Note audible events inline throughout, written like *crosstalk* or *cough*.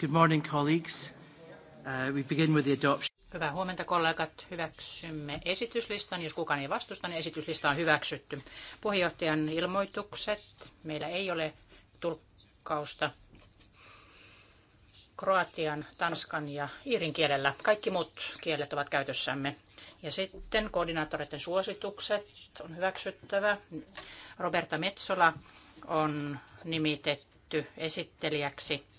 Good morning, colleagues. Uh, we begin with the adoption. Hyvää huomenta kollegat. Hyväksymme esityslistan. Jos kukaan ei vastusta, niin esityslista on hyväksytty. Puheenjohtajan ilmoitukset. Meillä ei ole tulkkausta kroatian, tanskan ja iirin kielellä. Kaikki muut kielet ovat käytössämme. Ja sitten koordinaattoreiden suositukset on hyväksyttävä. Roberta Metsola on nimitetty esittelijäksi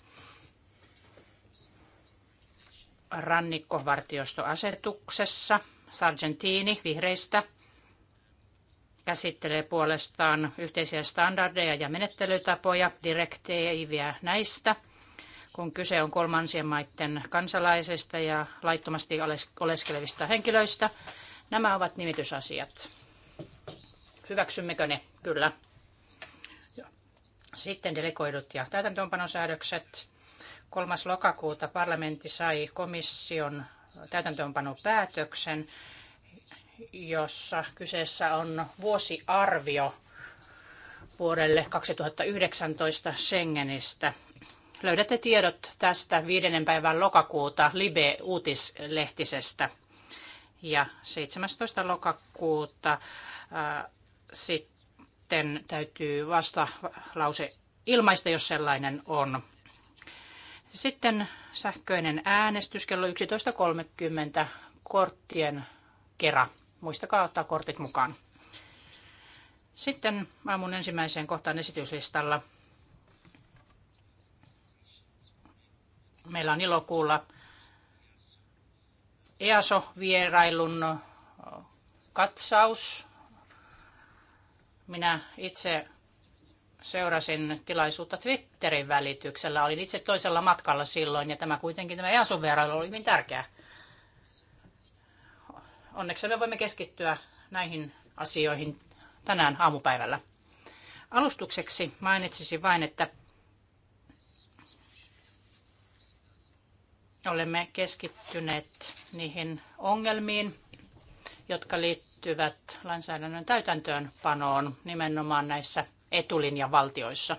rannikkovartiostoasetuksessa. Sargentini vihreistä käsittelee puolestaan yhteisiä standardeja ja menettelytapoja, direktiiviä näistä, kun kyse on kolmansien maiden kansalaisista ja laittomasti oleskelevista henkilöistä. Nämä ovat nimitysasiat. Hyväksymmekö ne? Kyllä. Sitten delegoidut ja täytäntöönpanosäädökset. 3. lokakuuta parlamentti sai komission täytäntöönpanopäätöksen, jossa kyseessä on vuosiarvio vuodelle 2019 Schengenistä. Löydätte tiedot tästä 5. päivän lokakuuta Libe-uutislehtisestä ja 17. lokakuuta äh, sitten täytyy vasta lause ilmaista, jos sellainen on. Sitten sähköinen äänestys kello 11.30 korttien kera. Muistakaa ottaa kortit mukaan. Sitten aamun ensimmäiseen kohtaan esityslistalla. Meillä on ilo kuulla EASO-vierailun katsaus. Minä itse seurasin tilaisuutta Twitterin välityksellä. Olin itse toisella matkalla silloin ja tämä kuitenkin tämä EASUn vierailu oli hyvin tärkeä. Onneksi me voimme keskittyä näihin asioihin tänään aamupäivällä. Alustukseksi mainitsisin vain, että olemme keskittyneet niihin ongelmiin, jotka liittyvät lainsäädännön täytäntöönpanoon nimenomaan näissä etulinjan valtioissa.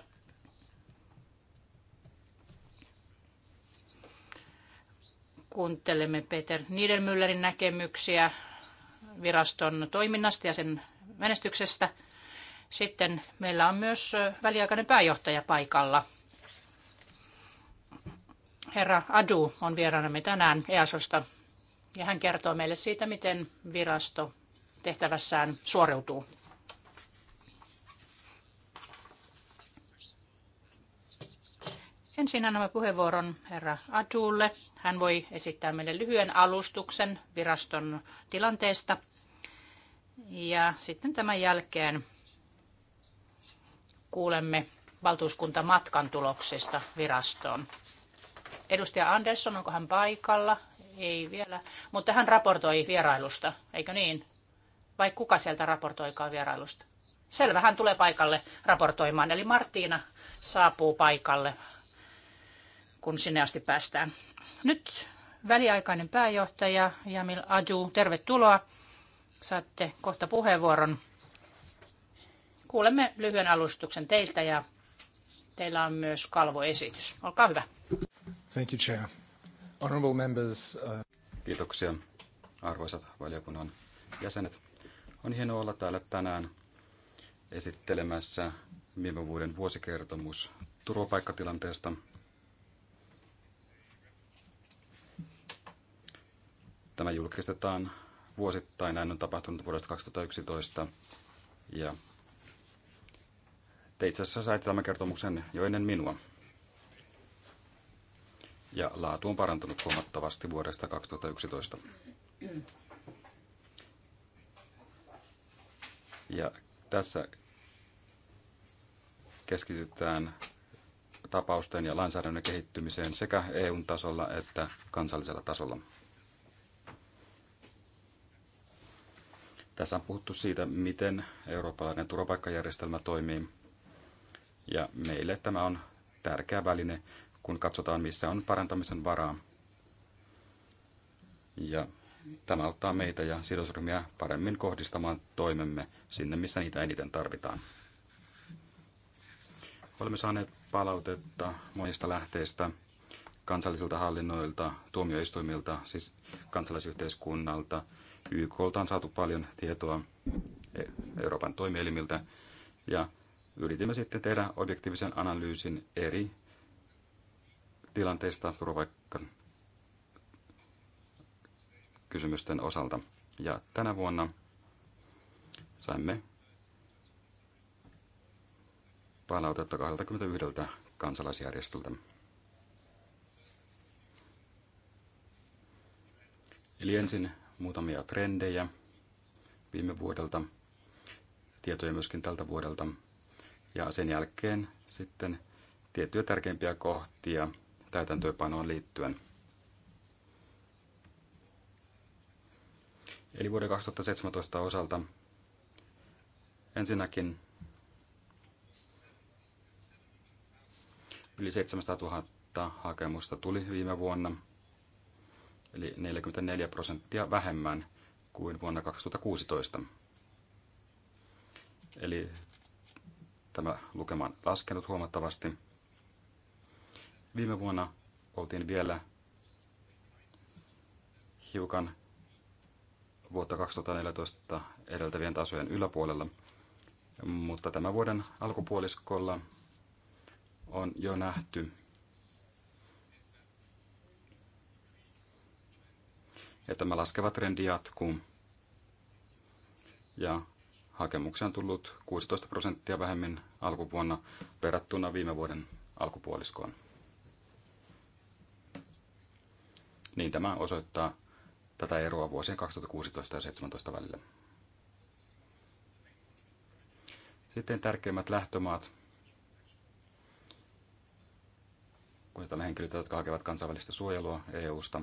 Kuuntelemme Peter Niedelmüllerin näkemyksiä viraston toiminnasta ja sen menestyksestä. Sitten meillä on myös väliaikainen pääjohtaja paikalla. Herra Adu on vieraanamme tänään EASOsta ja hän kertoo meille siitä, miten virasto tehtävässään suoriutuu. Ensin annamme puheenvuoron herra Adulle. Hän voi esittää meille lyhyen alustuksen viraston tilanteesta. Ja sitten tämän jälkeen kuulemme valtuuskuntamatkan tuloksista virastoon. Edustaja Andersson, onko hän paikalla? Ei vielä, mutta hän raportoi vierailusta, eikö niin? Vai kuka sieltä raportoikaa vierailusta? Selvä, hän tulee paikalle raportoimaan, eli Martina saapuu paikalle kun sinne asti päästään. Nyt väliaikainen pääjohtaja Jamil Aju, tervetuloa. Saatte kohta puheenvuoron. Kuulemme lyhyen alustuksen teiltä ja teillä on myös kalvoesitys. Olkaa hyvä. Thank you, Chair. Honorable members, uh... Kiitoksia, arvoisat valiokunnan jäsenet. On hienoa olla täällä tänään esittelemässä viime vuoden vuosikertomus turvapaikkatilanteesta – Tämä julkistetaan vuosittain, näin on tapahtunut vuodesta 2011. Ja te itse asiassa saitte tämän kertomuksen jo ennen minua. Ja laatu on parantunut huomattavasti vuodesta 2011. Ja tässä keskitytään tapausten ja lainsäädännön kehittymiseen sekä eu tasolla että kansallisella tasolla. Tässä on puhuttu siitä, miten eurooppalainen turvapaikkajärjestelmä toimii. Ja meille tämä on tärkeä väline, kun katsotaan, missä on parantamisen varaa. Ja tämä auttaa meitä ja sidosryhmiä paremmin kohdistamaan toimemme sinne, missä niitä eniten tarvitaan. Olemme saaneet palautetta monista lähteistä, kansallisilta hallinnoilta, tuomioistuimilta, siis kansalaisyhteiskunnalta, YK on saatu paljon tietoa e- Euroopan toimielimiltä ja yritimme sitten tehdä objektiivisen analyysin eri tilanteista turvapaikka kysymysten osalta. Ja tänä vuonna saimme palautetta 21 kansalaisjärjestöltä. Eli ensin muutamia trendejä viime vuodelta, tietoja myöskin tältä vuodelta. Ja sen jälkeen sitten tiettyjä tärkeimpiä kohtia täytäntöönpanoon liittyen. Eli vuoden 2017 osalta ensinnäkin yli 700 000 hakemusta tuli viime vuonna – eli 44 prosenttia vähemmän kuin vuonna 2016. Eli tämä lukema on laskenut huomattavasti. Viime vuonna oltiin vielä hiukan vuotta 2014 edeltävien tasojen yläpuolella, mutta tämän vuoden alkupuoliskolla on jo nähty ja tämä laskeva trendi jatkuu. Ja hakemuksia on tullut 16 prosenttia vähemmän alkuvuonna verrattuna viime vuoden alkupuoliskoon. Niin tämä osoittaa tätä eroa vuosien 2016 ja 2017 välillä. Sitten tärkeimmät lähtömaat. Kun tällä henkilöitä, jotka hakevat kansainvälistä suojelua EU-sta,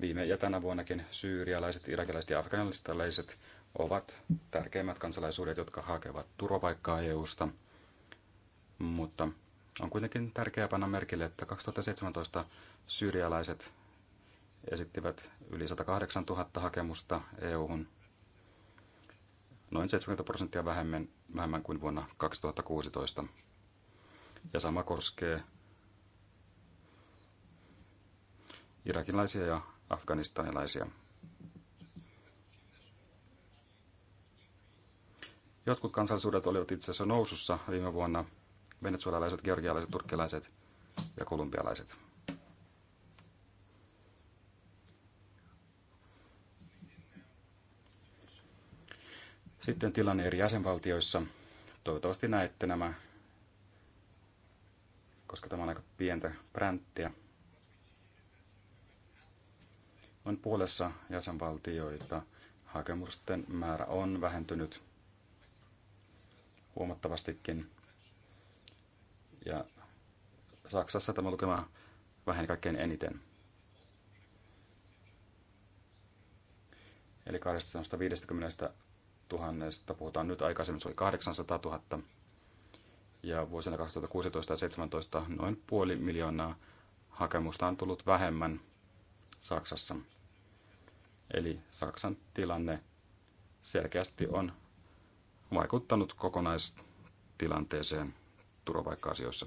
Viime ja tänä vuonnakin syyrialaiset, irakilaiset ja afganistalaiset ovat tärkeimmät kansalaisuudet, jotka hakevat turvapaikkaa EU-sta. Mutta on kuitenkin tärkeää panna merkille, että 2017 syyrialaiset esittivät yli 108 000 hakemusta EU-hun, noin 70 prosenttia vähemmän, vähemmän kuin vuonna 2016. Ja sama koskee irakilaisia ja afganistanilaisia. Jotkut kansallisuudet olivat itse asiassa nousussa viime vuonna, venezuelalaiset, georgialaiset, turkkilaiset ja kolumbialaiset. Sitten tilanne eri jäsenvaltioissa. Toivottavasti näette nämä, koska tämä on aika pientä pränttiä on puolessa jäsenvaltioita. Hakemusten määrä on vähentynyt huomattavastikin. Ja Saksassa tämä lukema väheni kaikkein eniten. Eli 250 000 puhutaan nyt, aikaisemmin se oli 800 000. Ja vuosina 2016 ja 2017 noin puoli miljoonaa hakemusta on tullut vähemmän Saksassa. Eli Saksan tilanne selkeästi on vaikuttanut kokonaistilanteeseen turvapaikka-asioissa.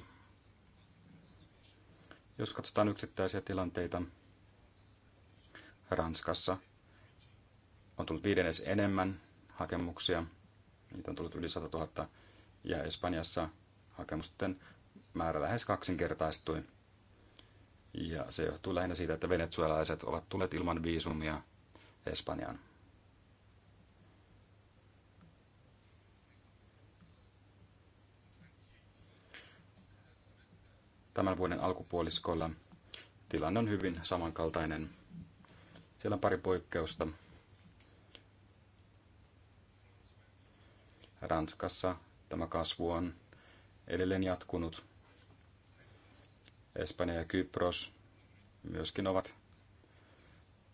Jos katsotaan yksittäisiä tilanteita, Ranskassa on tullut viidennes enemmän hakemuksia, niitä on tullut yli 100 000, ja Espanjassa hakemusten määrä lähes kaksinkertaistui. Ja se johtuu lähinnä siitä, että venezuelalaiset ovat tulleet ilman viisumia – Espanjaan. Tämän vuoden alkupuoliskolla tilanne on hyvin samankaltainen. Siellä on pari poikkeusta. Ranskassa tämä kasvu on edelleen jatkunut. Espanja ja Kypros myöskin ovat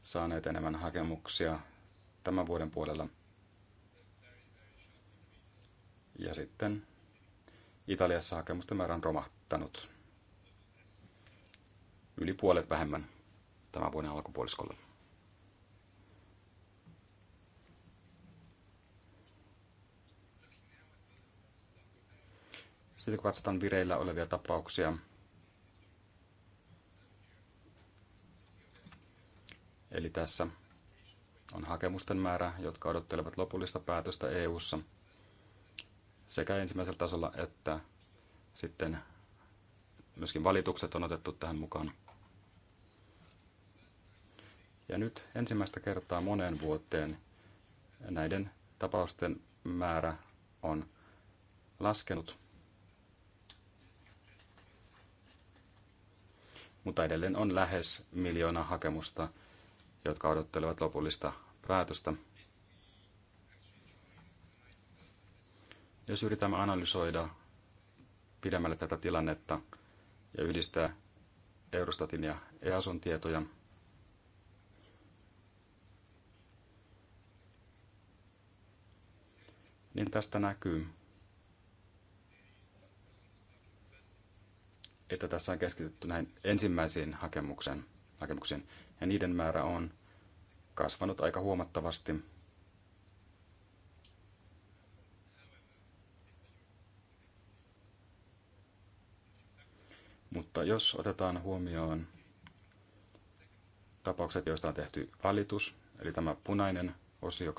saaneet enemmän hakemuksia tämän vuoden puolella. Ja sitten Italiassa hakemusten määrä on romahtanut yli puolet vähemmän tämän vuoden alkupuoliskolla. Sitten kun katsotaan vireillä olevia tapauksia, Eli tässä on hakemusten määrä, jotka odottelevat lopullista päätöstä EU:ssa sekä ensimmäisellä tasolla että sitten myöskin valitukset on otettu tähän mukaan. Ja nyt ensimmäistä kertaa moneen vuoteen näiden tapausten määrä on laskenut. Mutta edelleen on lähes miljoona hakemusta jotka odottelevat lopullista päätöstä. Jos yritämme analysoida pidemmälle tätä tilannetta ja yhdistää Eurostatin ja EASON tietoja, niin tästä näkyy, että tässä on keskitytty näin ensimmäisiin hakemuksiin ja niiden määrä on kasvanut aika huomattavasti. Mutta jos otetaan huomioon tapaukset, joista on tehty valitus, eli tämä punainen osio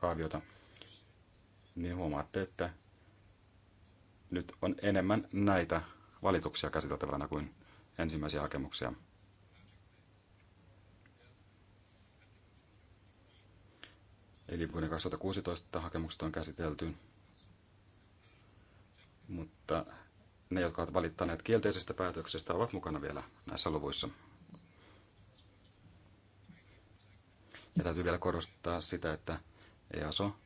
kaaviota, niin huomaatte, että nyt on enemmän näitä valituksia käsiteltävänä kuin ensimmäisiä hakemuksia. Eli vuoden 2016 hakemukset on käsitelty, mutta ne, jotka ovat valittaneet kielteisestä päätöksestä, ovat mukana vielä näissä luvuissa. Ja täytyy vielä korostaa sitä, että EASO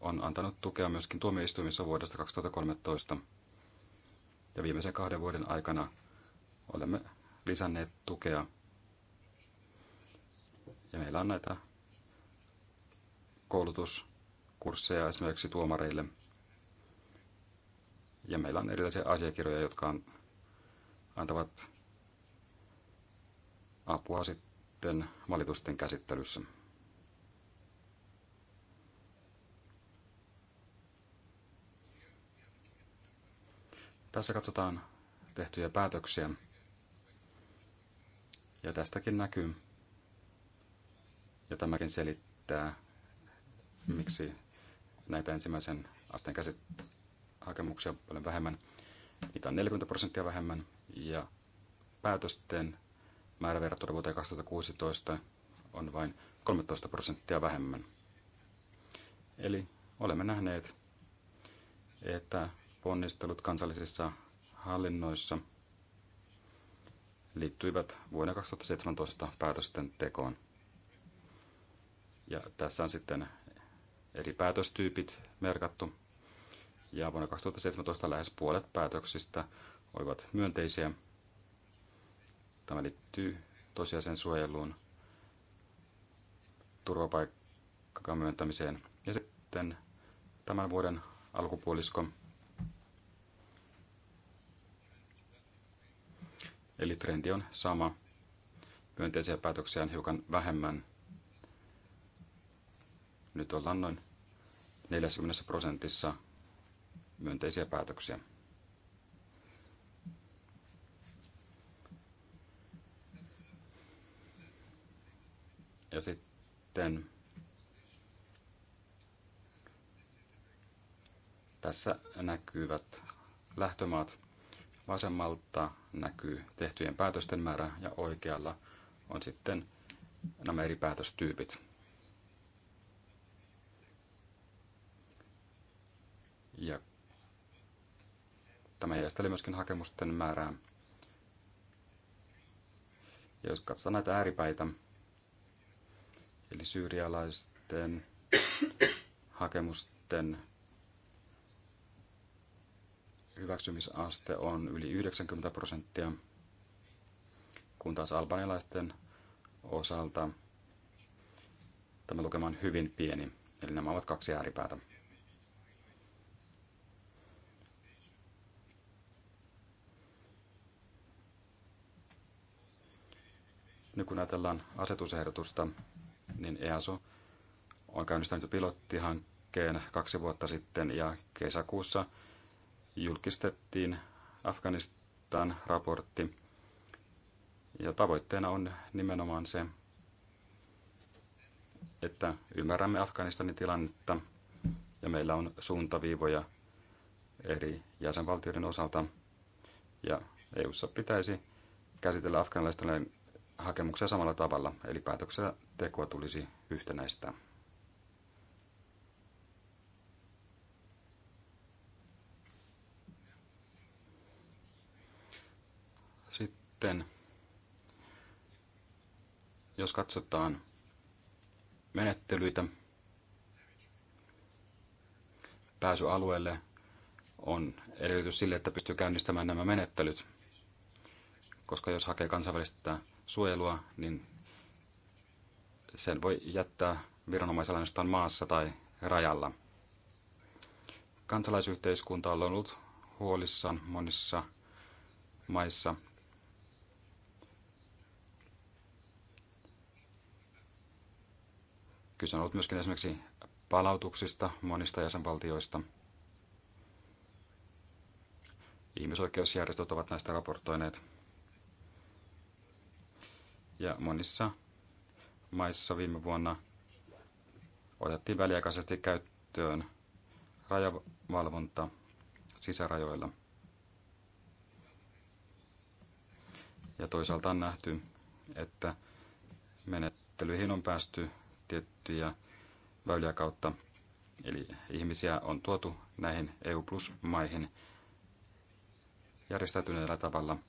on antanut tukea myöskin tuomioistuimissa vuodesta 2013. Ja viimeisen kahden vuoden aikana olemme lisänneet tukea. Ja meillä on näitä koulutuskursseja esimerkiksi tuomareille. Ja meillä on erilaisia asiakirjoja, jotka on, antavat apua sitten valitusten käsittelyssä. Tässä katsotaan tehtyjä päätöksiä. Ja tästäkin näkyy, ja tämäkin selittää miksi näitä ensimmäisen asteen käsit- hakemuksia on paljon vähemmän. Niitä on 40 prosenttia vähemmän ja päätösten määrä verrattuna vuoteen 2016 on vain 13 prosenttia vähemmän. Eli olemme nähneet, että ponnistelut kansallisissa hallinnoissa liittyivät vuonna 2017 päätösten tekoon. Ja tässä on sitten eri päätöstyypit merkattu. Ja vuonna 2017 lähes puolet päätöksistä olivat myönteisiä. Tämä liittyy tosiasen suojeluun, turvapaikkakaan myöntämiseen. Ja sitten tämän vuoden alkupuolisko. Eli trendi on sama. Myönteisiä päätöksiä on hiukan vähemmän. Nyt ollaan noin 40 prosentissa myönteisiä päätöksiä. Ja sitten tässä näkyvät lähtömaat. Vasemmalta näkyy tehtyjen päätösten määrä ja oikealla on sitten nämä eri päätöstyypit. Ja tämä järjesteli myöskin hakemusten määrää. Ja jos katsotaan näitä ääripäitä, eli syyrialaisten hakemusten hyväksymisaste on yli 90 prosenttia, kun taas albanialaisten osalta tämä lukema on hyvin pieni, eli nämä ovat kaksi ääripäätä. Nyt kun ajatellaan asetusehdotusta, niin EASO on käynnistänyt pilottihankkeen kaksi vuotta sitten ja kesäkuussa julkistettiin Afganistan raportti. Ja tavoitteena on nimenomaan se, että ymmärrämme Afganistanin tilannetta ja meillä on suuntaviivoja eri jäsenvaltioiden osalta. Ja EU:ssa pitäisi käsitellä afganistanilainen hakemuksia samalla tavalla, eli päätöksellä tekoa tulisi yhtenäistää. Sitten, jos katsotaan menettelyitä, pääsy alueelle on edellytys sille, että pystyy käynnistämään nämä menettelyt, koska jos hakee kansainvälistä suojelua, niin sen voi jättää viranomaisella ainoastaan maassa tai rajalla. Kansalaisyhteiskunta on ollut huolissaan monissa maissa. Kyse on ollut myöskin esimerkiksi palautuksista monista jäsenvaltioista. Ihmisoikeusjärjestöt ovat näistä raportoineet. Ja monissa maissa viime vuonna otettiin väliaikaisesti käyttöön rajavalvonta sisärajoilla. Ja toisaalta on nähty, että menettelyihin on päästy tiettyjä väyliä kautta. Eli ihmisiä on tuotu näihin EU-plus-maihin järjestäytyneellä tavalla –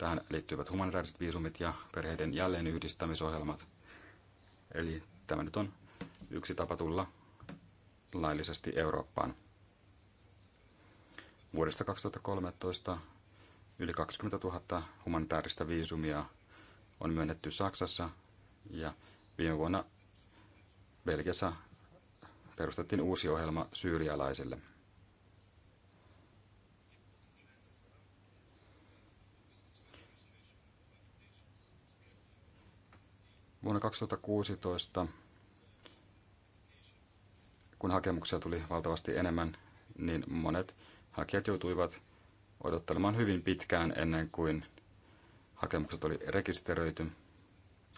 Tähän liittyvät humanitaariset viisumit ja perheiden jälleenyhdistämisohjelmat. Eli tämä nyt on yksi tapa tulla laillisesti Eurooppaan. Vuodesta 2013 yli 20 000 humanitaarista viisumia on myönnetty Saksassa ja viime vuonna Belgiassa perustettiin uusi ohjelma syyrialaisille. Vuonna 2016, kun hakemuksia tuli valtavasti enemmän, niin monet hakijat joutuivat odottelemaan hyvin pitkään ennen kuin hakemukset oli rekisteröity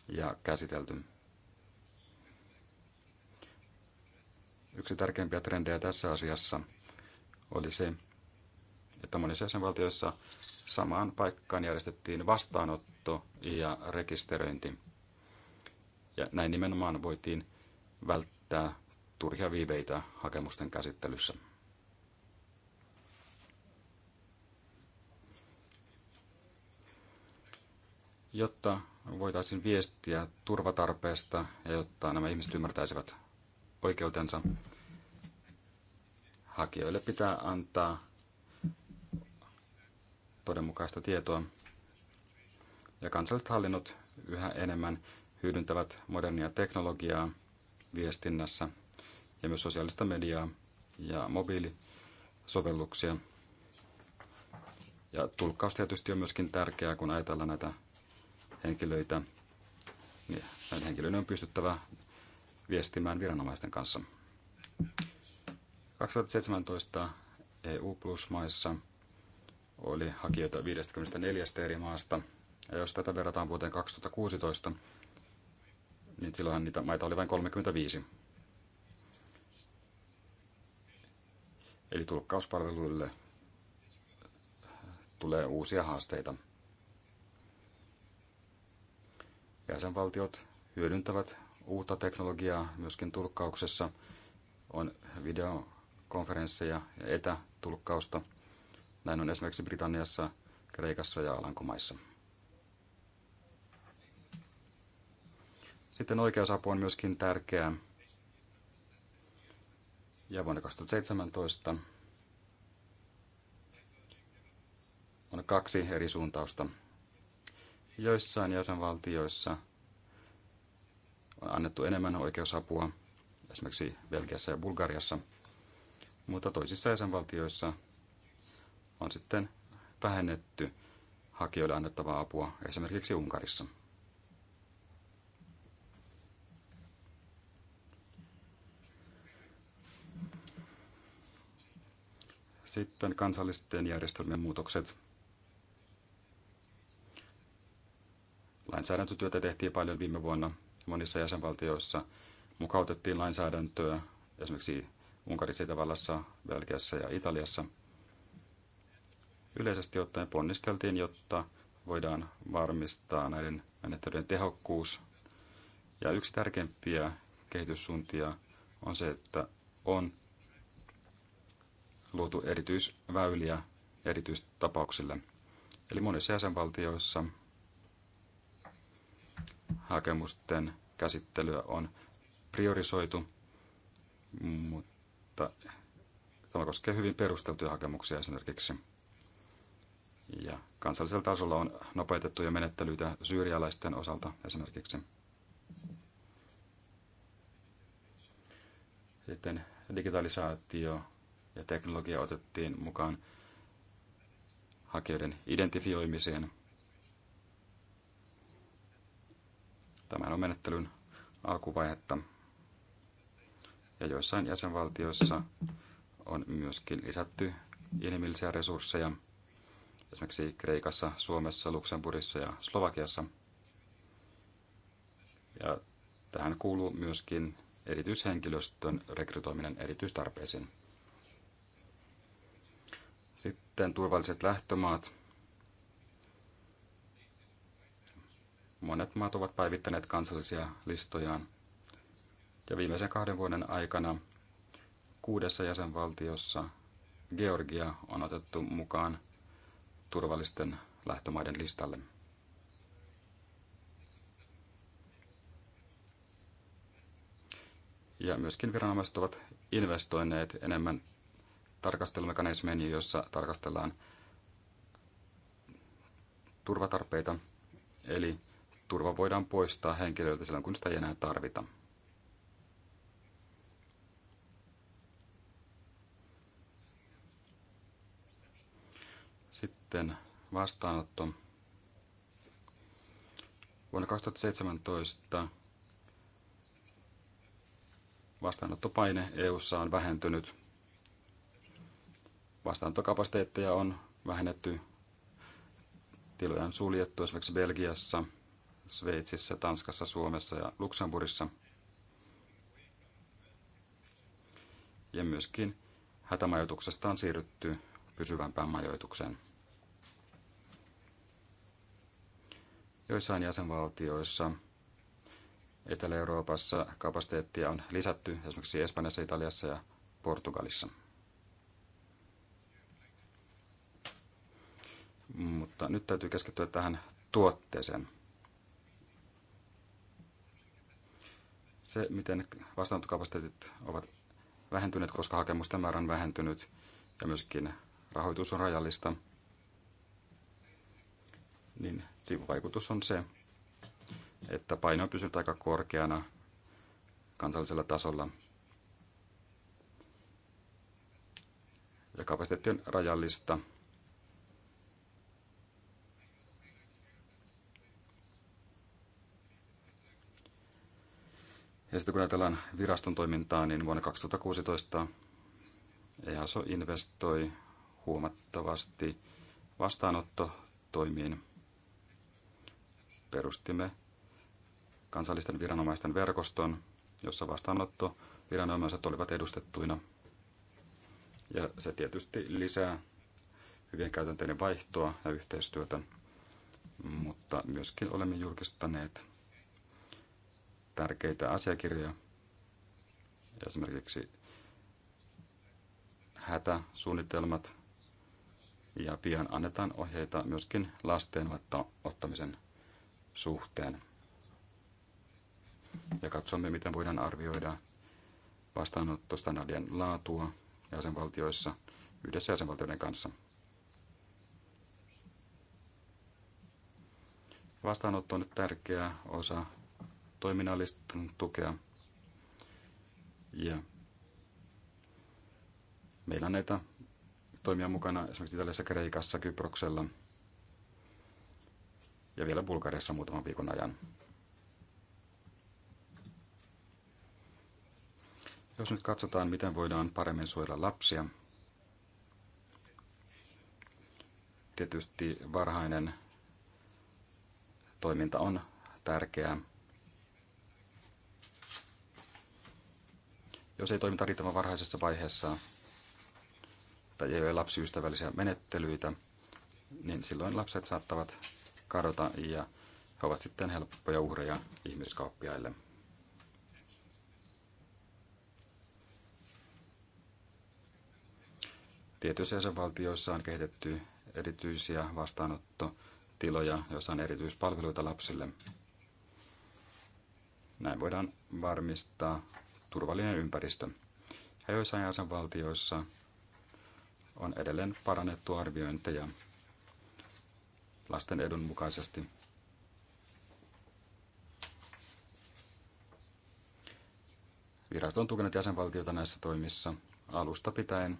ja käsitelty. Yksi tärkeimpiä trendejä tässä asiassa oli se, että monissa jäsenvaltioissa samaan paikkaan järjestettiin vastaanotto ja rekisteröinti. Ja näin nimenomaan voitiin välttää turhia viiveitä hakemusten käsittelyssä. Jotta voitaisiin viestiä turvatarpeesta ja jotta nämä ihmiset ymmärtäisivät oikeutensa, hakijoille pitää antaa todenmukaista tietoa. Ja kansalliset hallinnot yhä enemmän hyödyntävät modernia teknologiaa viestinnässä ja myös sosiaalista mediaa ja mobiilisovelluksia. Ja tulkkaus tietysti on myöskin tärkeää, kun ajatellaan näitä henkilöitä. Niin näiden henkilöiden on pystyttävä viestimään viranomaisten kanssa. 2017 EU Plus maissa oli hakijoita 54 eri maasta. Ja jos tätä verrataan vuoteen 2016, niin silloinhan niitä maita oli vain 35. Eli tulkkauspalveluille tulee uusia haasteita. Jäsenvaltiot hyödyntävät uutta teknologiaa myöskin tulkkauksessa. On videokonferensseja ja etätulkkausta. Näin on esimerkiksi Britanniassa, Kreikassa ja Alankomaissa. Sitten oikeusapu on myöskin tärkeää. Ja vuonna 2017 on kaksi eri suuntausta. Joissain jäsenvaltioissa on annettu enemmän oikeusapua, esimerkiksi Belgiassa ja Bulgariassa, mutta toisissa jäsenvaltioissa on sitten vähennetty hakijoille annettavaa apua, esimerkiksi Unkarissa. Sitten kansallisten järjestelmien muutokset. Lainsäädäntötyötä tehtiin paljon viime vuonna. Monissa jäsenvaltioissa mukautettiin lainsäädäntöä, esimerkiksi Unkarissa, Itävallassa, Belgiassa ja Italiassa. Yleisesti ottaen ponnisteltiin, jotta voidaan varmistaa näiden menettelyjen tehokkuus. Ja yksi tärkeimpiä kehityssuuntia on se, että on luotu erityisväyliä erityistapauksille. Eli monissa jäsenvaltioissa hakemusten käsittelyä on priorisoitu, mutta tämä koskee hyvin perusteltuja hakemuksia esimerkiksi. Ja kansallisella tasolla on nopeutettuja menettelyitä syyrialaisten osalta esimerkiksi. Sitten digitalisaatio ja teknologia otettiin mukaan hakijoiden identifioimiseen. Tämä on menettelyn alkuvaihetta. Ja joissain jäsenvaltioissa on myöskin lisätty inhimillisiä resursseja, esimerkiksi Kreikassa, Suomessa, Luxemburgissa ja Slovakiassa. Ja tähän kuuluu myöskin erityishenkilöstön rekrytoiminen erityistarpeisiin. Sitten turvalliset lähtömaat. Monet maat ovat päivittäneet kansallisia listojaan. Ja viimeisen kahden vuoden aikana kuudessa jäsenvaltiossa Georgia on otettu mukaan turvallisten lähtömaiden listalle. Ja myöskin viranomaiset ovat investoineet enemmän tarkastelumekanismeen, jossa tarkastellaan turvatarpeita, eli turva voidaan poistaa henkilöltä silloin, kun sitä ei enää tarvita. Sitten vastaanotto. Vuonna 2017 vastaanottopaine EU:ssa on vähentynyt vastaanottokapasiteetteja on vähennetty, tiloja on suljettu esimerkiksi Belgiassa, Sveitsissä, Tanskassa, Suomessa ja Luxemburgissa. Ja myöskin hätämajoituksesta on siirrytty pysyvämpään majoitukseen. Joissain jäsenvaltioissa Etelä-Euroopassa kapasiteettia on lisätty esimerkiksi Espanjassa, Italiassa ja Portugalissa. Mutta nyt täytyy keskittyä tähän tuotteeseen. Se, miten vastaanottokapasiteetit ovat vähentyneet, koska hakemusten määrä on vähentynyt ja myöskin rahoitus on rajallista, niin sivuvaikutus on se, että paino on pysynyt aika korkeana kansallisella tasolla. Ja kapasiteetti on rajallista Ja sitten kun ajatellaan viraston toimintaa, niin vuonna 2016 EASO investoi huomattavasti vastaanottotoimiin. Perustimme kansallisten viranomaisten verkoston, jossa vastaanotto olivat edustettuina. Ja se tietysti lisää hyvien käytänteiden vaihtoa ja yhteistyötä, mutta myöskin olemme julkistaneet tärkeitä asiakirjoja, esimerkiksi hätäsuunnitelmat, ja pian annetaan ohjeita myöskin lasten ottamisen suhteen. Ja katsomme, miten voidaan arvioida vastaanottostandardien laatua jäsenvaltioissa yhdessä jäsenvaltioiden kanssa. Vastaanotto on nyt tärkeä osa toiminnallista tukea. Ja meillä on näitä toimia mukana esimerkiksi Italiassa, Kreikassa, Kyproksella ja vielä Bulgariassa muutaman viikon ajan. Jos nyt katsotaan, miten voidaan paremmin suojella lapsia, tietysti varhainen toiminta on tärkeää. jos ei toimita riittävän varhaisessa vaiheessa tai ei ole lapsiystävällisiä menettelyitä, niin silloin lapset saattavat kadota ja he ovat sitten helppoja uhreja ihmiskauppiaille. Tietyissä jäsenvaltioissa on kehitetty erityisiä vastaanottotiloja, joissa on erityispalveluita lapsille. Näin voidaan varmistaa turvallinen ympäristö. Ja joissain jäsenvaltioissa on edelleen parannettu arviointeja lasten edun mukaisesti. Virasto on tukenut jäsenvaltiota näissä toimissa alusta pitäen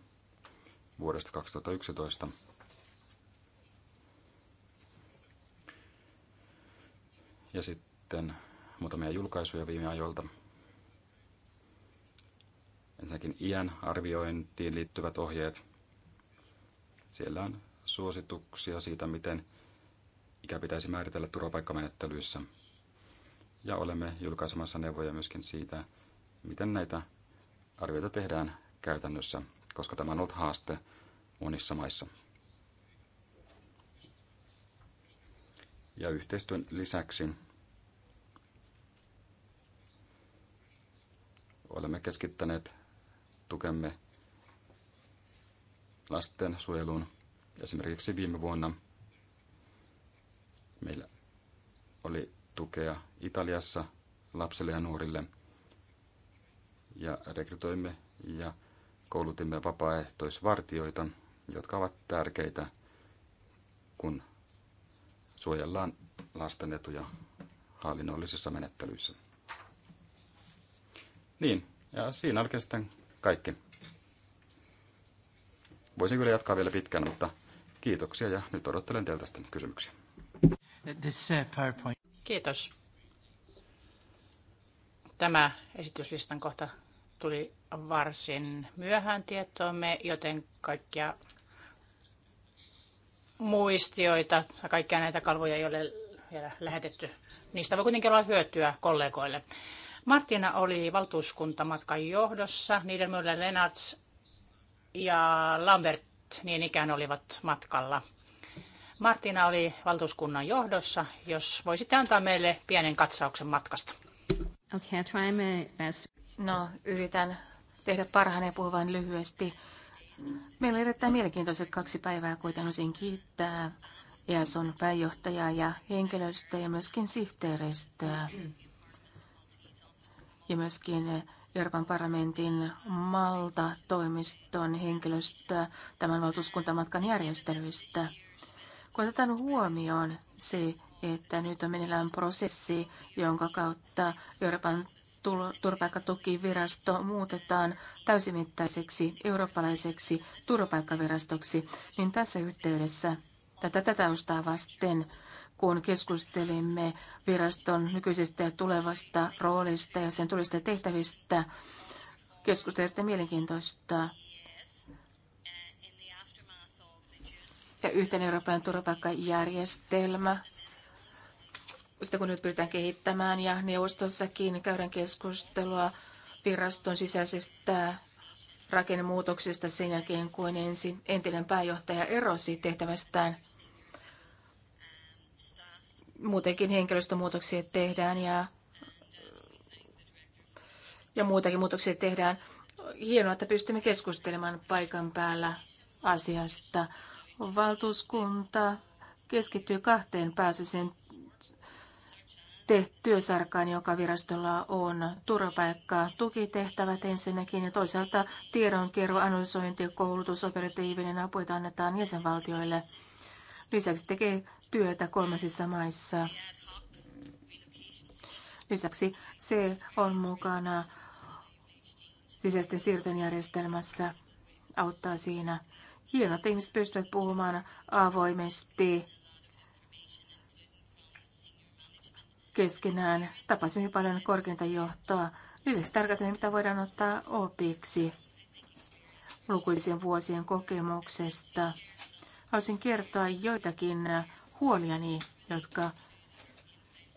vuodesta 2011. Ja sitten muutamia julkaisuja viime ajoilta. Ensinnäkin iän arviointiin liittyvät ohjeet. Siellä on suosituksia siitä, miten ikä pitäisi määritellä turvapaikkamenettelyissä. Ja olemme julkaisemassa neuvoja myöskin siitä, miten näitä arvioita tehdään käytännössä, koska tämä on ollut haaste monissa maissa. Ja yhteistyön lisäksi olemme keskittäneet tukemme lastensuojeluun. Esimerkiksi viime vuonna meillä oli tukea Italiassa lapsille ja nuorille ja rekrytoimme ja koulutimme vapaaehtoisvartioita, jotka ovat tärkeitä, kun suojellaan lasten etuja hallinnollisissa menettelyissä. Niin, ja siinä oikeastaan kaikki. Voisin kyllä jatkaa vielä pitkään, mutta kiitoksia ja nyt odottelen teiltä sitten kysymyksiä. Uh, Kiitos. Tämä esityslistan kohta tuli varsin myöhään tietoomme, joten kaikkia muistioita tai kaikkia näitä kalvoja ei ole vielä lähetetty. Niistä voi kuitenkin olla hyötyä kollegoille. Martina oli valtuuskuntamatkan johdossa, niiden myöllä Lennarts ja Lambert niin ikään olivat matkalla. Martina oli valtuuskunnan johdossa. Jos voisitte antaa meille pienen katsauksen matkasta. Okay, I'll try my best. No, yritän tehdä parhaani ja puhua vain lyhyesti. Meillä on erittäin mielenkiintoiset kaksi päivää, kuten osin kiittää EASON pääjohtajaa ja henkilöstöä ja myöskin sihteeristöä. Mm ja myöskin Euroopan parlamentin Malta-toimiston henkilöstöä tämän valtuuskuntamatkan järjestelyistä. Kun otetaan huomioon se, että nyt on meneillään prosessi, jonka kautta Euroopan turvapaikkatukivirasto muutetaan täysimittaiseksi eurooppalaiseksi turvapaikkavirastoksi, niin tässä yhteydessä tätä taustaa vasten kun keskustelimme viraston nykyisestä ja tulevasta roolista ja sen tulevista tehtävistä, keskustelitte mielenkiintoista. Ja yhteinen eurooppalainen turvapaikkajärjestelmä, sitä kun nyt pyritään kehittämään ja neuvostossakin käydään keskustelua viraston sisäisestä rakennemuutoksesta sen jälkeen, kun ensin entinen pääjohtaja erosi tehtävästään – muutenkin henkilöstömuutoksia tehdään ja, ja muitakin muutoksia tehdään. Hienoa, että pystymme keskustelemaan paikan päällä asiasta. Valtuuskunta keskittyy kahteen pääsisen työsarkaan, joka virastolla on turvapaikka tukitehtävät ensinnäkin ja toisaalta tiedonkerro, analysointi, koulutus, operatiivinen apu, annetaan jäsenvaltioille – Lisäksi tekee työtä kolmasissa maissa. Lisäksi se on mukana sisäisten siirtojen järjestelmässä, auttaa siinä. Hienoa, että ihmiset pystyvät puhumaan avoimesti keskenään. Tapasimme paljon korkeinta johtoa. Lisäksi tarkastelemme, mitä voidaan ottaa opiksi lukuisien vuosien kokemuksesta. Haluaisin kertoa joitakin huoliani, jotka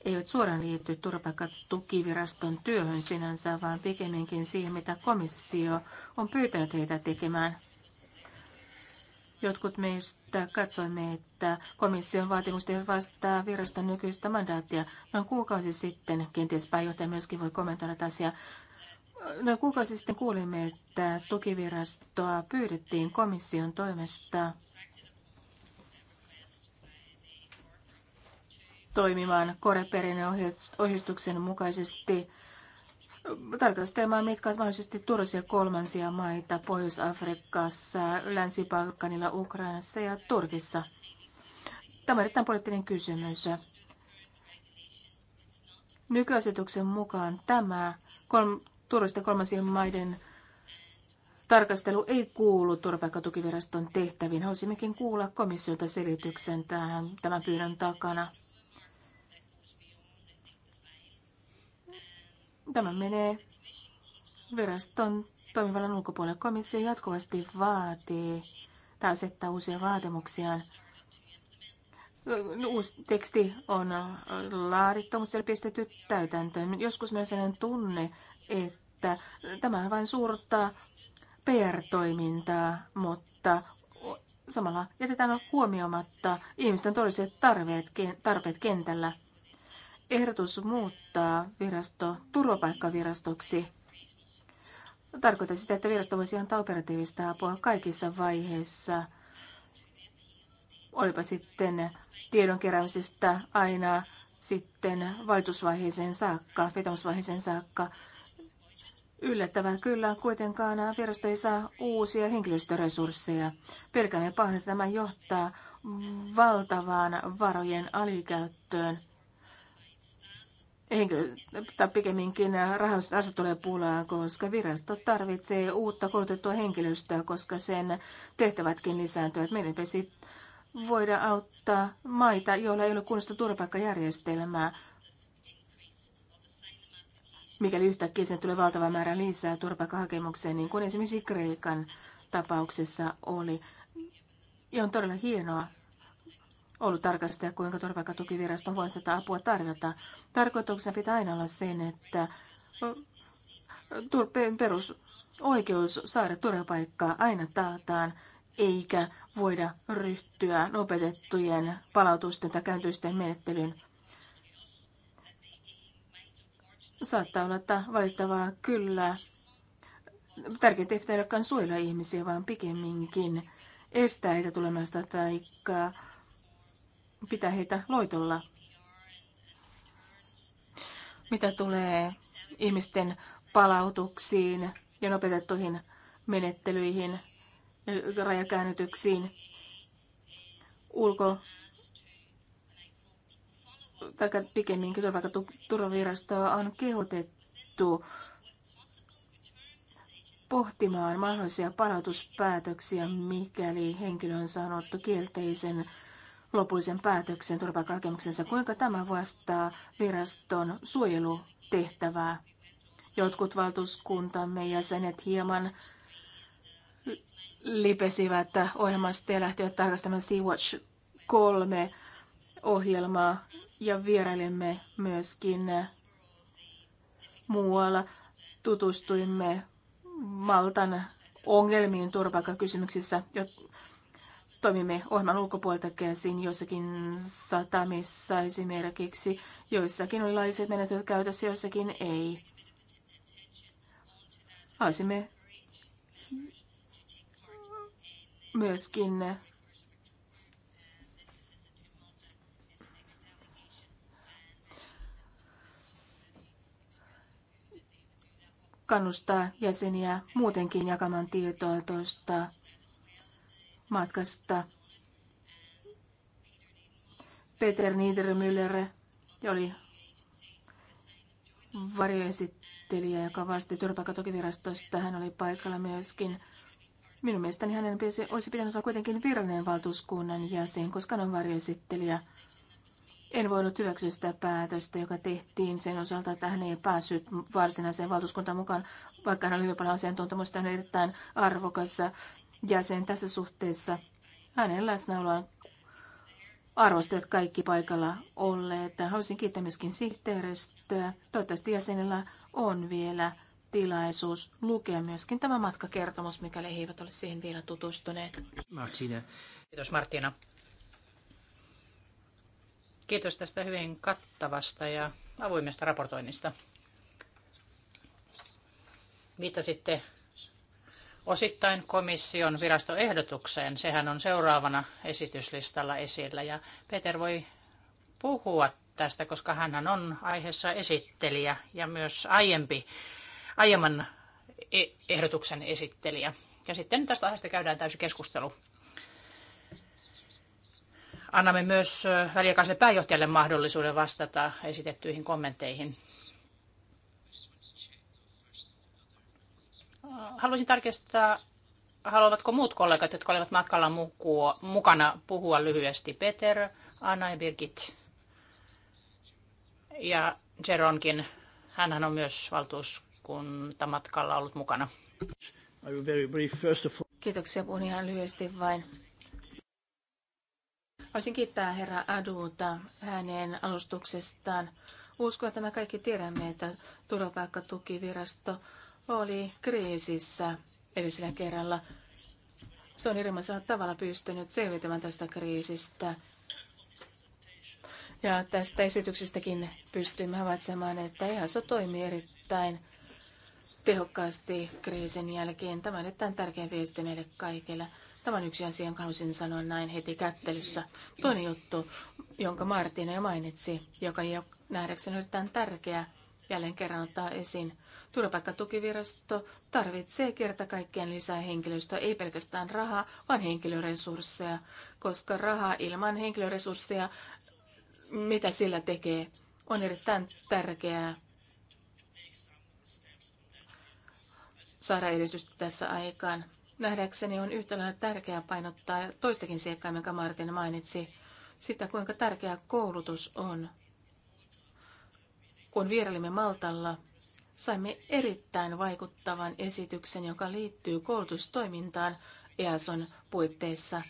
eivät suoraan liity turvapaikkatukiviraston työhön sinänsä, vaan pikemminkin siihen, mitä komissio on pyytänyt heitä tekemään. Jotkut meistä katsoimme, että komission vaatimusta vastaa viraston nykyistä mandaattia. Noin kuukausi sitten, kenties pääjohtaja myöskin voi kommentoida asiaa, noin kuukausi sitten kuulimme, että tukivirastoa pyydettiin komission toimesta toimimaan Koreperin ohjeistuksen mukaisesti tarkastelemaan, mitkä ovat mahdollisesti turvallisia kolmansia maita Pohjois-Afrikassa, Länsi-Balkanilla, Ukrainassa ja Turkissa. Tämä on erittäin poliittinen kysymys. Nykyasetuksen mukaan tämä kolm, turvallisten kolmansien maiden tarkastelu ei kuulu turvapaikkatukiviraston tehtäviin. Haluaisimmekin kuulla komissiolta selityksen tähän, tämän pyynnön takana. Tämä menee viraston toimivallan ulkopuolelle. Komissio jatkuvasti vaatii tai asettaa uusia vaatimuksia. Uusi teksti on laadittu, mutta siellä pistetty täytäntöön. Joskus myös sellainen tunne, että tämä on vain suurta PR-toimintaa, mutta samalla jätetään huomioimatta ihmisten todelliset tarpeet kentällä – ehdotus muuttaa virasto turvapaikkavirastoksi tarkoittaa sitä, että virasto voisi antaa operatiivista apua kaikissa vaiheissa, olipa sitten tiedon keräämisestä aina sitten valitusvaiheeseen saakka, vetomusvaiheeseen saakka. Yllättävää kyllä, kuitenkaan virasto ei saa uusia henkilöstöresursseja. Pelkäämme pahoin, että tämä johtaa valtavaan varojen alikäyttöön – Enkö, tai pikemminkin rahoista tulee pulaan, koska virasto tarvitsee uutta koulutettua henkilöstöä, koska sen tehtävätkin lisääntyvät. Meidän pesi voida auttaa maita, joilla ei ole kunnosta turvapaikkajärjestelmää, mikäli yhtäkkiä sen tulee valtava määrä lisää turvapaikkahakemuksia, niin kuin esimerkiksi Kreikan tapauksessa oli. Ja on todella hienoa, ollut tarkastaa, kuinka turvapaikkatukivirasto voi tätä apua tarjota. Tarkoituksena pitää aina olla sen, että perusoikeus saada turvapaikkaa aina taataan, eikä voida ryhtyä lopetettujen palautusten tai käyntöisten menettelyyn. Saattaa olla, että valittavaa kyllä. Tärkeintä ei pitää suojella ihmisiä, vaan pikemminkin estää heitä tulemasta tai pitää heitä loitolla. Mitä tulee ihmisten palautuksiin ja nopeutettuihin menettelyihin, rajakäännytyksiin, ulko- tai pikemminkin turvavirastoa on kehotettu pohtimaan mahdollisia palautuspäätöksiä, mikäli henkilö on saanut kielteisen lopullisen päätöksen turvapaikkahakemuksensa, kuinka tämä vastaa viraston suojelutehtävää. Jotkut valtuuskuntamme jäsenet hieman lipesivät ohjelmasta ja lähtivät tarkastamaan Sea-Watch 3 ohjelmaa ja vierailimme myöskin muualla. Tutustuimme Maltan ongelmiin turvapaikkakysymyksissä, toimimme ohjelman ulkopuolelta käsin joissakin satamissa esimerkiksi. Joissakin oli laiset menetelmät käytössä, joissakin ei. Haluaisimme myöskin kannustaa jäseniä muutenkin jakamaan tietoa tuosta matkasta. Peter Niedermüller oli varjoesittelijä, joka vasti turvapaikkatokivirastosta. Hän oli paikalla myöskin. Minun mielestäni hänen olisi pitänyt olla kuitenkin virallinen valtuuskunnan jäsen, koska hän on varjoesittelijä. En voinut hyväksyä sitä päätöstä, joka tehtiin sen osalta, että hän ei päässyt varsinaiseen valtuuskuntaan mukaan, vaikka hän oli hyvin paljon asiantuntemusta, hän on erittäin arvokas jäsen tässä suhteessa. Hänen läsnäoloaan arvostajat kaikki paikalla olleet. Haluaisin kiittää myöskin sihteeristöä. Toivottavasti jäsenillä on vielä tilaisuus lukea myöskin tämä matkakertomus, mikäli he eivät ole siihen vielä tutustuneet. Martina. Kiitos Martina. Kiitos tästä hyvin kattavasta ja avoimesta raportoinnista. Viittasitte osittain komission virastoehdotukseen. Sehän on seuraavana esityslistalla esillä ja Peter voi puhua tästä, koska hän on aiheessa esittelijä ja myös aiempi, aiemman e- ehdotuksen esittelijä. Ja sitten tästä aiheesta käydään täysi keskustelu. Annamme myös väliaikaiselle pääjohtajalle mahdollisuuden vastata esitettyihin kommentteihin. haluaisin tarkistaa, haluavatko muut kollegat, jotka olivat matkalla mukua, mukana, puhua lyhyesti. Peter, Anna ja Birgit. Ja Jeronkin, hän on myös valtuuskuntamatkalla ollut mukana. Kiitoksia, puhun ihan lyhyesti vain. Haluaisin kiittää herra Aduuta hänen alustuksestaan. Uskon, että me kaikki tiedämme, että turvapaikkatukivirasto oli kriisissä edellisellä kerralla. Se on erilaisella tavalla pystynyt selvitämään tästä kriisistä. Ja tästä esityksestäkin pystymme havaitsemaan, että EASO toimii erittäin tehokkaasti kriisin jälkeen. Tämä on erittäin tärkeä viesti meille kaikille. Tämä on yksi asia, jonka halusin sanoa näin heti kättelyssä. Toinen juttu, jonka Martina jo mainitsi, joka ei ole nähdäkseni erittäin tärkeä, jälleen kerran ottaa esiin. Turvapaikkatukivirasto tarvitsee kerta kaikkiaan lisää henkilöstöä, ei pelkästään rahaa, vaan henkilöresursseja, koska rahaa ilman henkilöresursseja, mitä sillä tekee, on erittäin tärkeää saada edistystä tässä aikaan. Nähdäkseni on yhtä lailla tärkeää painottaa toistakin seikkaa, minkä Martin mainitsi, sitä kuinka tärkeä koulutus on. Kun vierailimme Maltalla, saimme erittäin vaikuttavan esityksen, joka liittyy koulutustoimintaan EASON puitteissa.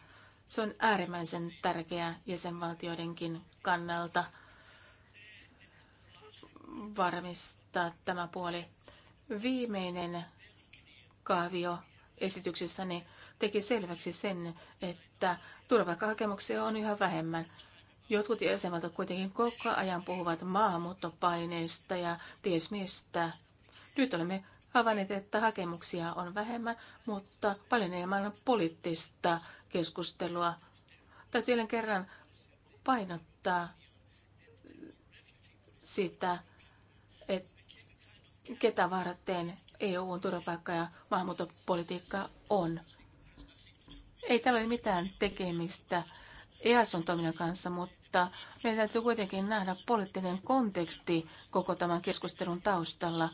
Se on äärimmäisen tärkeää jäsenvaltioidenkin kannalta varmistaa tämä puoli. Viimeinen kaavio esityksessäni teki selväksi sen, että turvapaikkahakemuksia on yhä vähemmän. Jotkut jäsenvaltiot kuitenkin koko ajan puhuvat maahanmuuttopaineista ja ties mistä. Nyt olemme havainneet, että hakemuksia on vähemmän, mutta paljon enemmän poliittista keskustelua. Täytyy vielä kerran painottaa sitä, että ketä varten EUn turvapaikka- ja maahanmuuttopolitiikka on. Ei täällä ole mitään tekemistä EASon toiminnan kanssa, mutta mutta meidän täytyy kuitenkin nähdä poliittinen konteksti koko tämän keskustelun taustalla.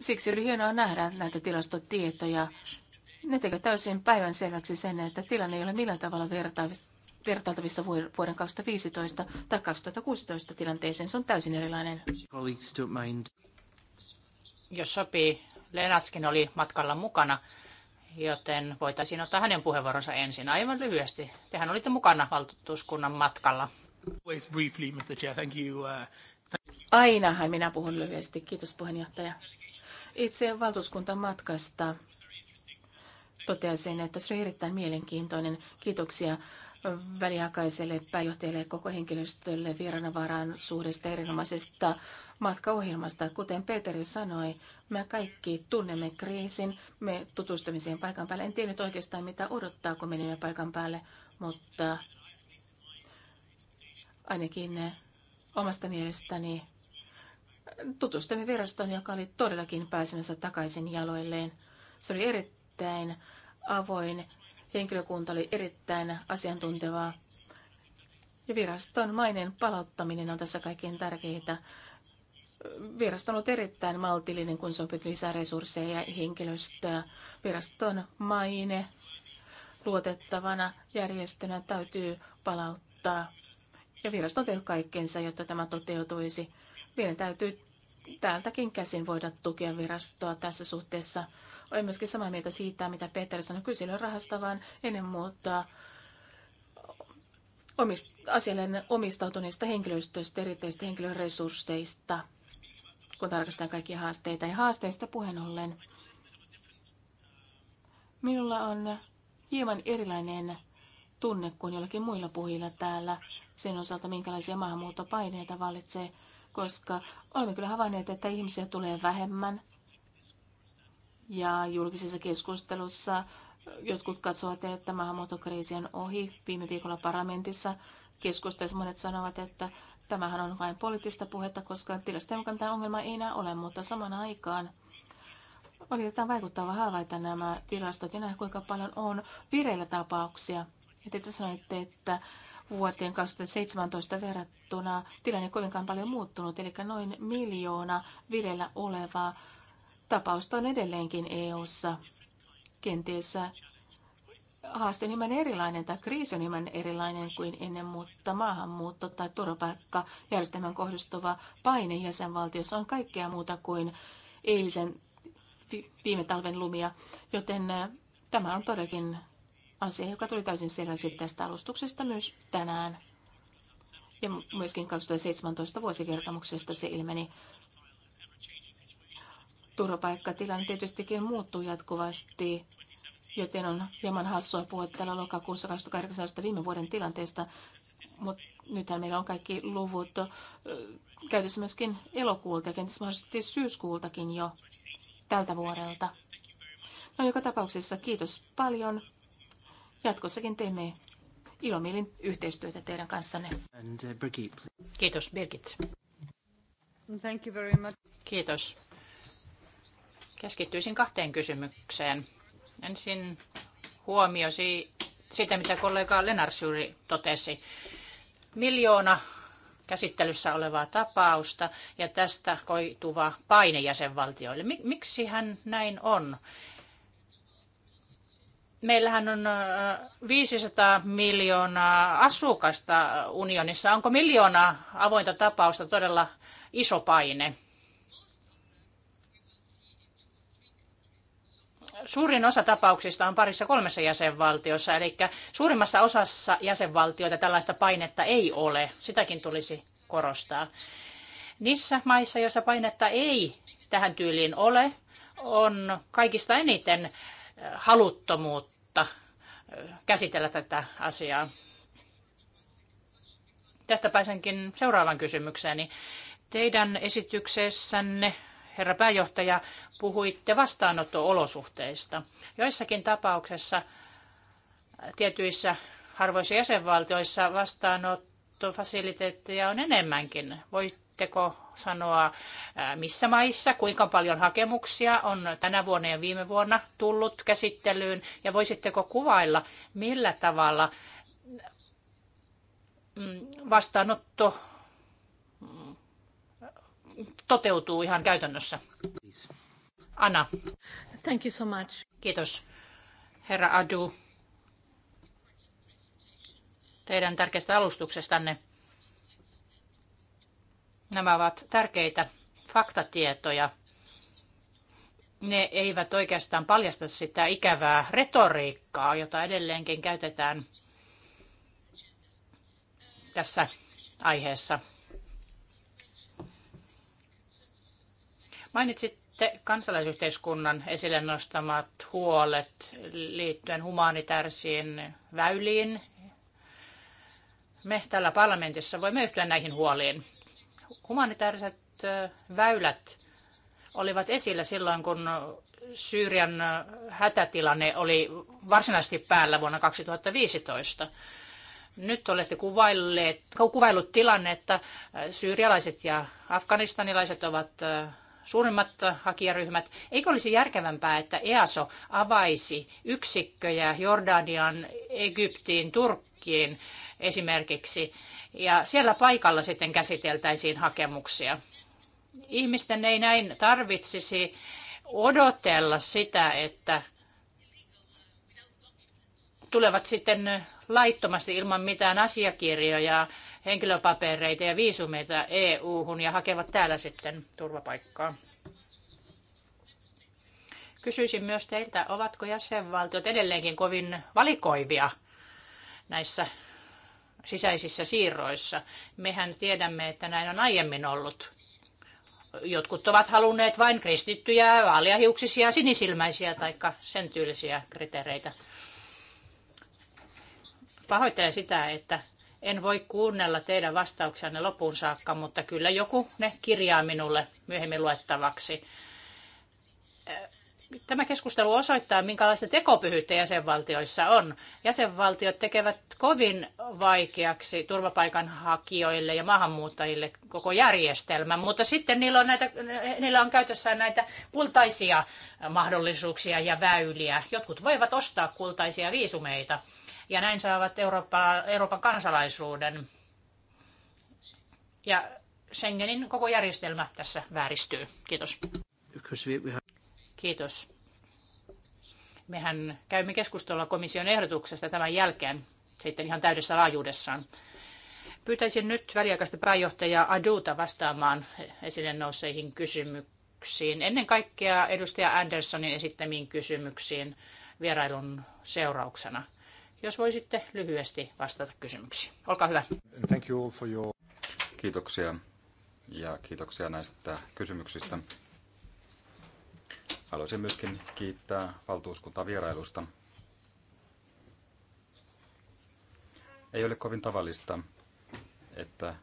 Siksi oli hienoa nähdä näitä tilastotietoja. Ne tekevät täysin päivän selväksi sen, että tilanne ei ole millään tavalla vertailtavissa vuoden 2015 tai 2016 tilanteeseen. Se on täysin erilainen. Jos sopii, Lenatskin oli matkalla mukana joten voitaisiin ottaa hänen puheenvuoronsa ensin aivan lyhyesti. Tehän olitte mukana valtuuskunnan matkalla. Uh, Ainahan minä puhun lyhyesti. Kiitos puheenjohtaja. Itse matkasta toteaisin, että se oli erittäin mielenkiintoinen. Kiitoksia väliaikaiselle pääjohtajalle ja koko henkilöstölle viranavaran suuresta erinomaisesta matkaohjelmasta. Kuten Peter sanoi, me kaikki tunnemme kriisin, me tutustumme siihen paikan päälle. En tiedä nyt oikeastaan mitä odottaa, kun menemme paikan päälle, mutta ainakin omasta mielestäni tutustumme virastoon, joka oli todellakin pääsemässä takaisin jaloilleen. Se oli erittäin avoin Henkilökunta oli erittäin asiantuntevaa. Ja viraston maineen palauttaminen on tässä kaikkein tärkeintä. Virasto on ollut erittäin maltillinen, kun se on lisää resursseja ja henkilöstöä. Viraston maine luotettavana järjestönä täytyy palauttaa. Ja virasto on tehnyt kaikkensa, jotta tämä toteutuisi. Meidän täytyy täältäkin käsin voida tukea virastoa tässä suhteessa. Olen myöskin samaa mieltä siitä, mitä Peter sanoi kyselyn rahasta, vaan ennen muuta omist, asialleen omistautuneista henkilöstöstä, erityisesti henkilöresursseista, kun tarkastetaan kaikkia haasteita. Ja haasteista puheen ollen, minulla on hieman erilainen tunne kuin jollakin muilla puhujilla täällä sen osalta, minkälaisia maahanmuuttopaineita vallitsee koska olemme kyllä havainneet, että ihmisiä tulee vähemmän. Ja julkisessa keskustelussa jotkut katsovat, että maahanmuuttokriisi on ohi. Viime viikolla parlamentissa keskustelussa monet sanovat, että tämähän on vain poliittista puhetta, koska tilastojen mukaan tämä ongelma ei enää ole, mutta saman aikaan oli jotain vaikuttava havaita nämä tilastot ja nähdä, kuinka paljon on vireillä tapauksia. Ja te sanoitte, että vuoteen 2017 verrattuna tilanne kovinkaan paljon muuttunut, eli noin miljoona vireillä olevaa tapausta on edelleenkin EU-ssa. Kenties haaste on hieman erilainen tai kriisi on hieman erilainen kuin ennen, mutta maahanmuutto tai turvapaikka järjestelmän kohdistuva paine jäsenvaltiossa on kaikkea muuta kuin eilisen viime talven lumia, joten äh, tämä on todellakin asia, joka tuli täysin selväksi tästä alustuksesta myös tänään. Ja myöskin 2017 vuosikertomuksesta se ilmeni. Turvapaikkatilanne tietystikin muuttuu jatkuvasti, joten on hieman hassua puhua täällä lokakuussa 2018 viime vuoden tilanteesta, mutta nythän meillä on kaikki luvut käytössä myöskin elokuulta ja kenties mahdollisesti syyskuultakin jo tältä vuodelta. No joka tapauksessa kiitos paljon Jatkossakin teemme ilomielin yhteistyötä teidän kanssanne. And, uh, Birgit, Kiitos Birgit. Thank you very much. Kiitos. Keskittyisin kahteen kysymykseen. Ensin huomio siitä, mitä kollega Lenars juuri totesi. Miljoona käsittelyssä olevaa tapausta ja tästä koituva paine jäsenvaltioille. Miksi hän näin on? Meillähän on 500 miljoonaa asukasta unionissa. Onko miljoona avointa tapausta todella iso paine? Suurin osa tapauksista on parissa kolmessa jäsenvaltiossa, eli suurimmassa osassa jäsenvaltioita tällaista painetta ei ole. Sitäkin tulisi korostaa. Niissä maissa, joissa painetta ei tähän tyyliin ole, on kaikista eniten haluttomuutta käsitellä tätä asiaa. Tästä pääsenkin seuraavan kysymykseeni. Teidän esityksessänne, herra pääjohtaja, puhuitte vastaanotto-olosuhteista. Joissakin tapauksessa tietyissä harvoissa jäsenvaltioissa vastaanotto vastaanottofasiliteetteja on enemmänkin. Voitteko sanoa, missä maissa, kuinka paljon hakemuksia on tänä vuonna ja viime vuonna tullut käsittelyyn, ja voisitteko kuvailla, millä tavalla mm, vastaanotto mm, toteutuu ihan käytännössä? Anna. Thank you so much. Kiitos, herra Adu teidän tärkeästä alustuksestanne. Nämä ovat tärkeitä faktatietoja. Ne eivät oikeastaan paljasta sitä ikävää retoriikkaa, jota edelleenkin käytetään tässä aiheessa. Mainitsitte kansalaisyhteiskunnan esille nostamat huolet liittyen humanitaarisiin väyliin me täällä parlamentissa voimme yhtyä näihin huoliin. Humanitaariset väylät olivat esillä silloin, kun Syyrian hätätilanne oli varsinaisesti päällä vuonna 2015. Nyt olette kuvailleet, tilanne, että Syyrialaiset ja afganistanilaiset ovat suurimmat hakijaryhmät. Eikö olisi järkevämpää, että EASO avaisi yksikköjä Jordanian, Egyptiin, Turkkiin? Turkkiin esimerkiksi, ja siellä paikalla sitten käsiteltäisiin hakemuksia. Ihmisten ei näin tarvitsisi odotella sitä, että tulevat sitten laittomasti ilman mitään asiakirjoja, henkilöpapereita ja viisumeita EU-hun ja hakevat täällä sitten turvapaikkaa. Kysyisin myös teiltä, ovatko jäsenvaltiot edelleenkin kovin valikoivia – näissä sisäisissä siirroissa. Mehän tiedämme, että näin on aiemmin ollut. Jotkut ovat halunneet vain kristittyjä, vaaliahiuksisia, sinisilmäisiä tai sen tyylisiä kriteereitä. Pahoittelen sitä, että en voi kuunnella teidän vastauksianne lopun saakka, mutta kyllä joku ne kirjaa minulle myöhemmin luettavaksi. Tämä keskustelu osoittaa, minkälaista tekopyhyyttä jäsenvaltioissa on. Jäsenvaltiot tekevät kovin vaikeaksi turvapaikanhakijoille ja maahanmuuttajille koko järjestelmän, mutta sitten niillä on, näitä, niillä on käytössään näitä kultaisia mahdollisuuksia ja väyliä. Jotkut voivat ostaa kultaisia viisumeita ja näin saavat Eurooppa, Euroopan kansalaisuuden. Ja Schengenin koko järjestelmä tässä vääristyy. Kiitos. Kiitos. Mehän käymme keskustelua komission ehdotuksesta tämän jälkeen sitten ihan täydessä laajuudessaan. Pyytäisin nyt väliaikaista pääjohtajaa Aduta vastaamaan esille nousseihin kysymyksiin. Ennen kaikkea edustaja Anderssonin esittämiin kysymyksiin vierailun seurauksena. Jos voisitte lyhyesti vastata kysymyksiin. Olkaa hyvä. Thank you all for your... Kiitoksia ja kiitoksia näistä kysymyksistä. Haluaisin myöskin kiittää valtuuskuntavierailusta. vierailusta. Ei ole kovin tavallista, että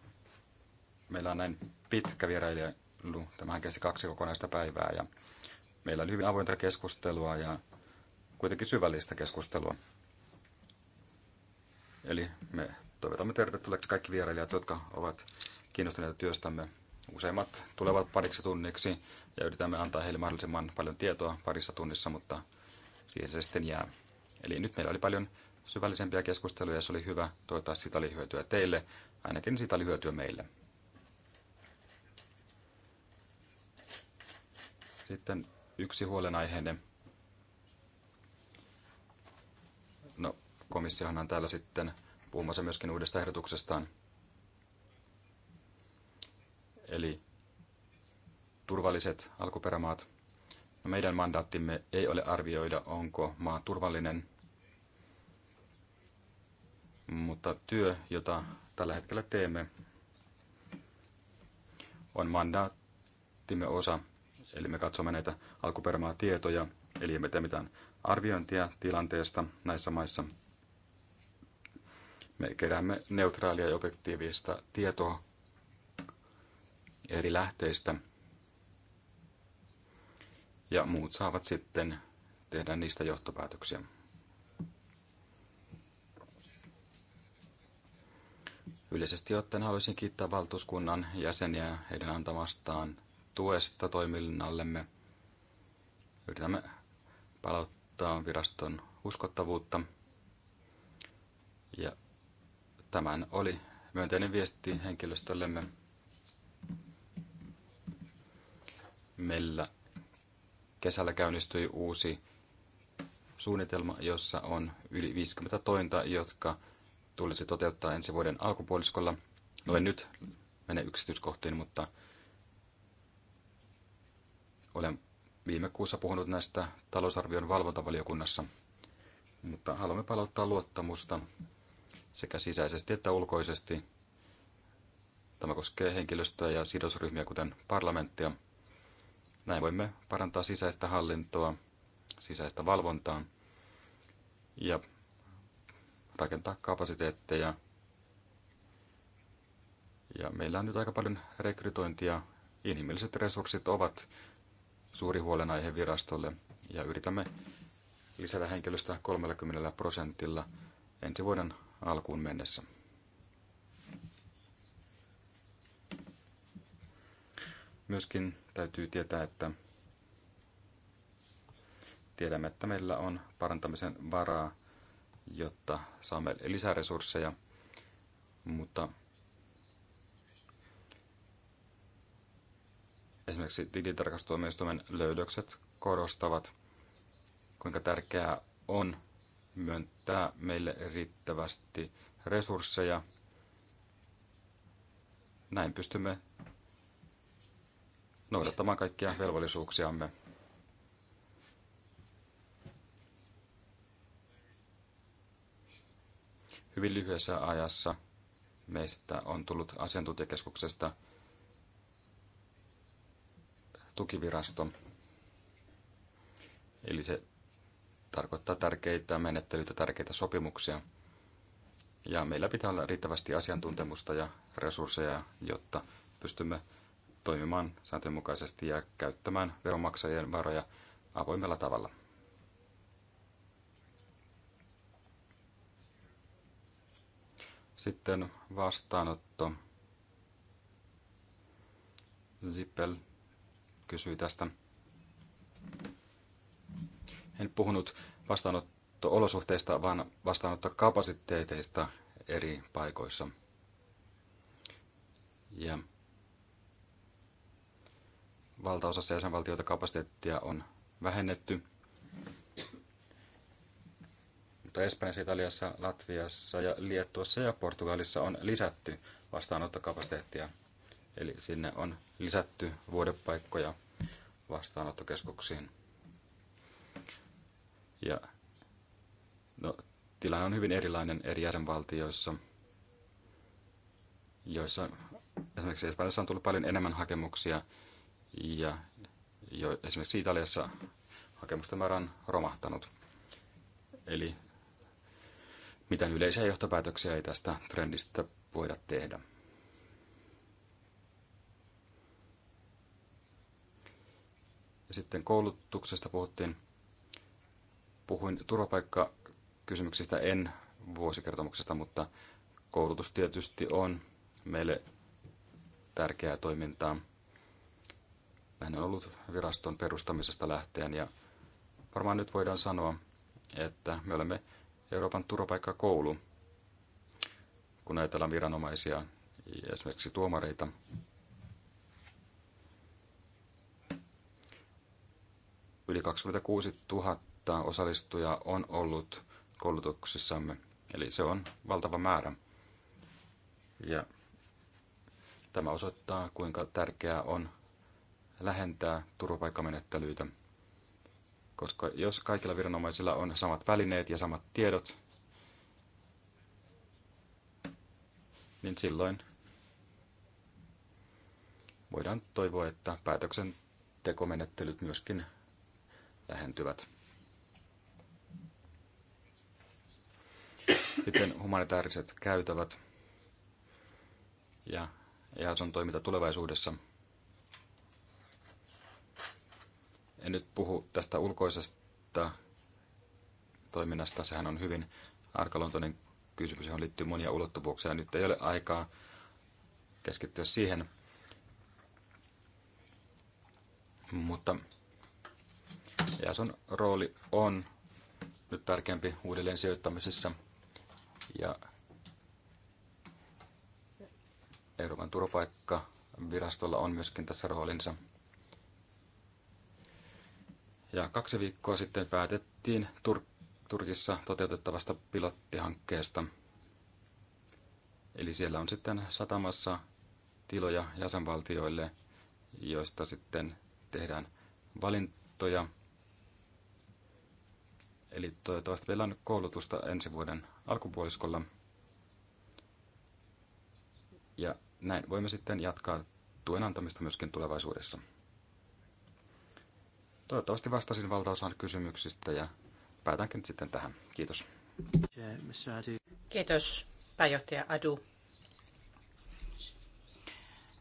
meillä on näin pitkä vierailu. Tämähän kesti kaksi kokonaista päivää ja meillä on hyvin avointa keskustelua ja kuitenkin syvällistä keskustelua. Eli me toivotamme tervetulleeksi kaikki vierailijat, jotka ovat kiinnostuneita työstämme. Useimmat tulevat pariksi tunniksi ja yritämme antaa heille mahdollisimman paljon tietoa parissa tunnissa, mutta siihen se sitten jää. Eli nyt meillä oli paljon syvällisempiä keskusteluja ja se oli hyvä. Toivottavasti sitä oli hyötyä teille, ainakin siitä oli hyötyä meille. Sitten yksi huolenaiheinen. No, komissiohan on täällä sitten puhumassa myöskin uudesta ehdotuksestaan. Eli turvalliset alkuperämaat. No meidän mandaattimme ei ole arvioida, onko maa turvallinen, mutta työ, jota tällä hetkellä teemme, on mandaattimme osa. Eli me katsomme näitä tietoja, eli emme tee mitään arviointia tilanteesta näissä maissa. Me keräämme neutraalia ja objektiivista tietoa eri lähteistä – ja muut saavat sitten tehdä niistä johtopäätöksiä. Yleisesti ottaen haluaisin kiittää valtuuskunnan jäseniä heidän antamastaan tuesta toiminnallemme. Yritämme palauttaa viraston uskottavuutta. Ja tämän oli myönteinen viesti henkilöstöllemme. Meillä kesällä käynnistyi uusi suunnitelma, jossa on yli 50 tointa, jotka tulisi toteuttaa ensi vuoden alkupuoliskolla. No en nyt mene yksityiskohtiin, mutta olen viime kuussa puhunut näistä talousarvion valvontavaliokunnassa, mutta haluamme palauttaa luottamusta sekä sisäisesti että ulkoisesti. Tämä koskee henkilöstöä ja sidosryhmiä, kuten parlamenttia – näin voimme parantaa sisäistä hallintoa, sisäistä valvontaa ja rakentaa kapasiteetteja. Ja meillä on nyt aika paljon rekrytointia. Inhimilliset resurssit ovat suuri huolenaihe virastolle ja yritämme lisätä henkilöstä 30 prosentilla ensi vuoden alkuun mennessä. Myöskin täytyy tietää, että tiedämme, että meillä on parantamisen varaa, jotta saamme lisäresursseja, mutta esimerkiksi tilintarkastustuomioistuimen löydökset korostavat, kuinka tärkeää on myöntää meille riittävästi resursseja. Näin pystymme noudattamaan kaikkia velvollisuuksiamme. Hyvin lyhyessä ajassa meistä on tullut asiantuntijakeskuksesta tukivirasto. Eli se tarkoittaa tärkeitä menettelyitä, tärkeitä sopimuksia. Ja meillä pitää olla riittävästi asiantuntemusta ja resursseja, jotta pystymme toimimaan sääntöjen mukaisesti ja käyttämään veronmaksajien varoja avoimella tavalla. Sitten vastaanotto. Zippel kysyi tästä. En puhunut vastaanotto-olosuhteista, vaan vastaanottokapasiteeteista eri paikoissa. Ja valtaosassa jäsenvaltioita kapasiteettia on vähennetty. Mutta Espanjassa, Italiassa, Latviassa ja Liettuassa ja Portugalissa on lisätty vastaanottokapasiteettia. Eli sinne on lisätty vuodepaikkoja vastaanottokeskuksiin. Ja no, tilanne on hyvin erilainen eri jäsenvaltioissa, joissa esimerkiksi Espanjassa on tullut paljon enemmän hakemuksia ja jo esimerkiksi Italiassa hakemusten määrä on romahtanut. Eli mitä yleisiä johtopäätöksiä ei tästä trendistä voida tehdä. Ja sitten koulutuksesta puhuttiin. Puhuin turvapaikkakysymyksistä en vuosikertomuksesta, mutta koulutus tietysti on meille tärkeää toimintaa. Näin on ollut viraston perustamisesta lähtien ja varmaan nyt voidaan sanoa, että me olemme Euroopan turvapaikkakoulu, kun ajatellaan viranomaisia ja esimerkiksi tuomareita. Yli 26 000 osallistujaa on ollut koulutuksissamme, eli se on valtava määrä. Ja tämä osoittaa, kuinka tärkeää on lähentää turvapaikkamenettelyitä. Koska jos kaikilla viranomaisilla on samat välineet ja samat tiedot, niin silloin voidaan toivoa, että päätöksentekomenettelyt myöskin lähentyvät. Sitten humanitaariset käytävät ja EASON toiminta tulevaisuudessa – En nyt puhu tästä ulkoisesta toiminnasta. Sehän on hyvin arkaluontoinen kysymys, johon liittyy monia ulottuvuuksia. Nyt ei ole aikaa keskittyä siihen. Mutta Jason rooli on nyt tärkeämpi uudelleen sijoittamisessa. Ja Euroopan turvapaikkavirastolla on myöskin tässä roolinsa. Ja kaksi viikkoa sitten päätettiin Tur- Turkissa toteutettavasta pilottihankkeesta. Eli siellä on sitten satamassa tiloja jäsenvaltioille, joista sitten tehdään valintoja. Eli toivottavasti vielä on koulutusta ensi vuoden alkupuoliskolla. Ja näin voimme sitten jatkaa tuen antamista myöskin tulevaisuudessa. Toivottavasti vastasin valtaosaan kysymyksistä ja päätänkin nyt sitten tähän. Kiitos. Kiitos pääjohtaja Adu.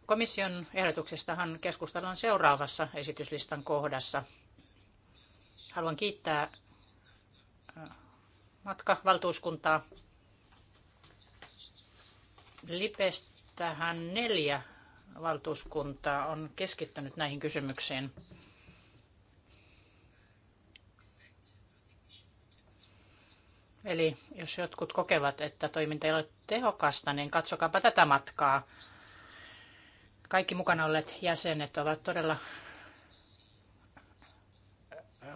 Komission ehdotuksestahan keskustellaan seuraavassa esityslistan kohdassa. Haluan kiittää äh, matkavaltuuskuntaa. Lipestähän neljä valtuuskuntaa on keskittänyt näihin kysymyksiin. Eli jos jotkut kokevat, että toiminta ei ole tehokasta, niin katsokaapa tätä matkaa. Kaikki mukana olleet jäsenet ovat todella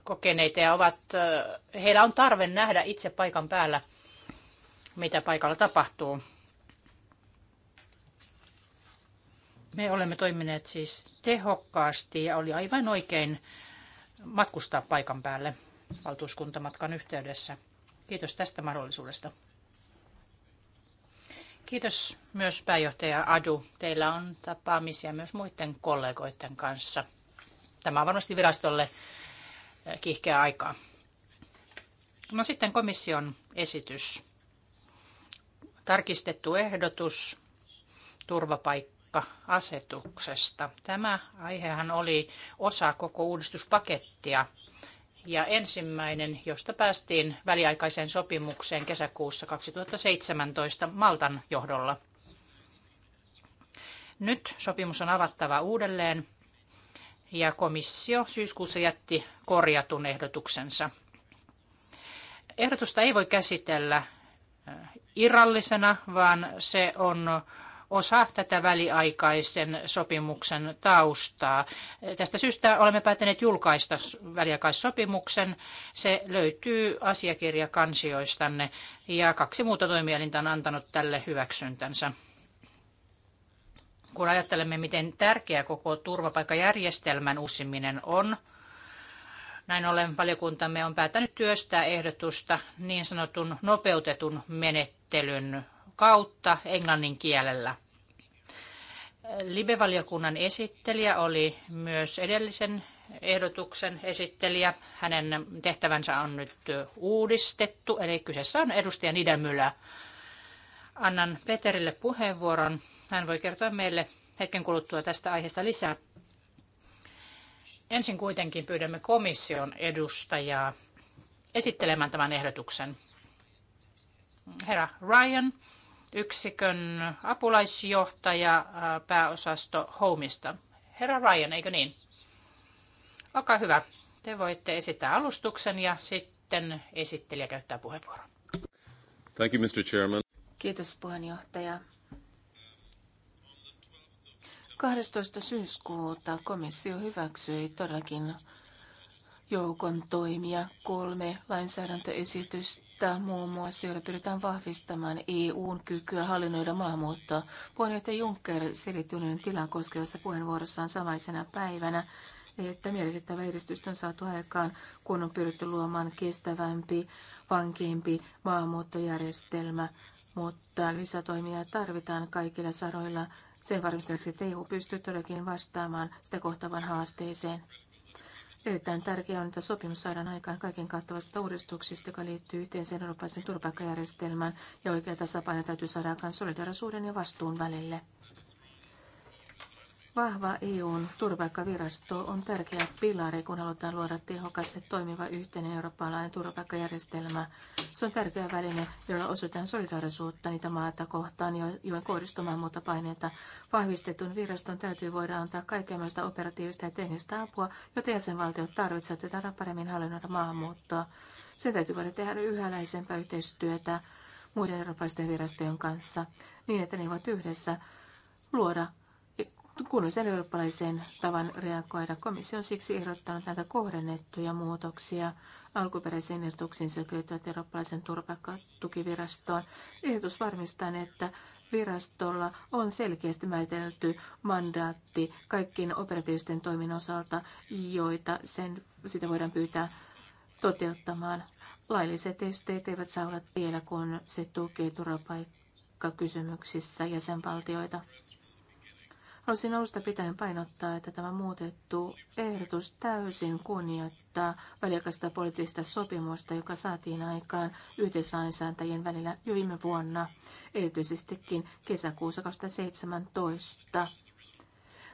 kokeneita ja ovat, heillä on tarve nähdä itse paikan päällä, mitä paikalla tapahtuu. Me olemme toimineet siis tehokkaasti ja oli aivan oikein matkustaa paikan päälle valtuuskuntamatkan yhteydessä. Kiitos tästä mahdollisuudesta. Kiitos myös pääjohtaja Adu. Teillä on tapaamisia myös muiden kollegoiden kanssa. Tämä on varmasti virastolle eh, kiihkeä aikaa. No sitten komission esitys. Tarkistettu ehdotus turvapaikka-asetuksesta. Tämä aihehan oli osa koko uudistuspakettia, ja ensimmäinen, josta päästiin väliaikaiseen sopimukseen kesäkuussa 2017 Maltan johdolla. Nyt sopimus on avattava uudelleen ja komissio syyskuussa jätti korjatun ehdotuksensa. Ehdotusta ei voi käsitellä äh, irrallisena, vaan se on osa tätä väliaikaisen sopimuksen taustaa. Tästä syystä olemme päättäneet julkaista väliaikaissopimuksen. Se löytyy asiakirjakansioistanne ja kaksi muuta toimielintä on antanut tälle hyväksyntänsä kun ajattelemme, miten tärkeä koko turvapaikkajärjestelmän uusiminen on, näin ollen valiokuntamme on päättänyt työstää ehdotusta niin sanotun nopeutetun menettelyn kautta englannin kielellä. Libevaliokunnan esittelijä oli myös edellisen ehdotuksen esittelijä. Hänen tehtävänsä on nyt uudistettu, eli kyseessä on edustaja Nidämylä. Annan Peterille puheenvuoron. Hän voi kertoa meille hetken kuluttua tästä aiheesta lisää. Ensin kuitenkin pyydämme komission edustajaa esittelemään tämän ehdotuksen. Herra Ryan, yksikön apulaisjohtaja äh, pääosasto Homista. Herra Ryan, eikö niin? Olkaa hyvä. Te voitte esittää alustuksen ja sitten esittelijä käyttää puheenvuoron. Thank you, Mr. Chairman. Kiitos puheenjohtaja. 12. syyskuuta komissio hyväksyi todellakin joukon toimia kolme lainsäädäntöesitystä että muun muassa, joilla pyritään vahvistamaan EUn kykyä hallinnoida maahanmuuttoa. Puheenjohtaja Juncker selitti unionin tilan koskevassa puheenvuorossaan samaisena päivänä, että merkittävä edistys on saatu aikaan, kun on pyritty luomaan kestävämpi, vankempi maahanmuuttojärjestelmä, mutta lisätoimia tarvitaan kaikilla saroilla sen varmistamiseksi, että EU pystyy todellakin vastaamaan sitä kohtavan haasteeseen. Erittäin tärkeää on, että sopimus saadaan aikaan kaiken kattavasta uudistuksista, joka liittyy yhteiseen eurooppalaisen turvapaikkajärjestelmään, ja oikea tasapaino täytyy saada aikaan solidarisuuden ja vastuun välille. Vahva EUn turvapaikkavirasto on tärkeä pilari, kun halutaan luoda tehokas ja toimiva yhteinen eurooppalainen turvapaikkajärjestelmä. Se on tärkeä väline, jolla osoitetaan solidaarisuutta niitä maata kohtaan, joihin kohdistumaan muuta paineita. Vahvistetun viraston täytyy voida antaa kaikenlaista operatiivista ja teknistä apua, jota jäsenvaltiot tarvitsevat, jotta saadaan paremmin hallinnoida maahanmuuttoa. Sen täytyy voida tehdä yhä läheisempää yhteistyötä muiden eurooppalaisten virastojen kanssa, niin että ne voivat yhdessä luoda Kunnallisen eurooppalaisen tavan reagoida. Komissio on siksi ehdottanut näitä kohdennettuja muutoksia alkuperäisiin ehdotuksiin, selkeytyvät eurooppalaisen turvapaikkatukivirastoon. Ehdotus varmistaa, että virastolla on selkeästi määritelty mandaatti kaikkien operatiivisten toiminnan osalta, joita sen, sitä voidaan pyytää toteuttamaan. Lailliset esteet eivät saa olla vielä, kun se tukee turvapaikkakysymyksissä jäsenvaltioita. Haluaisin alusta pitäen painottaa, että tämä muutettu ehdotus täysin kunnioittaa väliaikaista poliittista sopimusta, joka saatiin aikaan yhteislainsääntäjien välillä jo viime vuonna, erityisestikin kesäkuussa 2017.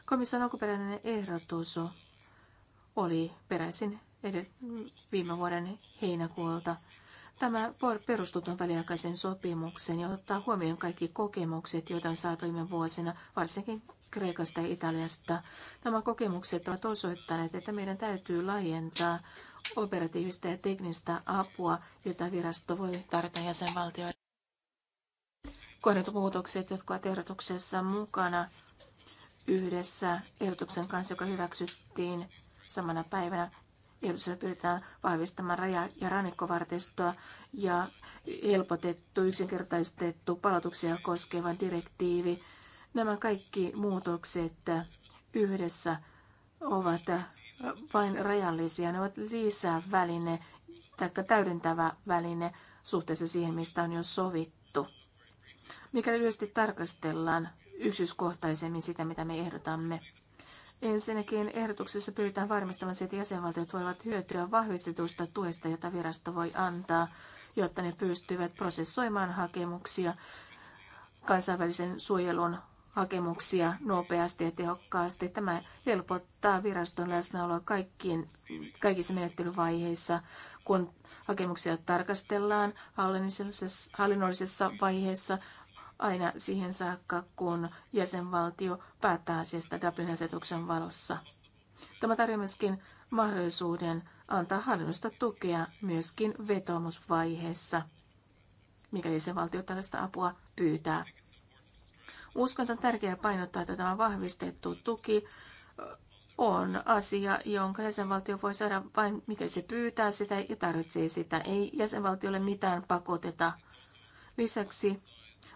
Komission alkuperäinen ehdotus oli peräisin viime vuoden heinäkuulta. Tämä perustuu tuon väliaikaisen sopimuksen ja ottaa huomioon kaikki kokemukset, joita on saatu viime vuosina, varsinkin Kreikasta ja Italiasta. Nämä kokemukset ovat osoittaneet, että meidän täytyy laajentaa operatiivista ja teknistä apua, jota virasto voi tarjota jäsenvaltioille. Kohdentumuutokset, muutokset, jotka ovat ehdotuksessa mukana yhdessä ehdotuksen kanssa, joka hyväksyttiin samana päivänä, ehdotuksella pyritään vahvistamaan raja- ja rannikkovartistoa ja helpotettu, yksinkertaistettu palautuksia koskeva direktiivi Nämä kaikki muutokset yhdessä ovat vain rajallisia. Ne ovat lisää väline tai täydentävä väline suhteessa siihen, mistä on jo sovittu. Mikäli lyhyesti tarkastellaan yksityiskohtaisemmin sitä, mitä me ehdotamme. Ensinnäkin ehdotuksessa pyritään varmistamaan se, että jäsenvaltiot voivat hyötyä vahvistetusta tuesta, jota virasto voi antaa, jotta ne pystyvät prosessoimaan hakemuksia kansainvälisen suojelun hakemuksia nopeasti ja tehokkaasti. Tämä helpottaa viraston läsnäoloa kaikkiin, kaikissa menettelyvaiheissa, kun hakemuksia tarkastellaan hallinnollisessa, hallinnollisessa vaiheessa aina siihen saakka, kun jäsenvaltio päättää asiasta Dublin-asetuksen valossa. Tämä tarjoaa myöskin mahdollisuuden antaa hallinnosta tukea myöskin vetoomusvaiheessa, mikäli se valtio tällaista apua pyytää. Uskon, että on tärkeää painottaa, että tämä vahvistettu tuki on asia, jonka jäsenvaltio voi saada vain, mikäli se pyytää sitä ja tarvitsee sitä. Ei jäsenvaltiolle mitään pakoteta. Lisäksi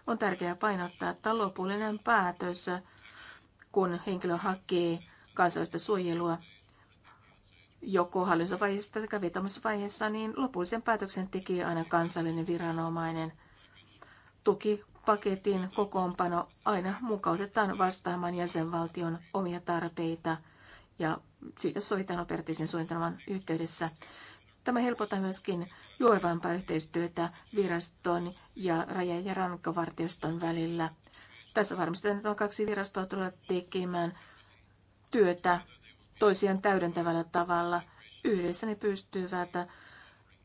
on tärkeää painottaa, että lopullinen päätös, kun henkilö hakee kansallista suojelua joko hallitusvaiheessa tai vetomusvaiheessa, niin lopullisen päätöksen tekee aina kansallinen viranomainen. Tuki paketin kokoonpano aina mukautetaan vastaamaan jäsenvaltion omia tarpeita ja siitä sovitaan operatiivisen suunnitelman yhteydessä. Tämä helpottaa myöskin juovampaa yhteistyötä viraston ja raja- ja rannikkovartioston välillä. Tässä varmistetaan, että kaksi virastoa tulee tekemään työtä toisiaan täydentävällä tavalla. Yhdessä ne pystyvät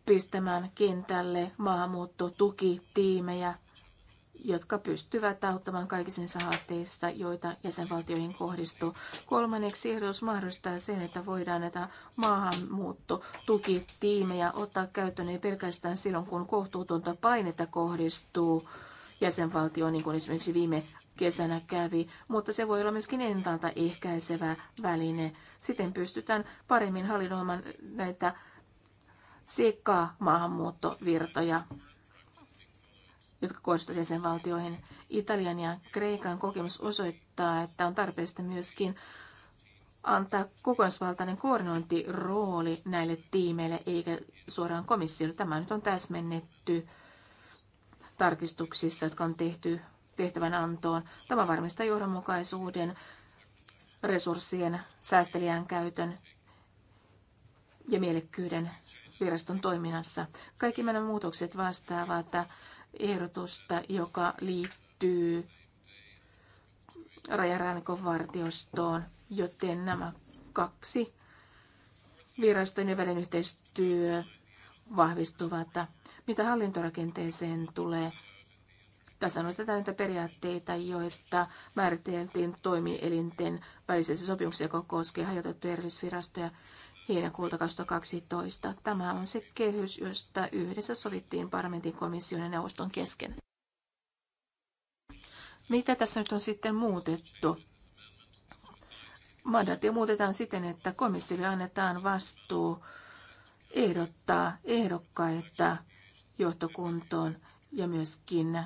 pistämään kentälle maahanmuuttotukitiimejä jotka pystyvät auttamaan kaikissa haasteissa, joita jäsenvaltioihin kohdistuu. Kolmanneksi ehdotus mahdollistaa sen, että voidaan näitä maahanmuuttotukitiimejä ottaa käyttöön ei pelkästään silloin, kun kohtuutonta painetta kohdistuu jäsenvaltioon, niin kuin esimerkiksi viime kesänä kävi, mutta se voi olla myöskin ehkäisevä väline. Siten pystytään paremmin hallinnoimaan näitä sekä maahanmuuttovirtoja jotka kohdistuvat jäsenvaltioihin. Italian ja Kreikan kokemus osoittaa, että on tarpeesta myöskin antaa kokonaisvaltainen koordinointirooli näille tiimeille, eikä suoraan komissiolle. Tämä nyt on täsmennetty tarkistuksissa, jotka on tehty tehtävän antoon. Tämä varmistaa johdonmukaisuuden, resurssien, säästelijän käytön ja mielekkyyden viraston toiminnassa. Kaikki meidän muutokset vastaavat ehdotusta, joka liittyy rajarannikon vartiostoon, joten nämä kaksi virastojen välin yhteistyö vahvistuvat. Mitä hallintorakenteeseen tulee, tässä tätä näitä periaatteita, joita määriteltiin toimielinten välisessä sopimuksessa, joka koskee hajautettuja erillisvirastoja heinäkuulta 12. Tämä on se kehys, josta yhdessä sovittiin parlamentin komission ja neuvoston kesken. Mitä tässä nyt on sitten muutettu? Mandaatio muutetaan siten, että komissiolle annetaan vastuu ehdottaa ehdokkaita johtokuntoon ja myöskin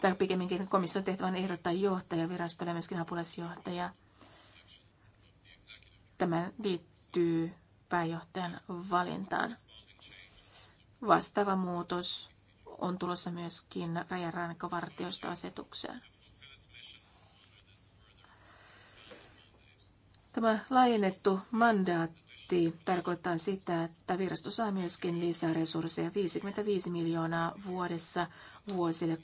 tai pikemminkin komission tehtävän ehdottaa johtaja virastolle ja myöskin apulaisjohtaja. Tämä liittyy pääjohtajan valintaan. Vastaava muutos on tulossa myöskin rajarannikkovartioista asetukseen. Tämä laajennettu mandaatti budjetti tarkoittaa sitä, että virasto saa myöskin lisää resursseja 55 miljoonaa vuodessa vuosille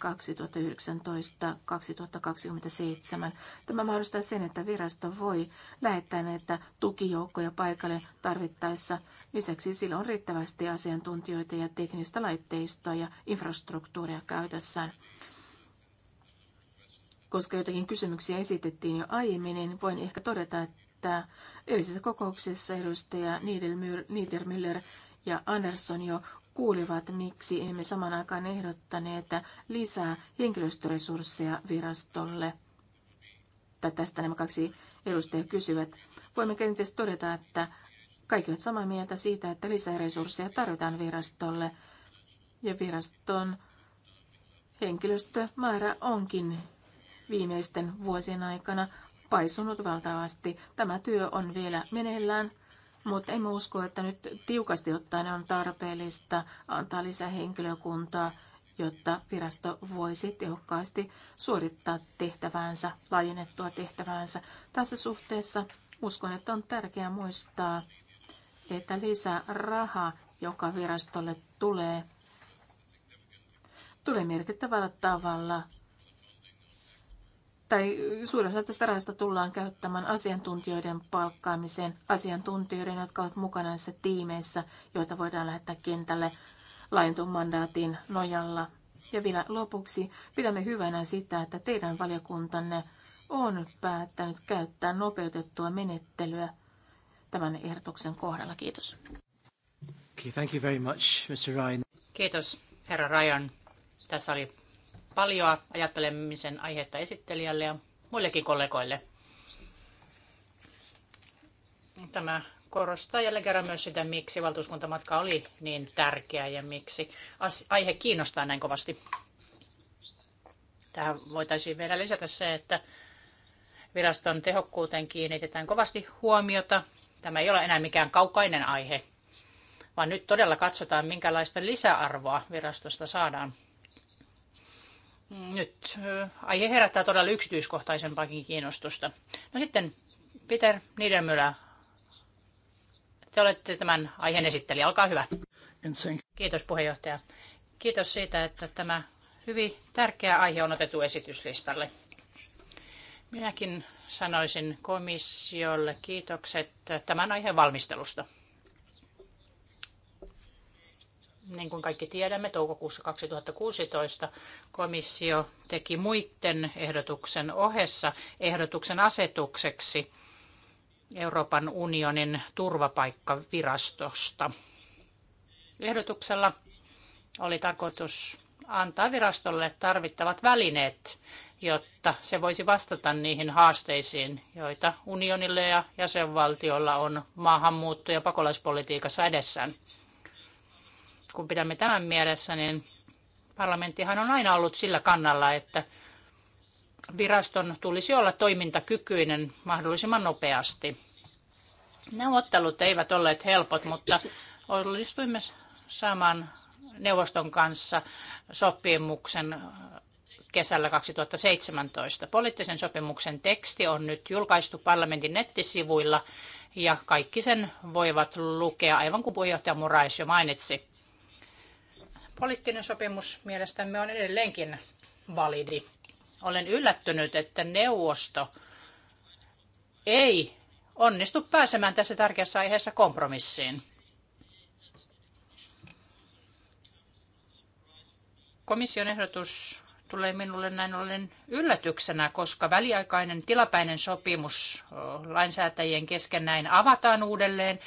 2019-2027. Tämä mahdollistaa sen, että virasto voi lähettää näitä tukijoukkoja paikalle tarvittaessa. Lisäksi sillä on riittävästi asiantuntijoita ja teknistä laitteistoa ja infrastruktuuria käytössään. Koska jotakin kysymyksiä esitettiin jo aiemmin, niin voin ehkä todeta, että että edellisessä kokouksessa edustaja Niedermüller ja Andersson jo kuulivat, miksi emme saman aikaan ehdottaneet lisää henkilöstöresursseja virastolle. Tai tästä nämä kaksi edustajaa kysyvät. Voimme kenties todeta, että kaikki ovat samaa mieltä siitä, että lisää resursseja tarvitaan virastolle. Ja viraston henkilöstömäärä onkin viimeisten vuosien aikana paisunut valtavasti. Tämä työ on vielä meneillään, mutta emme usko, että nyt tiukasti ottaen on tarpeellista antaa lisää henkilökuntaa, jotta virasto voisi tehokkaasti suorittaa tehtäväänsä, laajennettua tehtäväänsä. Tässä suhteessa uskon, että on tärkeää muistaa, että lisää raha, joka virastolle tulee, tulee merkittävällä tavalla tai suurin osa tästä rahasta tullaan käyttämään asiantuntijoiden palkkaamiseen, asiantuntijoiden, jotka ovat mukana näissä tiimeissä, joita voidaan lähettää kentälle laajentun mandaatin nojalla. Ja vielä lopuksi pidämme hyvänä sitä, että teidän valiokuntanne on päättänyt käyttää nopeutettua menettelyä tämän ehdotuksen kohdalla. Kiitos. Okay, thank you very much, Mr. Ryan. Kiitos, herra Ryan. Tässä oli paljon ajattelemisen aihetta esittelijälle ja muillekin kollegoille. Tämä korostaa jälleen kerran myös sitä, miksi valtuuskuntamatka oli niin tärkeä ja miksi aihe kiinnostaa näin kovasti. Tähän voitaisiin vielä lisätä se, että viraston tehokkuuteen kiinnitetään kovasti huomiota. Tämä ei ole enää mikään kaukainen aihe, vaan nyt todella katsotaan, minkälaista lisäarvoa virastosta saadaan. Nyt äh, aihe herättää todella yksityiskohtaisempaakin kiinnostusta. No sitten Peter Niedermüller, te olette tämän aiheen esittelijä. Olkaa hyvä. Kiitos puheenjohtaja. Kiitos siitä, että tämä hyvin tärkeä aihe on otettu esityslistalle. Minäkin sanoisin komissiolle kiitokset tämän aiheen valmistelusta. Niin kuin kaikki tiedämme, toukokuussa 2016 komissio teki muiden ehdotuksen ohessa ehdotuksen asetukseksi Euroopan unionin turvapaikkavirastosta. Ehdotuksella oli tarkoitus antaa virastolle tarvittavat välineet, jotta se voisi vastata niihin haasteisiin, joita unionille ja jäsenvaltiolla on maahanmuutto- ja pakolaispolitiikassa edessään kun pidämme tämän mielessä, niin parlamenttihan on aina ollut sillä kannalla, että viraston tulisi olla toimintakykyinen mahdollisimman nopeasti. Neuvottelut eivät olleet helpot, mutta onnistuimme saamaan neuvoston kanssa sopimuksen kesällä 2017. Poliittisen sopimuksen teksti on nyt julkaistu parlamentin nettisivuilla ja kaikki sen voivat lukea, aivan kuin puheenjohtaja Murais jo mainitsi. Poliittinen sopimus mielestämme on edelleenkin validi. Olen yllättynyt, että neuvosto ei onnistu pääsemään tässä tärkeässä aiheessa kompromissiin. Komission ehdotus tulee minulle näin ollen yllätyksenä, koska väliaikainen tilapäinen sopimus lainsäätäjien kesken näin avataan uudelleen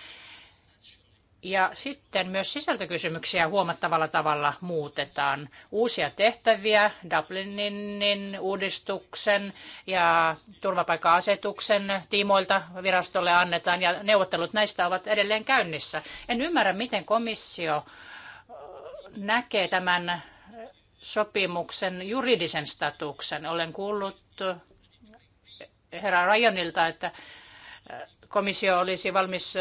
ja sitten myös sisältökysymyksiä huomattavalla tavalla muutetaan. Uusia tehtäviä Dublinin uudistuksen ja turvapaikka-asetuksen tiimoilta virastolle annetaan ja neuvottelut näistä ovat edelleen käynnissä. En ymmärrä, miten komissio näkee tämän sopimuksen juridisen statuksen. Olen kuullut herra Rajonilta, että komissio olisi valmis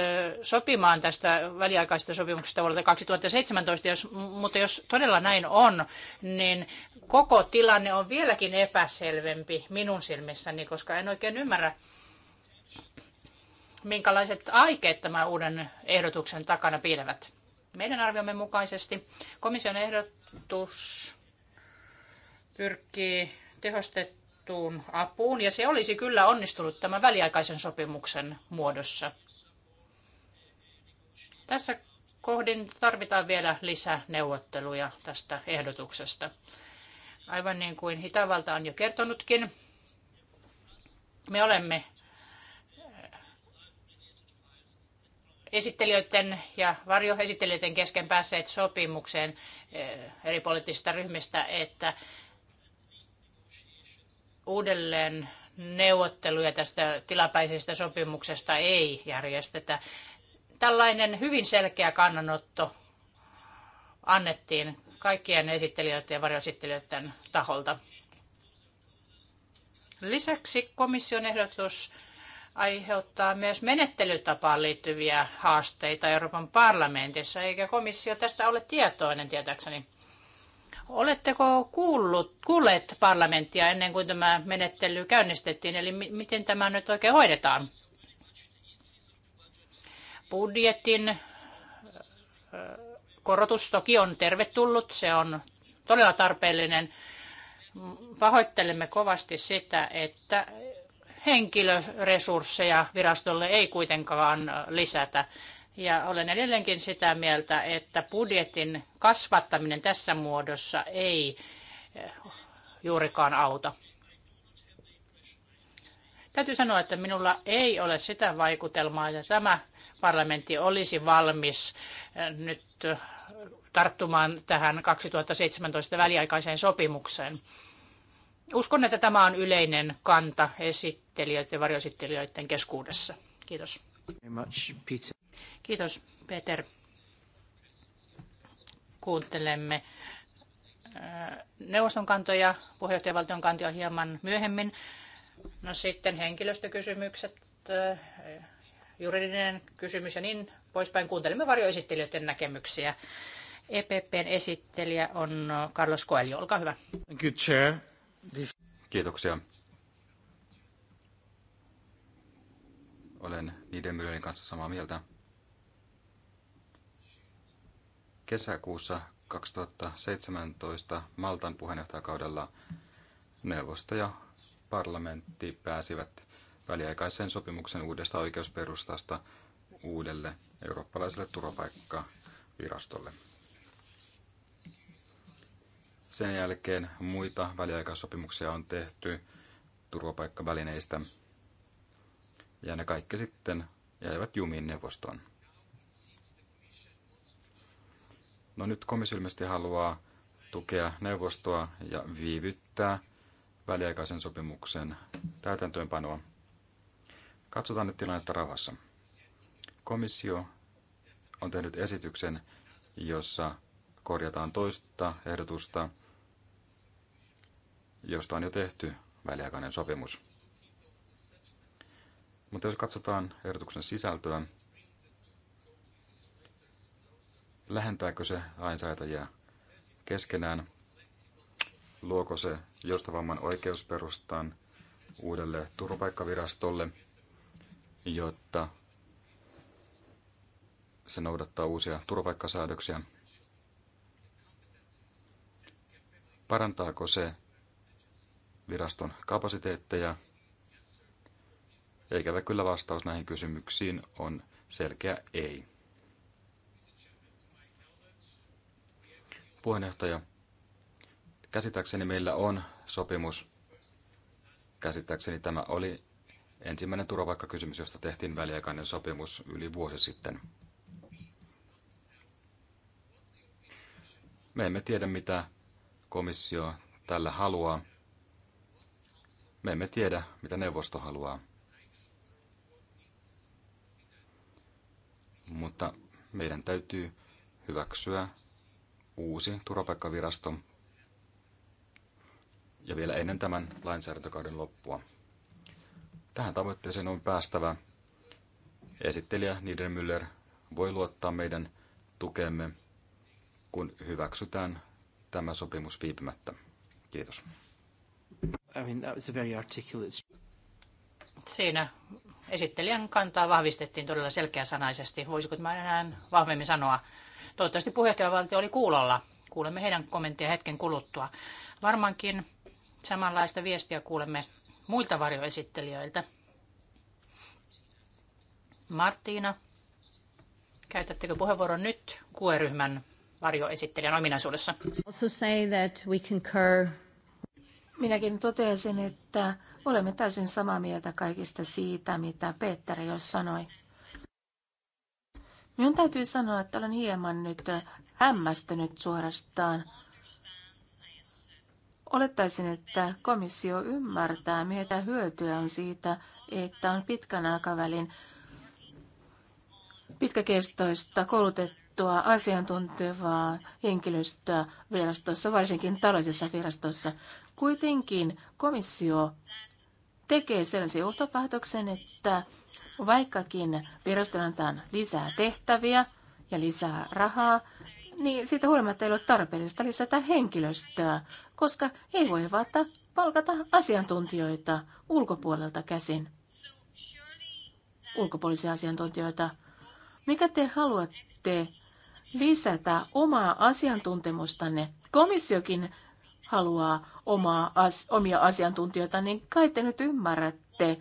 sopimaan tästä väliaikaisesta sopimuksesta vuodelta 2017, jos, mutta jos todella näin on, niin koko tilanne on vieläkin epäselvempi minun silmissäni, koska en oikein ymmärrä, minkälaiset aikeet tämän uuden ehdotuksen takana piilevät. Meidän arviomme mukaisesti komission ehdotus pyrkii tehostettua annettuun apuun, ja se olisi kyllä onnistunut tämän väliaikaisen sopimuksen muodossa. Tässä kohdin tarvitaan vielä lisäneuvotteluja tästä ehdotuksesta. Aivan niin kuin Itävalta on jo kertonutkin, me olemme eh, esittelijöiden ja varjoesittelijöiden kesken päässeet sopimukseen eh, eri poliittisista ryhmistä, että uudelleen neuvotteluja tästä tilapäisestä sopimuksesta ei järjestetä. Tällainen hyvin selkeä kannanotto annettiin kaikkien esittelijöiden ja varjoesittelijöiden taholta. Lisäksi komission ehdotus aiheuttaa myös menettelytapaan liittyviä haasteita Euroopan parlamentissa, eikä komissio tästä ole tietoinen tietääkseni. Oletteko kuullut, kuulleet parlamenttia ennen kuin tämä menettely käynnistettiin, eli miten tämä nyt oikein hoidetaan? Budjetin korotus toki on tervetullut, se on todella tarpeellinen. Pahoittelemme kovasti sitä, että henkilöresursseja virastolle ei kuitenkaan lisätä. Ja olen edelleenkin sitä mieltä, että budjetin kasvattaminen tässä muodossa ei eh, juurikaan auta. Täytyy sanoa, että minulla ei ole sitä vaikutelmaa, että tämä parlamentti olisi valmis eh, nyt eh, tarttumaan tähän 2017 väliaikaiseen sopimukseen. Uskon, että tämä on yleinen kanta esittelijöiden ja varjoesittelijöiden keskuudessa. Kiitos. Kiitos Peter. Kuuntelemme äh, neuvoston kantoja, puheenjohtajavaltion kantoja hieman myöhemmin. No sitten henkilöstökysymykset, äh, juridinen kysymys ja niin poispäin. Kuuntelemme varjoesittelijöiden näkemyksiä. EPPn esittelijä on Carlos Coelho. Olkaa hyvä. Kiitoksia. Olen niiden myölin kanssa samaa mieltä. kesäkuussa 2017 Maltan puheenjohtajakaudella neuvosto ja parlamentti pääsivät väliaikaiseen sopimuksen uudesta oikeusperustasta uudelle eurooppalaiselle turvapaikkavirastolle. Sen jälkeen muita väliaikaissopimuksia on tehty turvapaikkavälineistä, ja ne kaikki sitten jäivät jumiin neuvostoon. No nyt komissio haluaa tukea neuvostoa ja viivyttää väliaikaisen sopimuksen täytäntöönpanoa. Katsotaan nyt tilannetta rauhassa. Komissio on tehnyt esityksen, jossa korjataan toista ehdotusta, josta on jo tehty väliaikainen sopimus. Mutta jos katsotaan ehdotuksen sisältöä, Lähentääkö se lainsäätäjää keskenään? Luoko se joustavamman oikeusperustan uudelle turvapaikkavirastolle, jotta se noudattaa uusia turvapaikkasäädöksiä? Parantaako se viraston kapasiteetteja? Eikävä kyllä vastaus näihin kysymyksiin on selkeä ei. puheenjohtaja. Käsittääkseni meillä on sopimus. Käsittääkseni tämä oli ensimmäinen turvapaikkakysymys, josta tehtiin väliaikainen sopimus yli vuosi sitten. Me emme tiedä, mitä komissio tällä haluaa. Me emme tiedä, mitä neuvosto haluaa. Mutta meidän täytyy hyväksyä uusi turvapaikkavirasto ja vielä ennen tämän lainsäädäntökauden loppua. Tähän tavoitteeseen on päästävä. Esittelijä Niedermüller voi luottaa meidän tukemme, kun hyväksytään tämä sopimus viipymättä. Kiitos. I mean, that was a very articulate... Siinä esittelijän kantaa vahvistettiin todella selkeäsanaisesti. Voisiko mä enää vahvemmin sanoa? Toivottavasti puheenjohtajavaltio oli kuulolla. Kuulemme heidän kommenttia hetken kuluttua. Varmaankin samanlaista viestiä kuulemme muilta varjoesittelijöiltä. Martina, käytättekö puheenvuoron nyt QE-ryhmän varjoesittelijän ominaisuudessa? Also say that we concur. Minäkin toteaisin, että olemme täysin samaa mieltä kaikista siitä, mitä Peter jo sanoi. Minun täytyy sanoa, että olen hieman nyt äh, hämmästynyt suorastaan. Olettaisin, että komissio ymmärtää, mitä hyötyä on siitä, että on pitkän aikavälin pitkäkestoista koulutettua asiantuntevaa henkilöstöä virastossa, varsinkin taloudellisessa virastossa. Kuitenkin komissio tekee sellaisen johtopäätöksen, että Vaikkakin virasto antaa lisää tehtäviä ja lisää rahaa, niin siitä huolimatta ei ole tarpeellista lisätä henkilöstöä, koska ei voi vaata palkata asiantuntijoita ulkopuolelta käsin. Ulkopuolisia asiantuntijoita. Mikä te haluatte lisätä omaa asiantuntemustanne? Komissiokin haluaa omaa as, omia asiantuntijoita, niin kai te nyt ymmärrätte,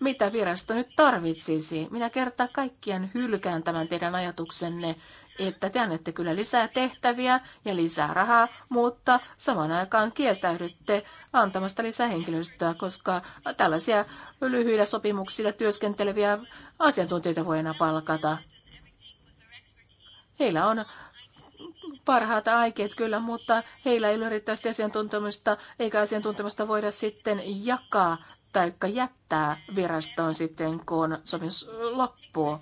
mitä virasto nyt tarvitsisi. Minä kertaa kaikkien hylkään tämän teidän ajatuksenne, että te annette kyllä lisää tehtäviä ja lisää rahaa, mutta samaan aikaan kieltäydytte antamasta lisää henkilöstöä, koska tällaisia lyhyillä sopimuksilla työskenteleviä asiantuntijoita voi enää palkata. Heillä on parhaat aikeet kyllä, mutta heillä ei ole riittävästi asiantuntemusta, eikä asiantuntemusta voida sitten jakaa taikka jättää virastoon sitten, kun sopimus loppuu.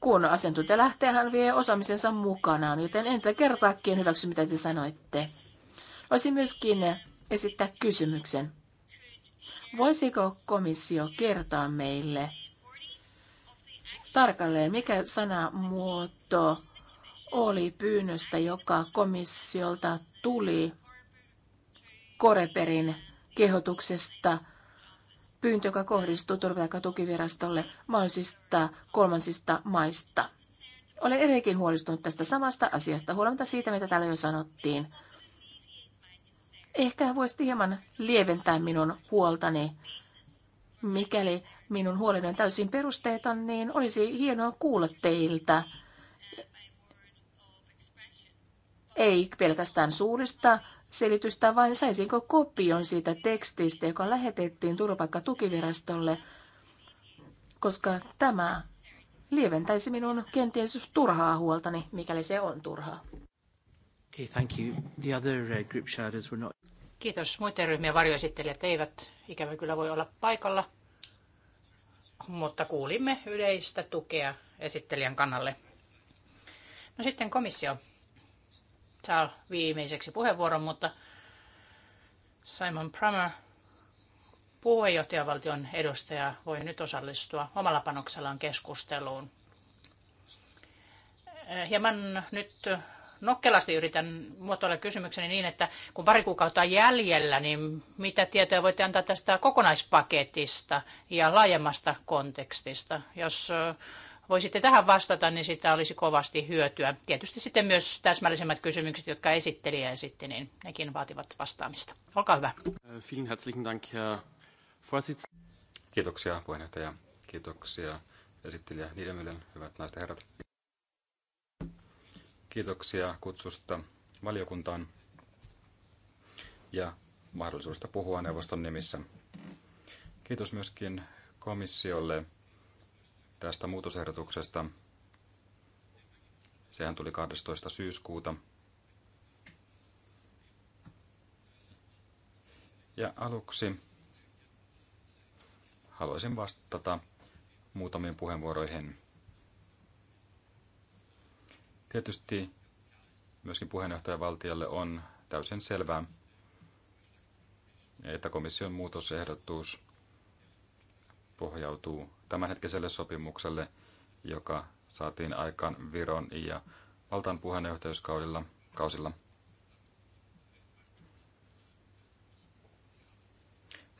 Kun asiantuntija lähtee, hän vie osaamisensa mukanaan, joten en tätä kertaakin hyväksy, mitä te sanoitte. Voisin myöskin esittää kysymyksen. Voisiko komissio kertoa meille tarkalleen, mikä sanamuoto oli pyynnöstä, joka komissiolta tuli Koreperin kehotuksesta – pyyntö, joka kohdistuu turvapaikkatukivirastolle mahdollisista kolmansista maista. Olen edelleenkin huolestunut tästä samasta asiasta, huolimatta siitä, mitä täällä jo sanottiin. Ehkä voisit hieman lieventää minun huoltani. Mikäli minun huoleni on täysin perusteeton, niin olisi hienoa kuulla teiltä. Ei pelkästään suurista selitystä, vaan saisinko kopion siitä tekstistä, joka lähetettiin turvapaikkatukivirastolle, koska tämä lieventäisi minun kenties turhaa huoltani, mikäli se on turhaa. Okay, thank you. The other uh, group were not... Kiitos. Muiden ryhmien varjoesittelijät eivät ikävä kyllä voi olla paikalla, mutta kuulimme yleistä tukea esittelijän kannalle. No sitten komissio. Tämä viimeiseksi puheenvuoron, mutta Simon Prammer puheenjohtajavaltion edustaja, voi nyt osallistua omalla panoksellaan keskusteluun. Eh, hieman nyt nokkelasti yritän muotoilla kysymykseni niin, että kun pari kuukautta on jäljellä, niin mitä tietoja voitte antaa tästä kokonaispaketista ja laajemmasta kontekstista? Jos eh, voisitte tähän vastata, niin sitä olisi kovasti hyötyä. Tietysti sitten myös täsmällisemmät kysymykset, jotka esittelijä esitti, niin nekin vaativat vastaamista. Olkaa hyvä. Kiitoksia puheenjohtaja. Kiitoksia esittelijä Niidemylen, hyvät naiset ja herrat. Kiitoksia kutsusta valiokuntaan ja mahdollisuudesta puhua neuvoston nimissä. Kiitos myöskin komissiolle tästä muutosehdotuksesta. Sehän tuli 12. syyskuuta. Ja aluksi haluaisin vastata muutamiin puheenvuoroihin. Tietysti myöskin puheenjohtajavaltiolle on täysin selvää, että komission muutosehdotus pohjautuu tämänhetkiselle sopimukselle, joka saatiin aikaan Viron ja Valtan puheenjohtajuuskaudella kausilla.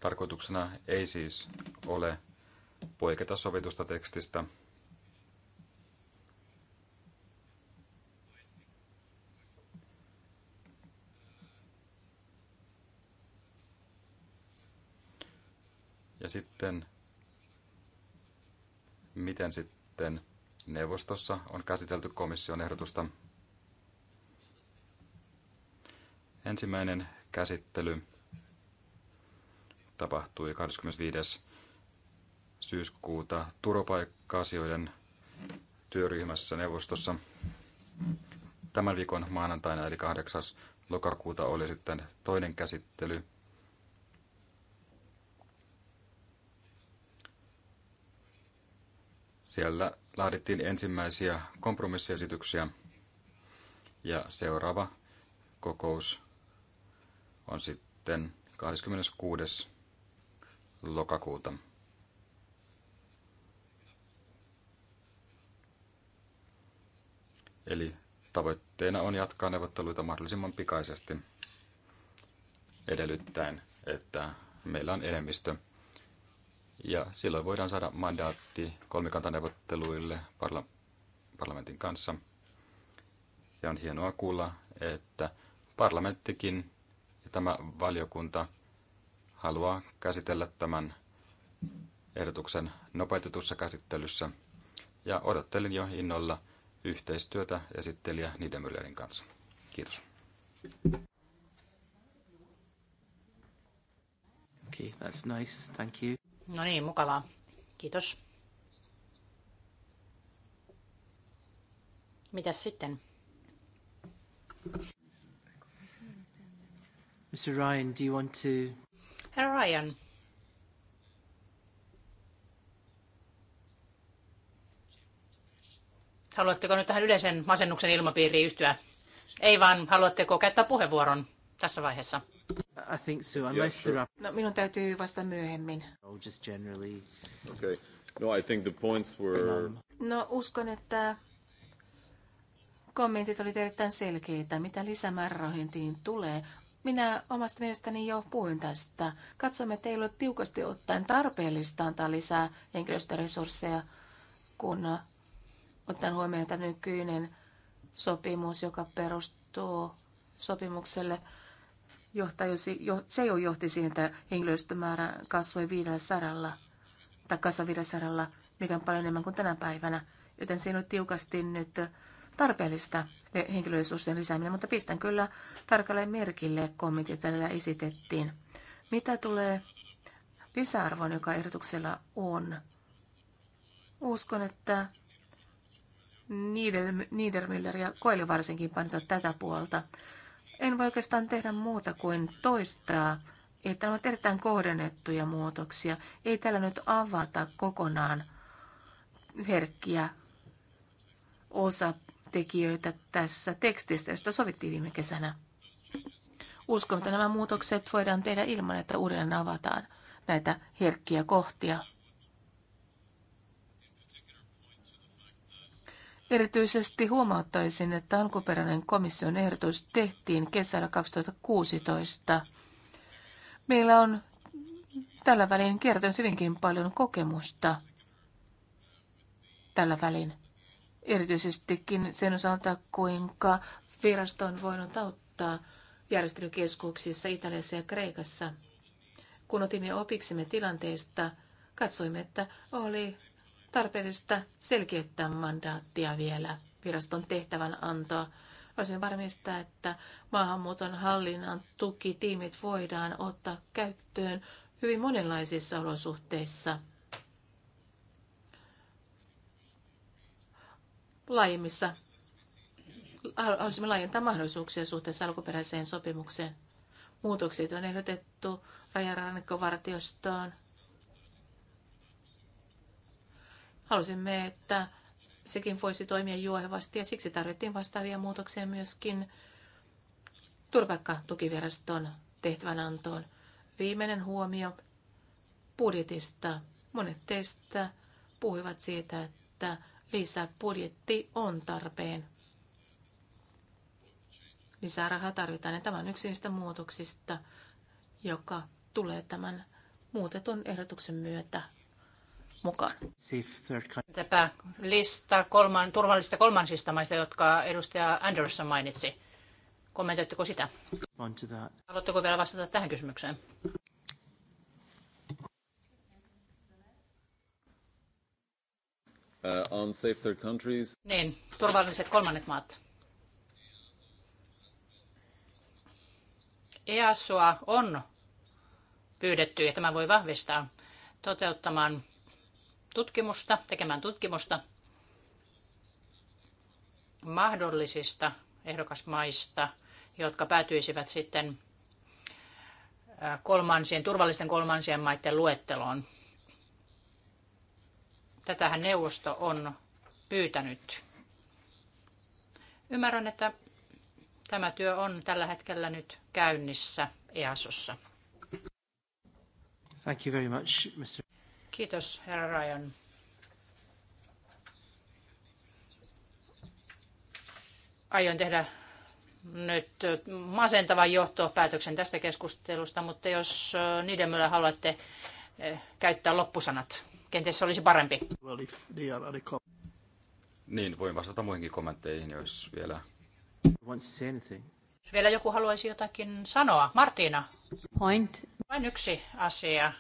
Tarkoituksena ei siis ole poiketa sovitusta tekstistä. Ja sitten miten sitten neuvostossa on käsitelty komission ehdotusta. Ensimmäinen käsittely tapahtui 25. syyskuuta turvapaikka-asioiden työryhmässä neuvostossa. Tämän viikon maanantaina eli 8. lokakuuta oli sitten toinen käsittely – Siellä laadittiin ensimmäisiä kompromissiesityksiä ja seuraava kokous on sitten 26. lokakuuta. Eli tavoitteena on jatkaa neuvotteluita mahdollisimman pikaisesti edellyttäen, että meillä on enemmistö ja silloin voidaan saada mandaatti kolmikantaneuvotteluille parla- parlamentin kanssa. Ja on hienoa kuulla, että parlamenttikin ja tämä valiokunta haluaa käsitellä tämän ehdotuksen nopeutetussa käsittelyssä. Ja odottelin jo innolla yhteistyötä esittelijä Niedemüllerin kanssa. Kiitos. Okay, that's nice. Thank you. No niin, mukavaa. Kiitos. Mitäs sitten? Mr. Ryan, do you want to... Herra Ryan. Haluatteko nyt tähän yleisen masennuksen ilmapiiriin yhtyä? Ei vaan, haluatteko käyttää puheenvuoron tässä vaiheessa? I think so, unless yeah, sure. there are... No, minun täytyy vasta myöhemmin. Oh, just generally. Okay. No, I think the points were... No, uskon, että kommentit olivat erittäin selkeitä, mitä lisämäärärahointiin tulee. Minä omasta mielestäni jo puhuin tästä. Katsomme, että ei ole tiukasti ottaen tarpeellista antaa lisää henkilöstöresursseja, kun otan huomioon, että nykyinen sopimus, joka perustuu sopimukselle johtaa, jos se jo johti siihen, että henkilöstömäärä kasvoi 500 tai kasvoi 500, mikä on paljon enemmän kuin tänä päivänä. Joten siinä on tiukasti nyt tarpeellista henkilöllisuuden lisääminen, mutta pistän kyllä tarkalleen merkille kommentti, jota täällä esitettiin. Mitä tulee lisäarvoon, joka ehdotuksella on? Uskon, että Niedermüller ja Koili varsinkin painottavat tätä puolta. En voi oikeastaan tehdä muuta kuin toistaa, että ne ovat erittäin kohdennettuja muutoksia. Ei tällä nyt avata kokonaan herkkiä osatekijöitä tässä tekstissä, josta sovittiin viime kesänä. Uskon, että nämä muutokset voidaan tehdä ilman, että uudelleen avataan näitä herkkiä kohtia. Erityisesti huomauttaisin, että alkuperäinen komission ehdotus tehtiin kesällä 2016. Meillä on tällä välin kertynyt hyvinkin paljon kokemusta tällä välin. Erityisestikin sen osalta, kuinka virasto on voinut auttaa järjestelykeskuksissa Italiassa ja Kreikassa. Kun otimme opiksemme tilanteesta, katsoimme, että oli tarpeellista selkeyttää mandaattia vielä viraston tehtävän antoa. Voisin varmistaa, että maahanmuuton hallinnan tukitiimit voidaan ottaa käyttöön hyvin monenlaisissa olosuhteissa. Laajemmissa Haluaisimme laajentaa mahdollisuuksia suhteessa alkuperäiseen sopimukseen. Muutokset on ehdotettu rajarannikkovartiostoon, Halusimme, että sekin voisi toimia juohevasti ja siksi tarvittiin vastaavia muutoksia myöskin turvapaikka-tukiviraston tehtävänantoon. Viimeinen huomio budjetista. Monet teistä puhuivat siitä, että lisäbudjetti on tarpeen. Lisää rahaa tarvitaan ja tämä on yksi niistä muutoksista, joka tulee tämän muutetun ehdotuksen myötä mukaan. Tätä lista kolman, turvallisista kolmansista maista, jotka edustaja Anderson mainitsi. Kommentoitteko sitä? Haluatteko vielä vastata tähän kysymykseen? Uh, on safe third countries. Niin, turvalliset kolmannet maat. EASOa on pyydetty, ja tämä voi vahvistaa, toteuttamaan tutkimusta, tekemään tutkimusta mahdollisista ehdokasmaista, jotka päätyisivät sitten kolmansien, turvallisten kolmansien maiden luetteloon. Tätähän neuvosto on pyytänyt. Ymmärrän, että tämä työ on tällä hetkellä nyt käynnissä EASossa. Thank you very much, Mr. Kiitos, herra Ryan. Aion tehdä nyt masentavan johtopäätöksen tästä keskustelusta, mutta jos niiden myöllä haluatte käyttää loppusanat, kenties se olisi parempi. Niin, voin vastata muihinkin kommentteihin, jos vielä... Jos vielä joku haluaisi jotakin sanoa. Martina. Point. Vain yksi asia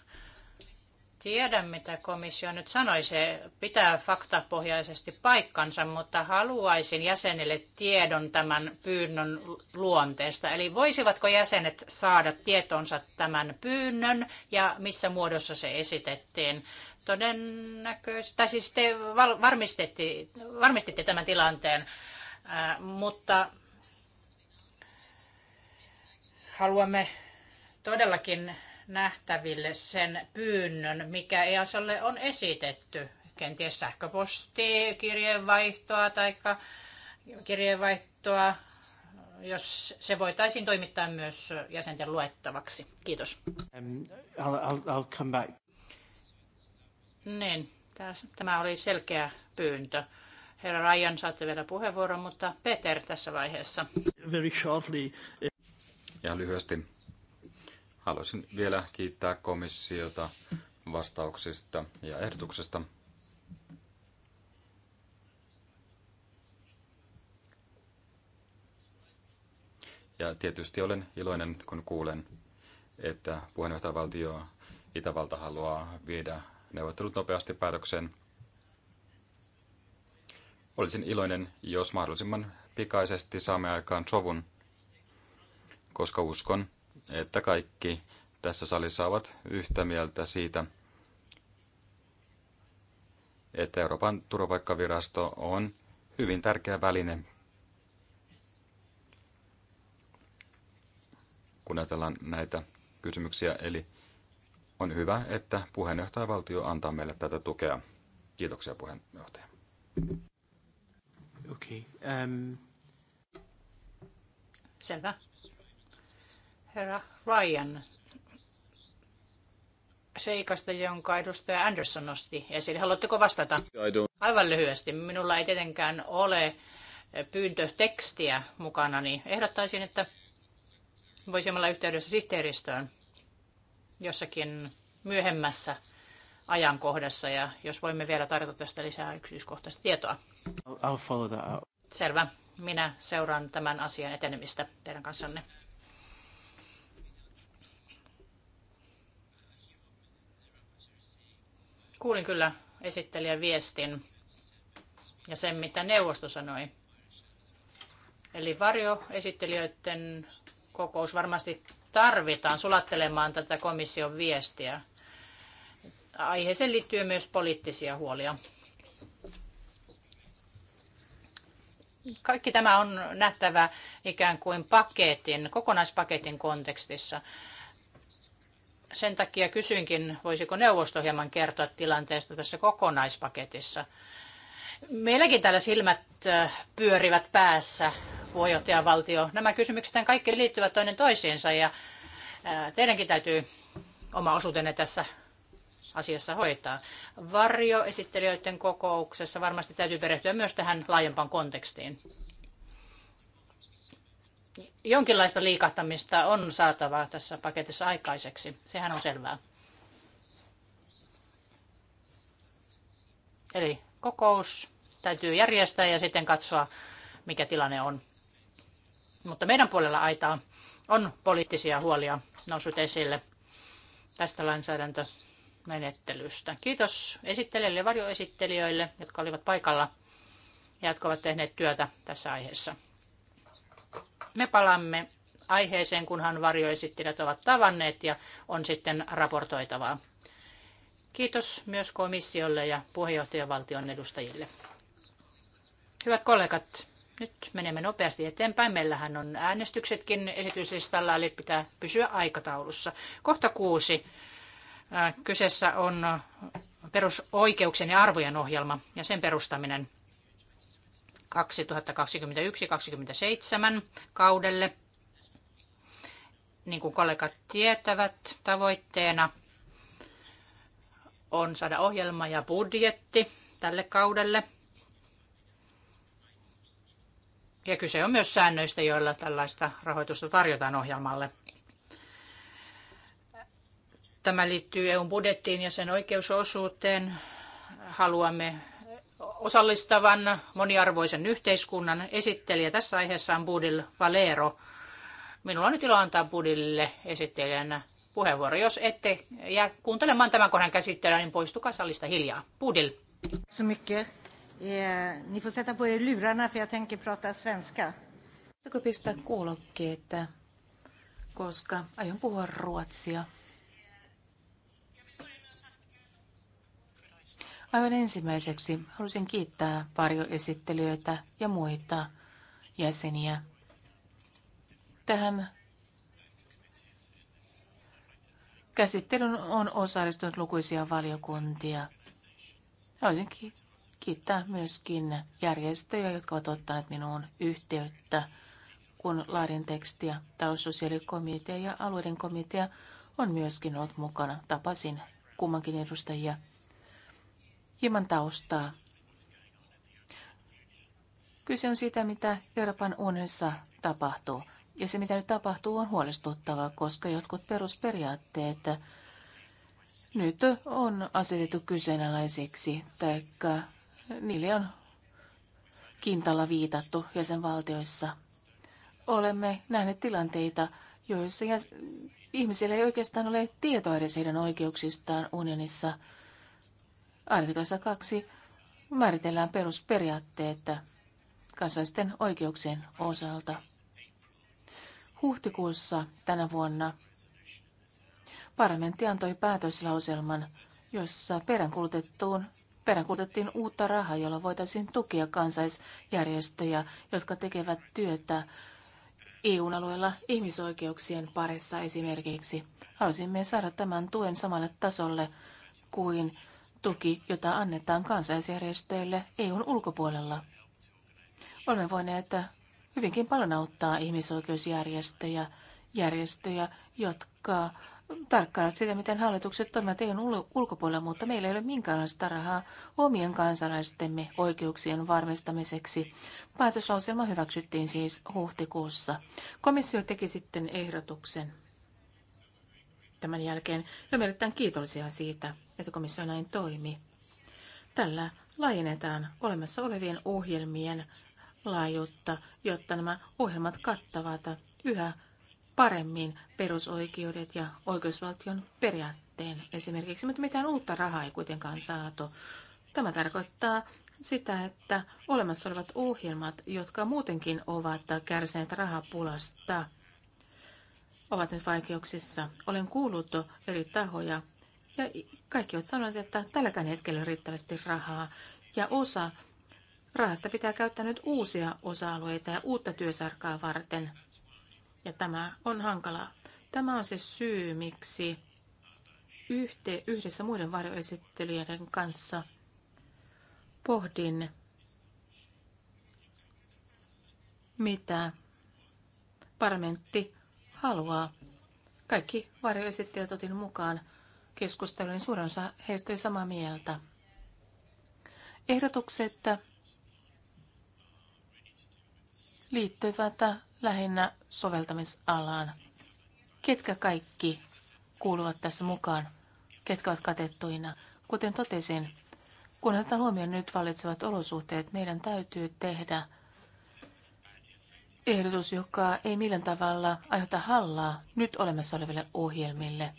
tiedä, mitä komissio nyt sanoi. Se pitää faktapohjaisesti paikkansa, mutta haluaisin jäsenille tiedon tämän pyynnön luonteesta. Eli voisivatko jäsenet saada tietonsa tämän pyynnön ja missä muodossa se esitettiin? Todennäköisesti, tai siis te varmistitte, tämän tilanteen, mutta haluamme todellakin nähtäville sen pyynnön, mikä EASalle on esitetty. Kenties sähköposti, kirjeenvaihtoa tai kirjeenvaihtoa, jos se voitaisiin toimittaa myös jäsenten luettavaksi. Kiitos. Um, I'll, I'll, I'll come back. Niin, tämä oli selkeä pyyntö. Herra Rajan saatte vielä puheenvuoron, mutta Peter tässä vaiheessa. Very shortly. Ja eh, lyhyesti Haluaisin vielä kiittää komissiota vastauksista ja ehdotuksesta. Ja tietysti olen iloinen, kun kuulen, että puheenjohtajavaltio Itävalta haluaa viedä neuvottelut nopeasti päätökseen. Olisin iloinen, jos mahdollisimman pikaisesti saamme aikaan sovun, koska uskon, että kaikki tässä salissa ovat yhtä mieltä siitä, että Euroopan turvapaikkavirasto on hyvin tärkeä väline, kun ajatellaan näitä kysymyksiä. Eli on hyvä, että puheenjohtajavaltio antaa meille tätä tukea. Kiitoksia puheenjohtaja. Okay, um... Selvä herra Ryan seikasta, jonka edustaja Anderson nosti esille. Haluatteko vastata? Aivan lyhyesti. Minulla ei tietenkään ole pyyntötekstiä mukana, niin ehdottaisin, että voisimme olla yhteydessä sihteeristöön jossakin myöhemmässä ajankohdassa ja jos voimme vielä tarjota tästä lisää yksityiskohtaista tietoa. I'll, I'll Selvä. Minä seuraan tämän asian etenemistä teidän kanssanne. Kuulin kyllä esittelijän viestin ja sen, mitä neuvosto sanoi. Eli varjoesittelijöiden kokous varmasti tarvitaan sulattelemaan tätä komission viestiä. Aiheeseen liittyy myös poliittisia huolia. Kaikki tämä on nähtävä ikään kuin paketin, kokonaispaketin kontekstissa sen takia kysyinkin, voisiko neuvosto hieman kertoa tilanteesta tässä kokonaispaketissa. Meilläkin täällä silmät pyörivät päässä, puheenjohtajavaltio. Nämä kysymykset kaikki liittyvät toinen toisiinsa ja teidänkin täytyy oma osuutenne tässä asiassa hoitaa. Varjoesittelijöiden kokouksessa varmasti täytyy perehtyä myös tähän laajempaan kontekstiin jonkinlaista liikahtamista on saatava tässä paketissa aikaiseksi. Sehän on selvää. Eli kokous täytyy järjestää ja sitten katsoa, mikä tilanne on. Mutta meidän puolella aitaa on poliittisia huolia noussut esille tästä lainsäädäntömenettelystä. Kiitos esittelijöille ja varjoesittelijöille, jotka olivat paikalla ja jotka ovat tehneet työtä tässä aiheessa. Me palamme aiheeseen, kunhan varjoesittelijät ovat tavanneet ja on sitten raportoitavaa. Kiitos myös komissiolle ja puheenjohtajavaltion edustajille. Hyvät kollegat, nyt menemme nopeasti eteenpäin. Meillähän on äänestyksetkin esityslistalla, eli pitää pysyä aikataulussa. Kohta kuusi. Äh, kyseessä on perusoikeuksien ja arvojen ohjelma ja sen perustaminen. 2021-2027 kaudelle. Niin kuin kollegat tietävät, tavoitteena on saada ohjelma ja budjetti tälle kaudelle. Ja kyse on myös säännöistä, joilla tällaista rahoitusta tarjotaan ohjelmalle. Tämä liittyy eu budjettiin ja sen oikeusosuuteen. Haluamme osallistavan moniarvoisen yhteiskunnan esittelijä tässä aiheessa on Budil Valero. Minulla on nyt ilo antaa Budille esittelijänä puheenvuoro. Jos ette jää kuuntelemaan tämän kohdan käsittelyä, niin poistukaa salista hiljaa. Budil. Så mycket. Eh, ni får sätta på er lurarna för jag tänker prata svenska. pistää kuulokkeet, koska aion puhua ruotsia. Aivan ensimmäiseksi haluaisin kiittää varjoesittelijöitä ja muita jäseniä. Tähän käsittelyn on osallistunut lukuisia valiokuntia. Haluaisin kiittää myöskin järjestöjä, jotka ovat ottaneet minuun yhteyttä, kun laadin tekstiä. Taloussosiaalikomitea ja alueiden komitea on myöskin ollut mukana. Tapasin kummankin edustajia Hieman taustaa. Kyse on siitä, mitä Euroopan unionissa tapahtuu. Ja se, mitä nyt tapahtuu, on huolestuttavaa, koska jotkut perusperiaatteet nyt on asetettu kyseenalaisiksi, tai niille on kintalla viitattu jäsenvaltioissa. Olemme nähneet tilanteita, joissa jäs- ihmisillä ei oikeastaan ole tietoa edes heidän oikeuksistaan unionissa – Artiklassa 2 määritellään perusperiaatteet kansallisten oikeuksien osalta. Huhtikuussa tänä vuonna parlamentti antoi päätöslauselman, jossa peräänkuulutettuun peräänkuulutettiin uutta rahaa, jolla voitaisiin tukea kansaisjärjestöjä, jotka tekevät työtä EU-alueella ihmisoikeuksien parissa esimerkiksi. Haluaisimme saada tämän tuen samalle tasolle kuin tuki, jota annetaan kansalaisjärjestöille EUn ulkopuolella. Olemme voineet hyvinkin paljon auttaa ihmisoikeusjärjestöjä, järjestöjä, jotka tarkkaavat sitä, miten hallitukset toimivat EUn ulkopuolella, mutta meillä ei ole minkäänlaista rahaa omien kansalaistemme oikeuksien varmistamiseksi. Päätöslauselma hyväksyttiin siis huhtikuussa. Komissio teki sitten ehdotuksen tämän jälkeen. Ja me erittäin kiitollisia siitä, että komissio näin toimi. Tällä laajennetaan olemassa olevien ohjelmien laajuutta, jotta nämä ohjelmat kattavat yhä paremmin perusoikeudet ja oikeusvaltion periaatteen. Esimerkiksi, mutta mitään uutta rahaa ei kuitenkaan saatu. Tämä tarkoittaa sitä, että olemassa olevat ohjelmat, jotka muutenkin ovat kärsineet rahapulasta, ovat nyt vaikeuksissa. Olen kuullut eri tahoja ja kaikki ovat sanoneet, että tälläkään hetkellä on riittävästi rahaa ja osa rahasta pitää käyttää nyt uusia osa-alueita ja uutta työsarkaa varten. Ja tämä on hankalaa. Tämä on se syy, miksi yhte, yhdessä muiden varjoesittelijöiden kanssa pohdin, mitä parlamentti haluaa. Kaikki varjoesittäjät otin mukaan keskusteluun, niin suurin osa heistä oli samaa mieltä. Ehdotukset liittyvät lähinnä soveltamisalaan. Ketkä kaikki kuuluvat tässä mukaan? Ketkä ovat katettuina? Kuten totesin, kun otetaan huomioon nyt valitsevat olosuhteet, meidän täytyy tehdä – ehdotus, joka ei millään tavalla aiheuta hallaa nyt olemassa oleville ohjelmille.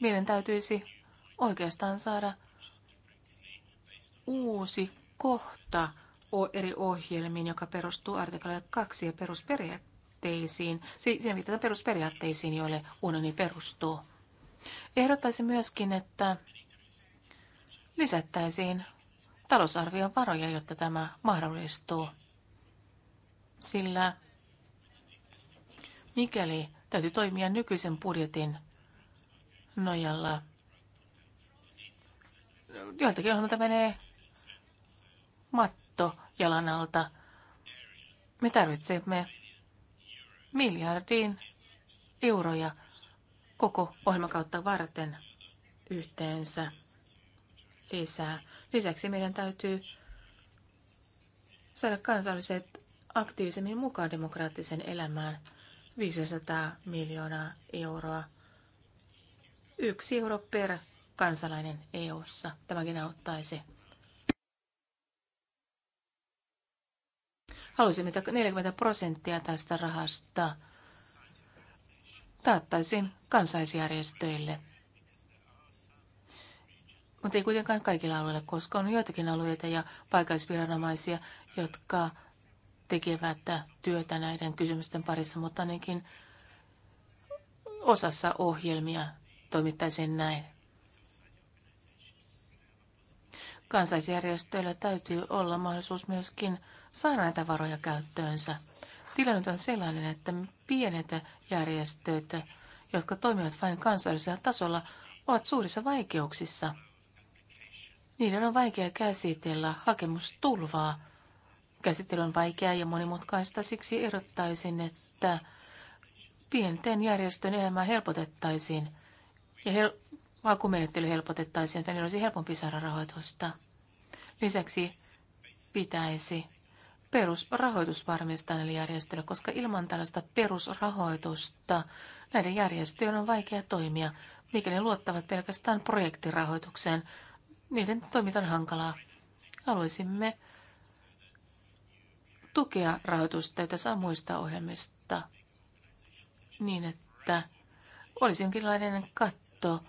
Meidän täytyisi oikeastaan saada uusi kohta eri ohjelmiin, joka perustuu artiklalle 2 ja perusperiaatteisiin. Siinä viitataan perusperiaatteisiin, joille unioni perustuu. Ehdottaisin myöskin, että lisättäisiin talousarvion varoja, jotta tämä mahdollistuu sillä mikäli täytyy toimia nykyisen budjetin nojalla, joiltakin ohjelmalta menee matto jalan alta. Me tarvitsemme miljardin euroja koko ohjelmakautta varten yhteensä lisää. Lisäksi meidän täytyy saada kansalliset aktiivisemmin mukaan demokraattiseen elämään 500 miljoonaa euroa. Yksi euro per kansalainen EU:ssa. Tämäkin auttaisi. Halusimme, että 40 prosenttia tästä rahasta taattaisiin kansaisjärjestöille. Mutta ei kuitenkaan kaikilla alueilla, koska on joitakin alueita ja paikallisviranomaisia, jotka tekevät työtä näiden kysymysten parissa, mutta ainakin osassa ohjelmia toimittaisiin näin. Kansaisjärjestöillä täytyy olla mahdollisuus myöskin saada näitä varoja käyttöönsä. Tilanne on sellainen, että pienet järjestöt, jotka toimivat vain kansallisella tasolla, ovat suurissa vaikeuksissa. Niiden on vaikea käsitellä hakemustulvaa Käsittely on vaikeaa ja monimutkaista, siksi erottaisin, että pienten järjestöjen elämää helpotettaisiin ja hel- vakumenettely helpotettaisiin, joten niillä olisi helpompi saada rahoitusta. Lisäksi pitäisi perusrahoitus varmistaa näille järjestöille, koska ilman tällaista perusrahoitusta näiden järjestöjen on vaikea toimia, mikäli ne luottavat pelkästään projektirahoitukseen. Niiden toiminta on hankalaa. Haluaisimme tukea rahoitusta, jota saa muista ohjelmista, niin että olisi jonkinlainen katto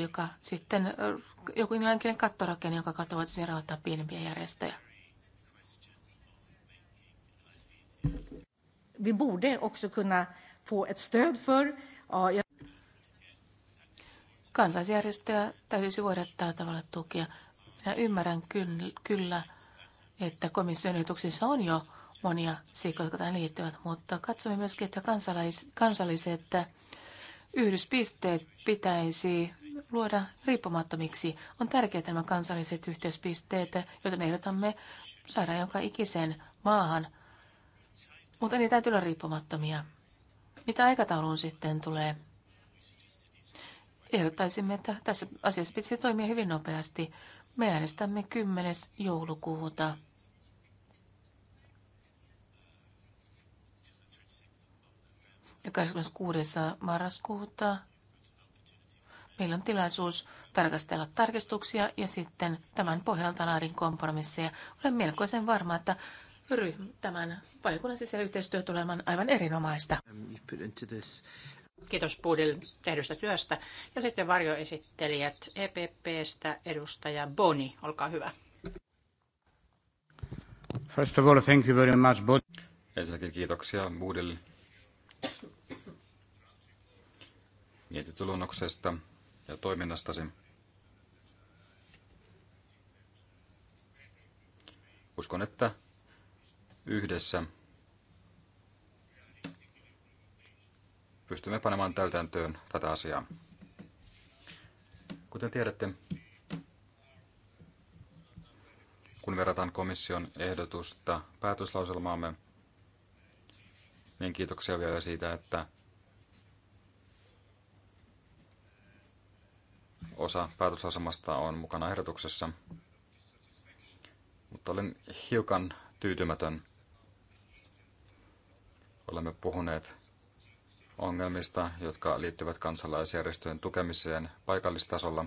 joka sitten, joku jonkinlainen kattorakenne, joka kautta voitaisiin rahoittaa pienempiä järjestöjä. Vi borde också kunna få ett stöd för. Ja, jag... täytyisi voida tällä tavalla tukea. Minä ymmärrän kyllä että komission ehdotuksissa on jo monia seikkoja, jotka tähän liittyvät, mutta katsomme myöskin, että kansalais, kansalliset yhdyspisteet pitäisi luoda riippumattomiksi. On tärkeää nämä kansalliset yhteyspisteet, joita me ehdotamme saada joka ikiseen maahan, mutta niitä täytyy olla riippumattomia. Mitä aikatauluun sitten tulee? Ehdottaisimme, että tässä asiassa pitäisi toimia hyvin nopeasti. Me äänestämme 10. joulukuuta. ja 26. marraskuuta meillä on tilaisuus tarkastella tarkistuksia ja sitten tämän pohjalta laadin kompromisseja. Olen melkoisen varma, että ryhmä, tämän valiokunnan sisällä yhteistyö tulee aivan erinomaista. Um, Kiitos Budil tehdystä työstä. Ja sitten varjoesittelijät EPPstä edustaja Boni, olkaa hyvä. First of all, thank you very much, Boni. Ensinnäkin kiitoksia Budil mietintöluonnoksesta ja toiminnastasi. Uskon, että yhdessä pystymme panemaan täytäntöön tätä asiaa. Kuten tiedätte, kun verrataan komission ehdotusta päätöslauselmaamme, niin kiitoksia vielä siitä, että osa päätösasemasta on mukana ehdotuksessa, mutta olen hiukan tyytymätön. Olemme puhuneet ongelmista, jotka liittyvät kansalaisjärjestöjen tukemiseen paikallistasolla,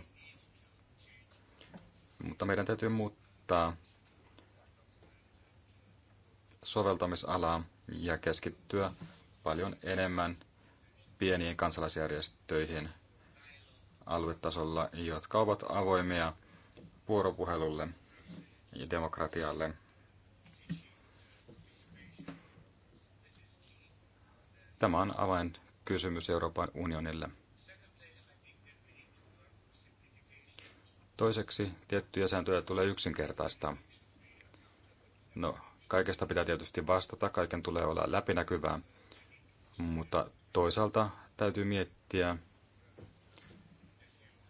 mutta meidän täytyy muuttaa soveltamisalaa ja keskittyä paljon enemmän pieniin kansalaisjärjestöihin – aluetasolla, jotka ovat avoimia vuoropuhelulle ja demokratialle. Tämä on avainkysymys Euroopan unionille. Toiseksi tiettyjä sääntöjä tulee yksinkertaistaa. No, kaikesta pitää tietysti vastata, kaiken tulee olla läpinäkyvää, mutta toisaalta täytyy miettiä,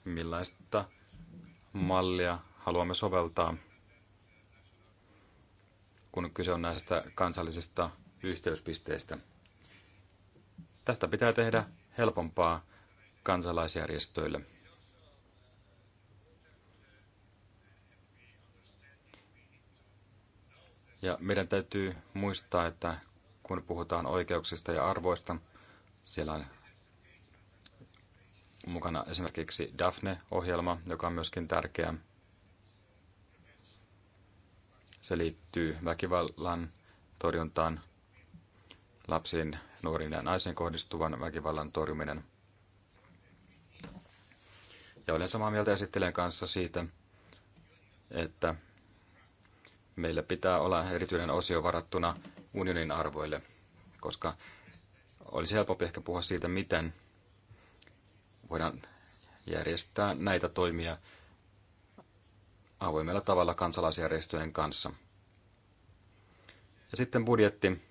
millaista mallia haluamme soveltaa, kun kyse on näistä kansallisista yhteyspisteistä. Tästä pitää tehdä helpompaa kansalaisjärjestöille. Ja meidän täytyy muistaa, että kun puhutaan oikeuksista ja arvoista, siellä on mukana esimerkiksi Daphne-ohjelma, joka on myöskin tärkeä. Se liittyy väkivallan torjuntaan, lapsiin, nuoriin ja naisiin kohdistuvan väkivallan torjuminen. Ja olen samaa mieltä esittelijän kanssa siitä, että meillä pitää olla erityinen osio varattuna unionin arvoille, koska olisi helpompi ehkä puhua siitä, miten voidaan järjestää näitä toimia avoimella tavalla kansalaisjärjestöjen kanssa. Ja sitten budjetti.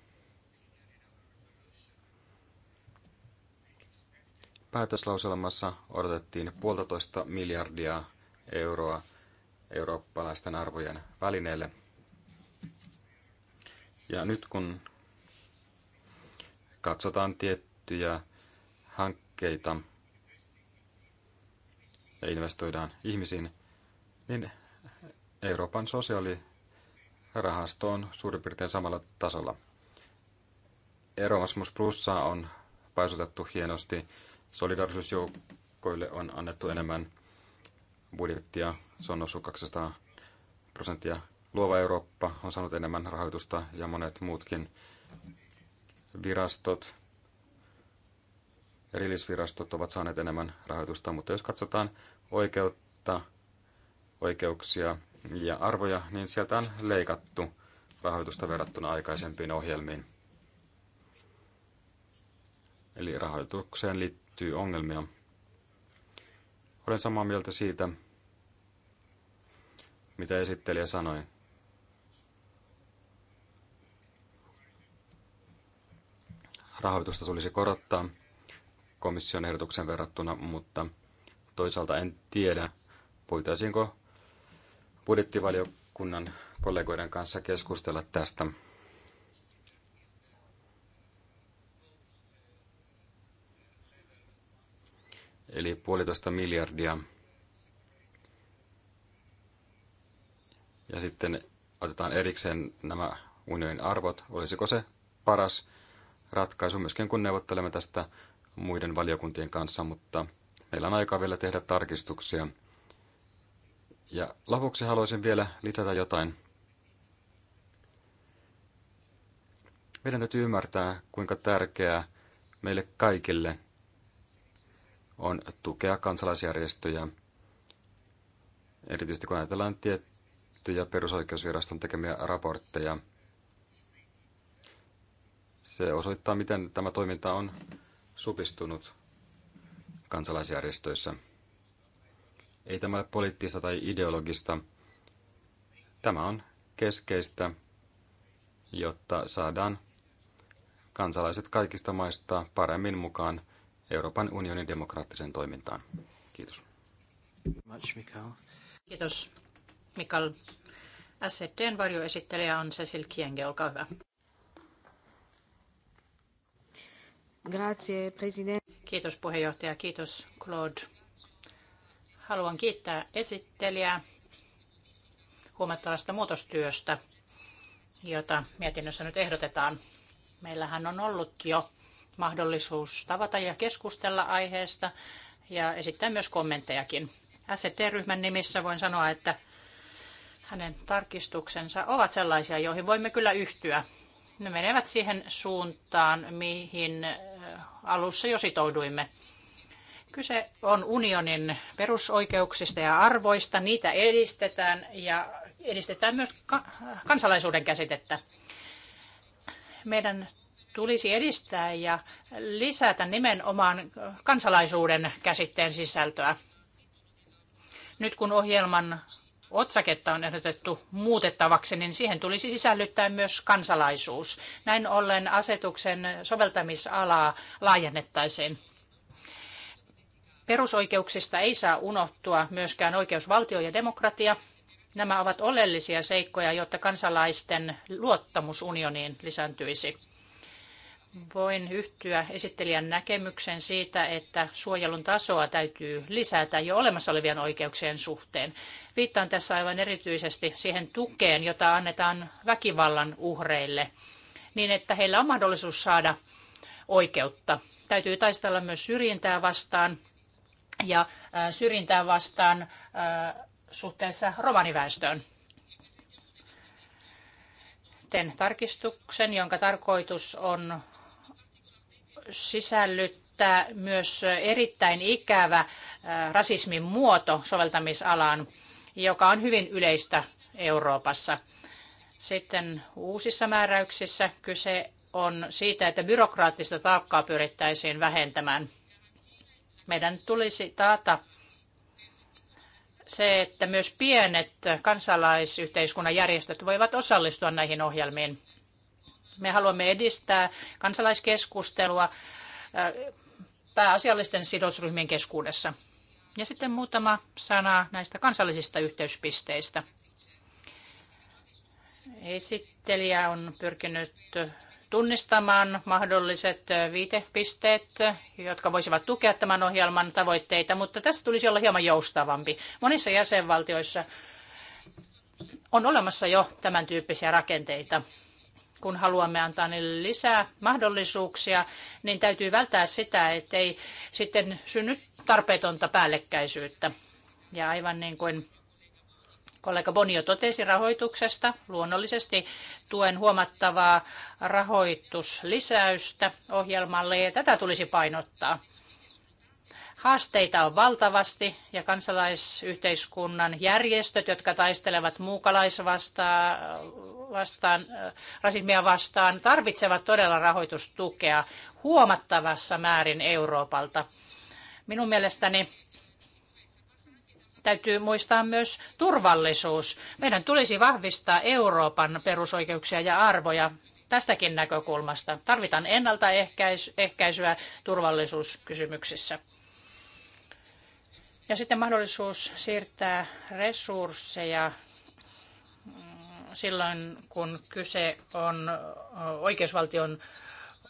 Päätöslauselmassa odotettiin puolitoista miljardia euroa eurooppalaisten arvojen välineelle. Ja nyt kun katsotaan tiettyjä hankkeita, ja investoidaan ihmisiin, niin Euroopan sosiaalirahasto on suurin piirtein samalla tasolla. Erasmus Plussa on paisutettu hienosti, solidarisuusjoukkoille on annettu enemmän budjettia, se on noussut 200 prosenttia. Luova Eurooppa on saanut enemmän rahoitusta ja monet muutkin virastot, erillisvirastot ovat saaneet enemmän rahoitusta, mutta jos katsotaan oikeutta, oikeuksia ja arvoja, niin sieltä on leikattu rahoitusta verrattuna aikaisempiin ohjelmiin. Eli rahoitukseen liittyy ongelmia. Olen samaa mieltä siitä, mitä esittelijä sanoi. Rahoitusta tulisi korottaa komission ehdotuksen verrattuna, mutta toisaalta en tiedä, voitaisiinko budjettivaliokunnan kollegoiden kanssa keskustella tästä. Eli puolitoista miljardia. Ja sitten otetaan erikseen nämä unionin arvot. Olisiko se paras ratkaisu myöskin kun neuvottelemme tästä muiden valiokuntien kanssa, mutta meillä on aikaa vielä tehdä tarkistuksia. Ja lopuksi haluaisin vielä lisätä jotain. Meidän täytyy ymmärtää, kuinka tärkeää meille kaikille on tukea kansalaisjärjestöjä, erityisesti kun ajatellaan tiettyjä perusoikeusviraston tekemiä raportteja. Se osoittaa, miten tämä toiminta on supistunut kansalaisjärjestöissä. Ei tämä ole poliittista tai ideologista. Tämä on keskeistä, jotta saadaan kansalaiset kaikista maista paremmin mukaan Euroopan unionin demokraattiseen toimintaan. Kiitos. Kiitos, Mikael. SCTn varjoesittelijä on Cecil Kienge, olkaa hyvä. Kiitos puheenjohtaja, kiitos Claude. Haluan kiittää esittelijää huomattavasta muutostyöstä, jota mietinnössä nyt ehdotetaan. Meillähän on ollut jo mahdollisuus tavata ja keskustella aiheesta ja esittää myös kommenttejakin. ST-ryhmän nimissä voin sanoa, että hänen tarkistuksensa ovat sellaisia, joihin voimme kyllä yhtyä. Ne menevät siihen suuntaan, mihin alussa jo sitouduimme. Kyse on unionin perusoikeuksista ja arvoista. Niitä edistetään ja edistetään myös kansalaisuuden käsitettä. Meidän tulisi edistää ja lisätä nimenomaan kansalaisuuden käsitteen sisältöä. Nyt kun ohjelman otsaketta on ehdotettu muutettavaksi, niin siihen tulisi sisällyttää myös kansalaisuus. Näin ollen asetuksen soveltamisalaa laajennettaisiin. Perusoikeuksista ei saa unohtua myöskään oikeusvaltio ja demokratia. Nämä ovat oleellisia seikkoja, jotta kansalaisten luottamus unioniin lisääntyisi. Voin yhtyä esittelijän näkemykseen siitä, että suojelun tasoa täytyy lisätä jo olemassa olevien oikeuksien suhteen. Viittaan tässä aivan erityisesti siihen tukeen, jota annetaan väkivallan uhreille, niin että heillä on mahdollisuus saada oikeutta. Täytyy taistella myös syrjintää vastaan ja äh, syrjintää vastaan äh, suhteessa romaniväestöön teen tarkistuksen, jonka tarkoitus on sisällyttää myös erittäin ikävä äh, rasismin muoto soveltamisalaan, joka on hyvin yleistä Euroopassa. Sitten uusissa määräyksissä kyse on siitä, että byrokraattista taakkaa pyrittäisiin vähentämään. Meidän tulisi taata se, että myös pienet kansalaisyhteiskunnan järjestöt voivat osallistua näihin ohjelmiin. Me haluamme edistää kansalaiskeskustelua äh, pääasiallisten sidosryhmien keskuudessa. Ja sitten muutama sana näistä kansallisista yhteyspisteistä. Esittelijä on pyrkinyt tunnistamaan mahdolliset viitepisteet, jotka voisivat tukea tämän ohjelman tavoitteita, mutta tässä tulisi olla hieman joustavampi. Monissa jäsenvaltioissa on olemassa jo tämän tyyppisiä rakenteita kun haluamme antaa niille lisää mahdollisuuksia, niin täytyy välttää sitä, ettei sitten synny tarpeetonta päällekkäisyyttä. Ja aivan niin kuin kollega Bonio totesi rahoituksesta, luonnollisesti tuen huomattavaa rahoituslisäystä ohjelmalle ja tätä tulisi painottaa. Haasteita on valtavasti ja kansalaisyhteiskunnan järjestöt, jotka taistelevat muukalaisvastaan, rasismia vastaan, tarvitsevat todella rahoitustukea huomattavassa määrin Euroopalta. Minun mielestäni täytyy muistaa myös turvallisuus. Meidän tulisi vahvistaa Euroopan perusoikeuksia ja arvoja tästäkin näkökulmasta. Tarvitaan ennaltaehkäisyä turvallisuuskysymyksissä. Ja sitten mahdollisuus siirtää resursseja mm, silloin, kun kyse on oikeusvaltion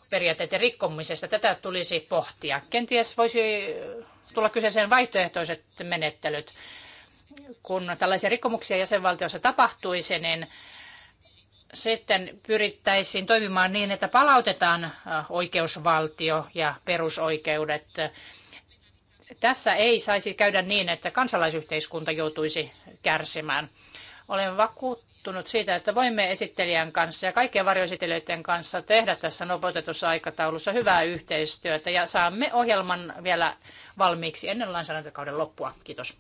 periaatteiden rikkomisesta. Tätä tulisi pohtia. Kenties voisi tulla kyseeseen vaihtoehtoiset menettelyt. Kun tällaisia rikkomuksia jäsenvaltiossa tapahtuisi, niin sitten pyrittäisiin toimimaan niin, että palautetaan oikeusvaltio ja perusoikeudet tässä ei saisi käydä niin, että kansalaisyhteiskunta joutuisi kärsimään. Olen vakuuttunut siitä, että voimme esittelijän kanssa ja kaikkien varjoesittelijöiden kanssa tehdä tässä nopeutetussa aikataulussa hyvää yhteistyötä ja saamme ohjelman vielä valmiiksi ennen lainsäädäntökauden loppua. Kiitos.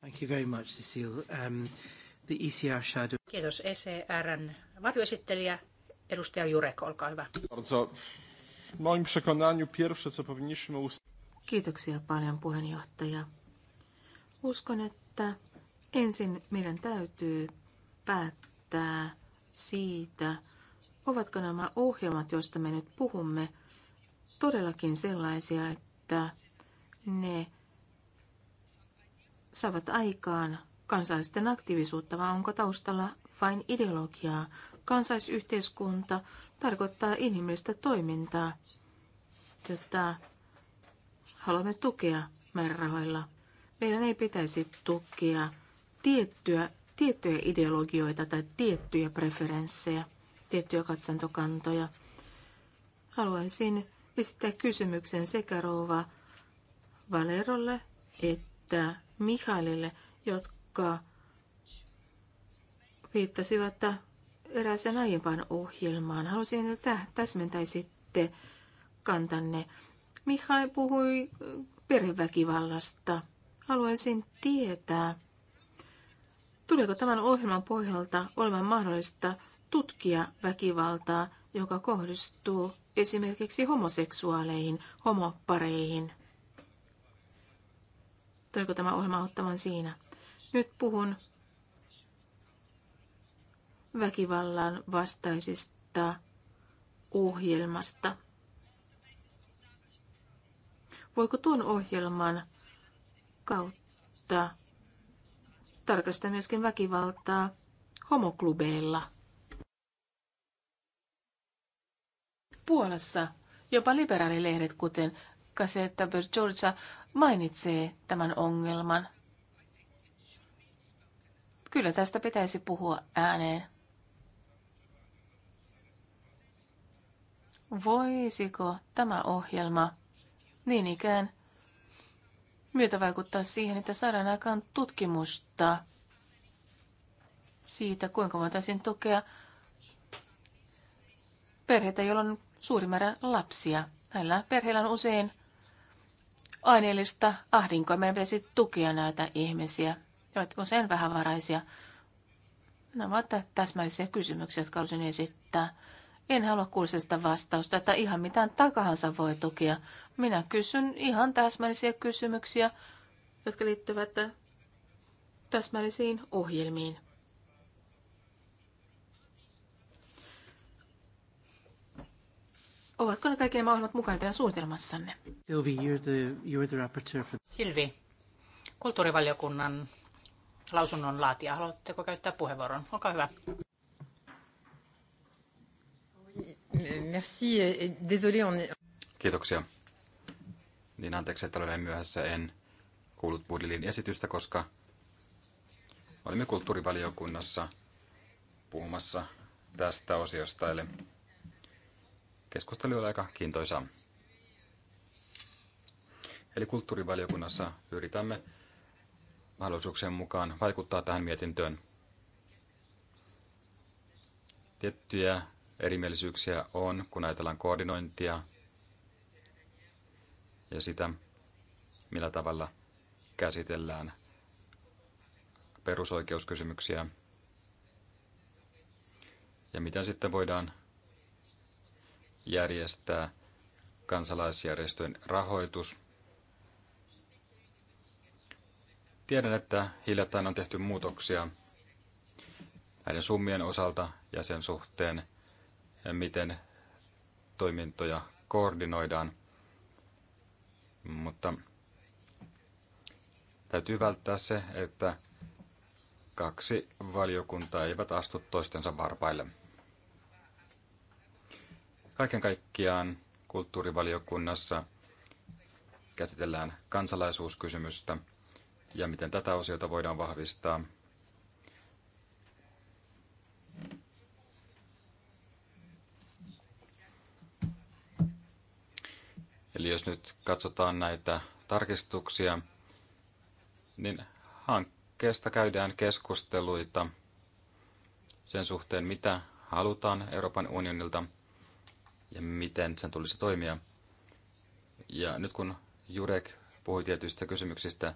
Thank you very much, Cecile. Um, the ECR shadow... Kiitos ECRn varjoesittelijä. Edustaja Jurek, olkaa hyvä. Also moim przekonaniu pierwsze, co powinniśmy Kiitoksia paljon puheenjohtaja. Uskon, että ensin meidän täytyy päättää siitä, ovatko nämä ohjelmat, joista me nyt puhumme, todellakin sellaisia, että ne saavat aikaan kansallisten aktiivisuutta, vai onko taustalla vain ideologiaa, Kansaisyhteiskunta tarkoittaa inhimillistä toimintaa, jota haluamme tukea määrärahoilla. Meidän ei pitäisi tukea tiettyä, tiettyjä ideologioita tai tiettyjä preferenssejä, tiettyjä katsantokantoja. Haluaisin esittää kysymyksen sekä rouva Valerolle että Mihailille, jotka viittasivat että erääseen aiempaan ohjelmaan. Haluaisin, että täsmentäisitte kantanne. Mihai puhui perheväkivallasta. Haluaisin tietää, tuleeko tämän ohjelman pohjalta olemaan mahdollista tutkia väkivaltaa, joka kohdistuu esimerkiksi homoseksuaaleihin, homopareihin. Tuleeko tämä ohjelma ottamaan siinä? Nyt puhun väkivallan vastaisesta ohjelmasta. Voiko tuon ohjelman kautta tarkastaa myöskin väkivaltaa homoklubeilla? Puolassa jopa liberaalilehdet, kuten Gazeta Bergiorgia, mainitsee tämän ongelman. Kyllä tästä pitäisi puhua ääneen. Voisiko tämä ohjelma niin ikään myötä vaikuttaa siihen, että saadaan aikaan tutkimusta siitä, kuinka voitaisiin tukea perheitä, joilla on suuri määrä lapsia. Näillä perheillä on usein aineellista ahdinkoa. Meidän pitäisi tukea näitä ihmisiä, jotka usein vähävaraisia. Nämä ovat täsmällisiä kysymyksiä, jotka haluaisin esittää. En halua sitä vastausta, että ihan mitään takahansa voi tukea. Minä kysyn ihan täsmällisiä kysymyksiä, jotka liittyvät täsmällisiin ohjelmiin. Ovatko ne kaikki nämä ohjelmat mukana teidän suunnitelmassanne? Sylvi, you're the, you're the rapporteur for... Silvi, kulttuurivaliokunnan lausunnon laatija Haluatteko käyttää puheenvuoron? Olkaa hyvä. Merci. Désolé, on... Kiitoksia. Niin anteeksi, että olen myöhässä. En kuullut Budilin esitystä, koska olimme kulttuurivaliokunnassa puhumassa tästä osiosta. Eli keskustelu oli aika kiintoisa. Eli kulttuurivaliokunnassa yritämme mahdollisuuksien mukaan vaikuttaa tähän mietintöön. Tiettyjä erimielisyyksiä on, kun ajatellaan koordinointia ja sitä, millä tavalla käsitellään perusoikeuskysymyksiä ja miten sitten voidaan järjestää kansalaisjärjestöjen rahoitus. Tiedän, että hiljattain on tehty muutoksia näiden summien osalta ja sen suhteen, miten toimintoja koordinoidaan, mutta täytyy välttää se, että kaksi valiokuntaa eivät astu toistensa varpaille. Kaiken kaikkiaan kulttuurivaliokunnassa käsitellään kansalaisuuskysymystä ja miten tätä osiota voidaan vahvistaa – Eli jos nyt katsotaan näitä tarkistuksia, niin hankkeesta käydään keskusteluita sen suhteen, mitä halutaan Euroopan unionilta ja miten sen tulisi toimia. Ja nyt kun Jurek puhui tietyistä kysymyksistä,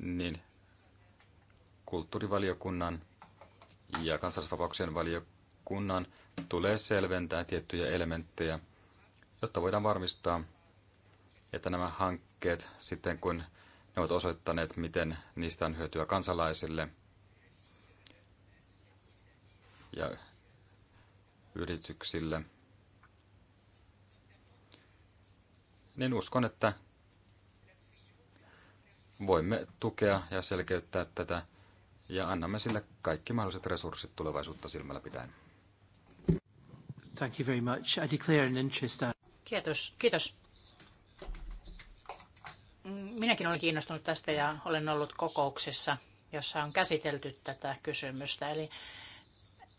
niin kulttuurivaliokunnan ja kansallisvapauksien valiokunnan tulee selventää tiettyjä elementtejä – jotta voidaan varmistaa, että nämä hankkeet sitten kun ne ovat osoittaneet, miten niistä on hyötyä kansalaisille ja yrityksille, niin uskon, että voimme tukea ja selkeyttää tätä ja annamme sille kaikki mahdolliset resurssit tulevaisuutta silmällä pitäen. Thank you very much. I declare an interest. Kiitos. Kiitos. Minäkin olen kiinnostunut tästä ja olen ollut kokouksessa, jossa on käsitelty tätä kysymystä. Eli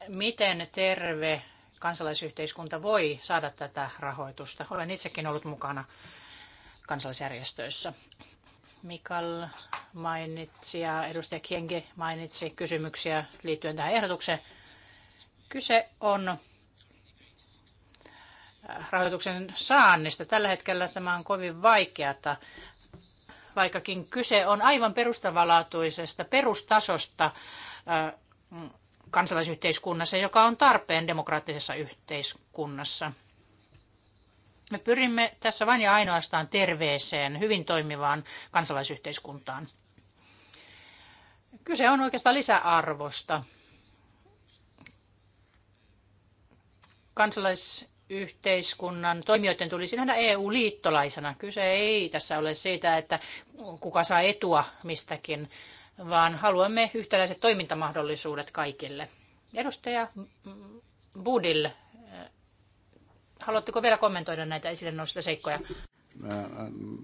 miten terve kansalaisyhteiskunta voi saada tätä rahoitusta? Olen itsekin ollut mukana kansalaisjärjestöissä. Mikael mainitsi ja edustaja Kienge mainitsi kysymyksiä liittyen tähän ehdotukseen. Kyse on rahoituksen saannista. Tällä hetkellä tämä on kovin vaikeata, vaikkakin kyse on aivan perustavanlaatuisesta perustasosta kansalaisyhteiskunnassa, joka on tarpeen demokraattisessa yhteiskunnassa. Me pyrimme tässä vain ja ainoastaan terveeseen, hyvin toimivaan kansalaisyhteiskuntaan. Kyse on oikeastaan lisäarvosta. Kansalais yhteiskunnan toimijoiden tulisi nähdä EU-liittolaisena. Kyse ei tässä ole siitä, että kuka saa etua mistäkin, vaan haluamme yhtäläiset toimintamahdollisuudet kaikille. Edustaja Budil, eh, haluatteko vielä kommentoida näitä esille nousseita seikkoja? Uh,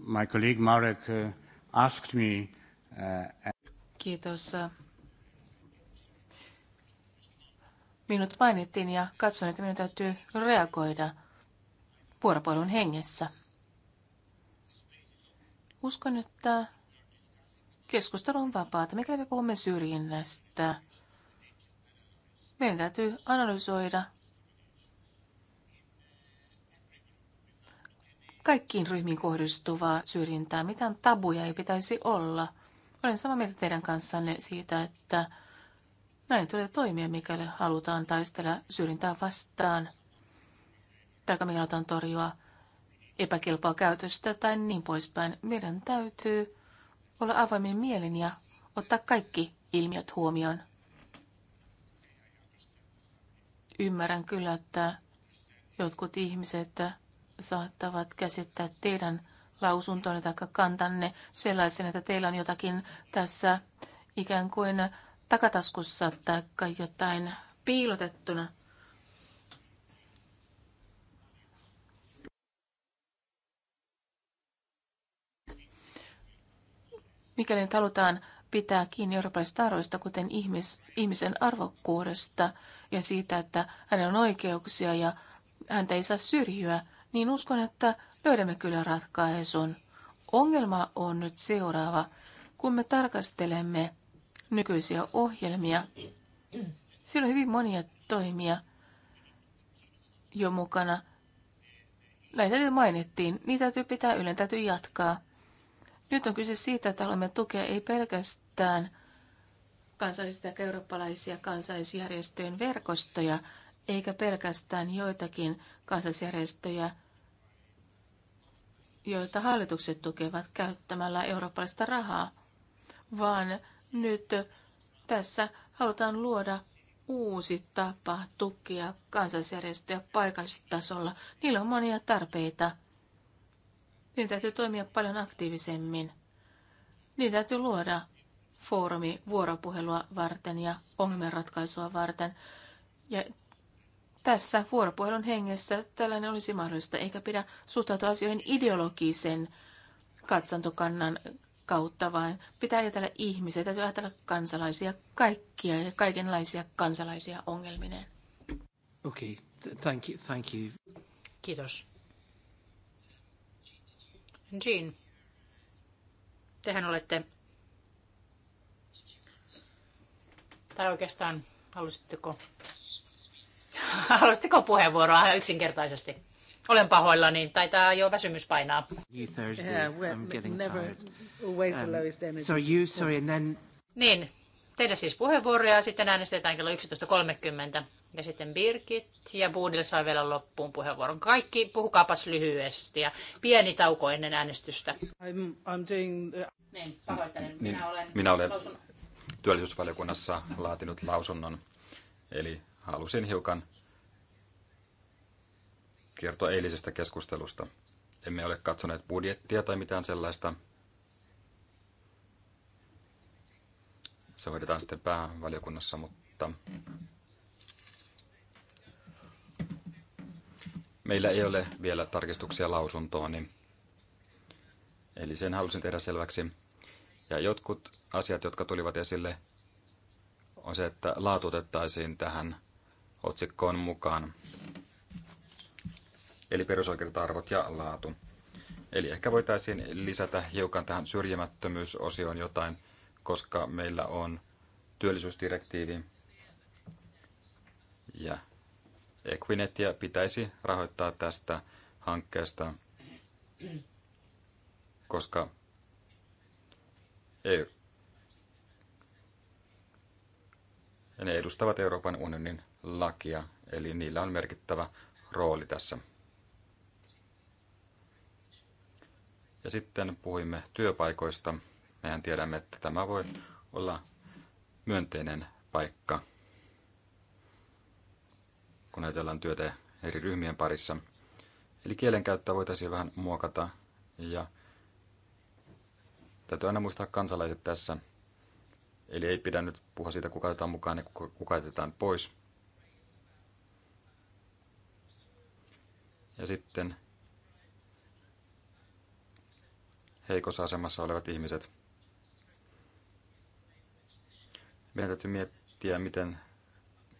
my colleague Marek uh, asked me... Uh, Kiitos. minut mainittiin ja katson, että minun täytyy reagoida vuoropuolun hengessä. Uskon, että keskustelu on vapaata. Mikäli me puhumme syrjinnästä, meidän täytyy analysoida kaikkiin ryhmiin kohdistuvaa syrjintää. Mitään tabuja ei pitäisi olla. Olen samaa mieltä teidän kanssanne siitä, että näin tulee toimia, mikäli halutaan taistella syrjintää vastaan, tai mikäli halutaan torjua epäkelpoa käytöstä tai niin poispäin. Meidän täytyy olla avoimin mielin ja ottaa kaikki ilmiöt huomioon. Ymmärrän kyllä, että jotkut ihmiset saattavat käsittää teidän lausuntonne tai kantanne sellaisen, että teillä on jotakin tässä ikään kuin takataskussa tai jotain piilotettuna. Mikäli nyt halutaan pitää kiinni eurooppalaisista arvoista, kuten ihmis, ihmisen arvokkuudesta ja siitä, että hänellä on oikeuksia ja häntä ei saa syrjyä, niin uskon, että löydämme kyllä ratkaisun. Ongelma on nyt seuraava. Kun me tarkastelemme nykyisiä ohjelmia. Siellä on hyvin monia toimia jo mukana. Näitä mainittiin, niitä täytyy pitää yllä, täytyy jatkaa. Nyt on kyse siitä, että haluamme tukea ei pelkästään kansallisia ja eurooppalaisia kansallisjärjestöjen verkostoja, eikä pelkästään joitakin kansallisjärjestöjä, joita hallitukset tukevat käyttämällä eurooppalaista rahaa, vaan nyt tässä halutaan luoda uusi tapa tukea kansallisjärjestöjä paikallistasolla. Niillä on monia tarpeita. Niitä täytyy toimia paljon aktiivisemmin. Niin täytyy luoda foorumi vuoropuhelua varten ja ongelmanratkaisua varten. Ja tässä vuoropuhelun hengessä tällainen olisi mahdollista, eikä pidä suhtautua asioihin ideologisen katsantokannan kautta, vaan pitää ajatella ihmisiä, täytyy ajatella kansalaisia, kaikkia ja kaikenlaisia kansalaisia ongelmineen. Okei, okay. thank you, thank you. Kiitos. Jean, tehän olette, tai oikeastaan halusitteko, *laughs* halusitteko puheenvuoroa yksinkertaisesti? Olen pahoillani, taitaa jo väsymys painaa. Um, niin, teille siis puheenvuoroja sitten äänestetään kello 11.30. Ja sitten Birgit ja Buudil saa vielä loppuun puheenvuoron. Kaikki puhukaapas lyhyesti ja pieni tauko ennen äänestystä. I'm, I'm doing... Niin, pahoittelen. Minä niin, olen, minä olen lausun... työllisyysvaliokunnassa laatinut lausunnon, eli halusin hiukan kertoi eilisestä keskustelusta. Emme ole katsoneet budjettia tai mitään sellaista. Se hoidetaan sitten päävaliokunnassa, mutta meillä ei ole vielä tarkistuksia lausuntoon, niin eli sen halusin tehdä selväksi. Ja jotkut asiat, jotka tulivat esille, on se, että laatutettaisiin tähän otsikkoon mukaan eli perusoikeudet, arvot ja laatu. Eli ehkä voitaisiin lisätä hiukan tähän syrjimättömyysosioon jotain, koska meillä on työllisyysdirektiivi ja Equinetia pitäisi rahoittaa tästä hankkeesta, koska ei ne edustavat Euroopan unionin lakia, eli niillä on merkittävä rooli tässä. Ja sitten puhuimme työpaikoista. Mehän tiedämme, että tämä voi olla myönteinen paikka, kun ajatellaan työtä eri ryhmien parissa. Eli kielenkäyttöä voitaisiin vähän muokata ja täytyy aina muistaa kansalaiset tässä. Eli ei pidä nyt puhua siitä, kuka otetaan mukaan ja kuka, otetaan pois. Ja sitten heikossa asemassa olevat ihmiset. Meidän täytyy miettiä, miten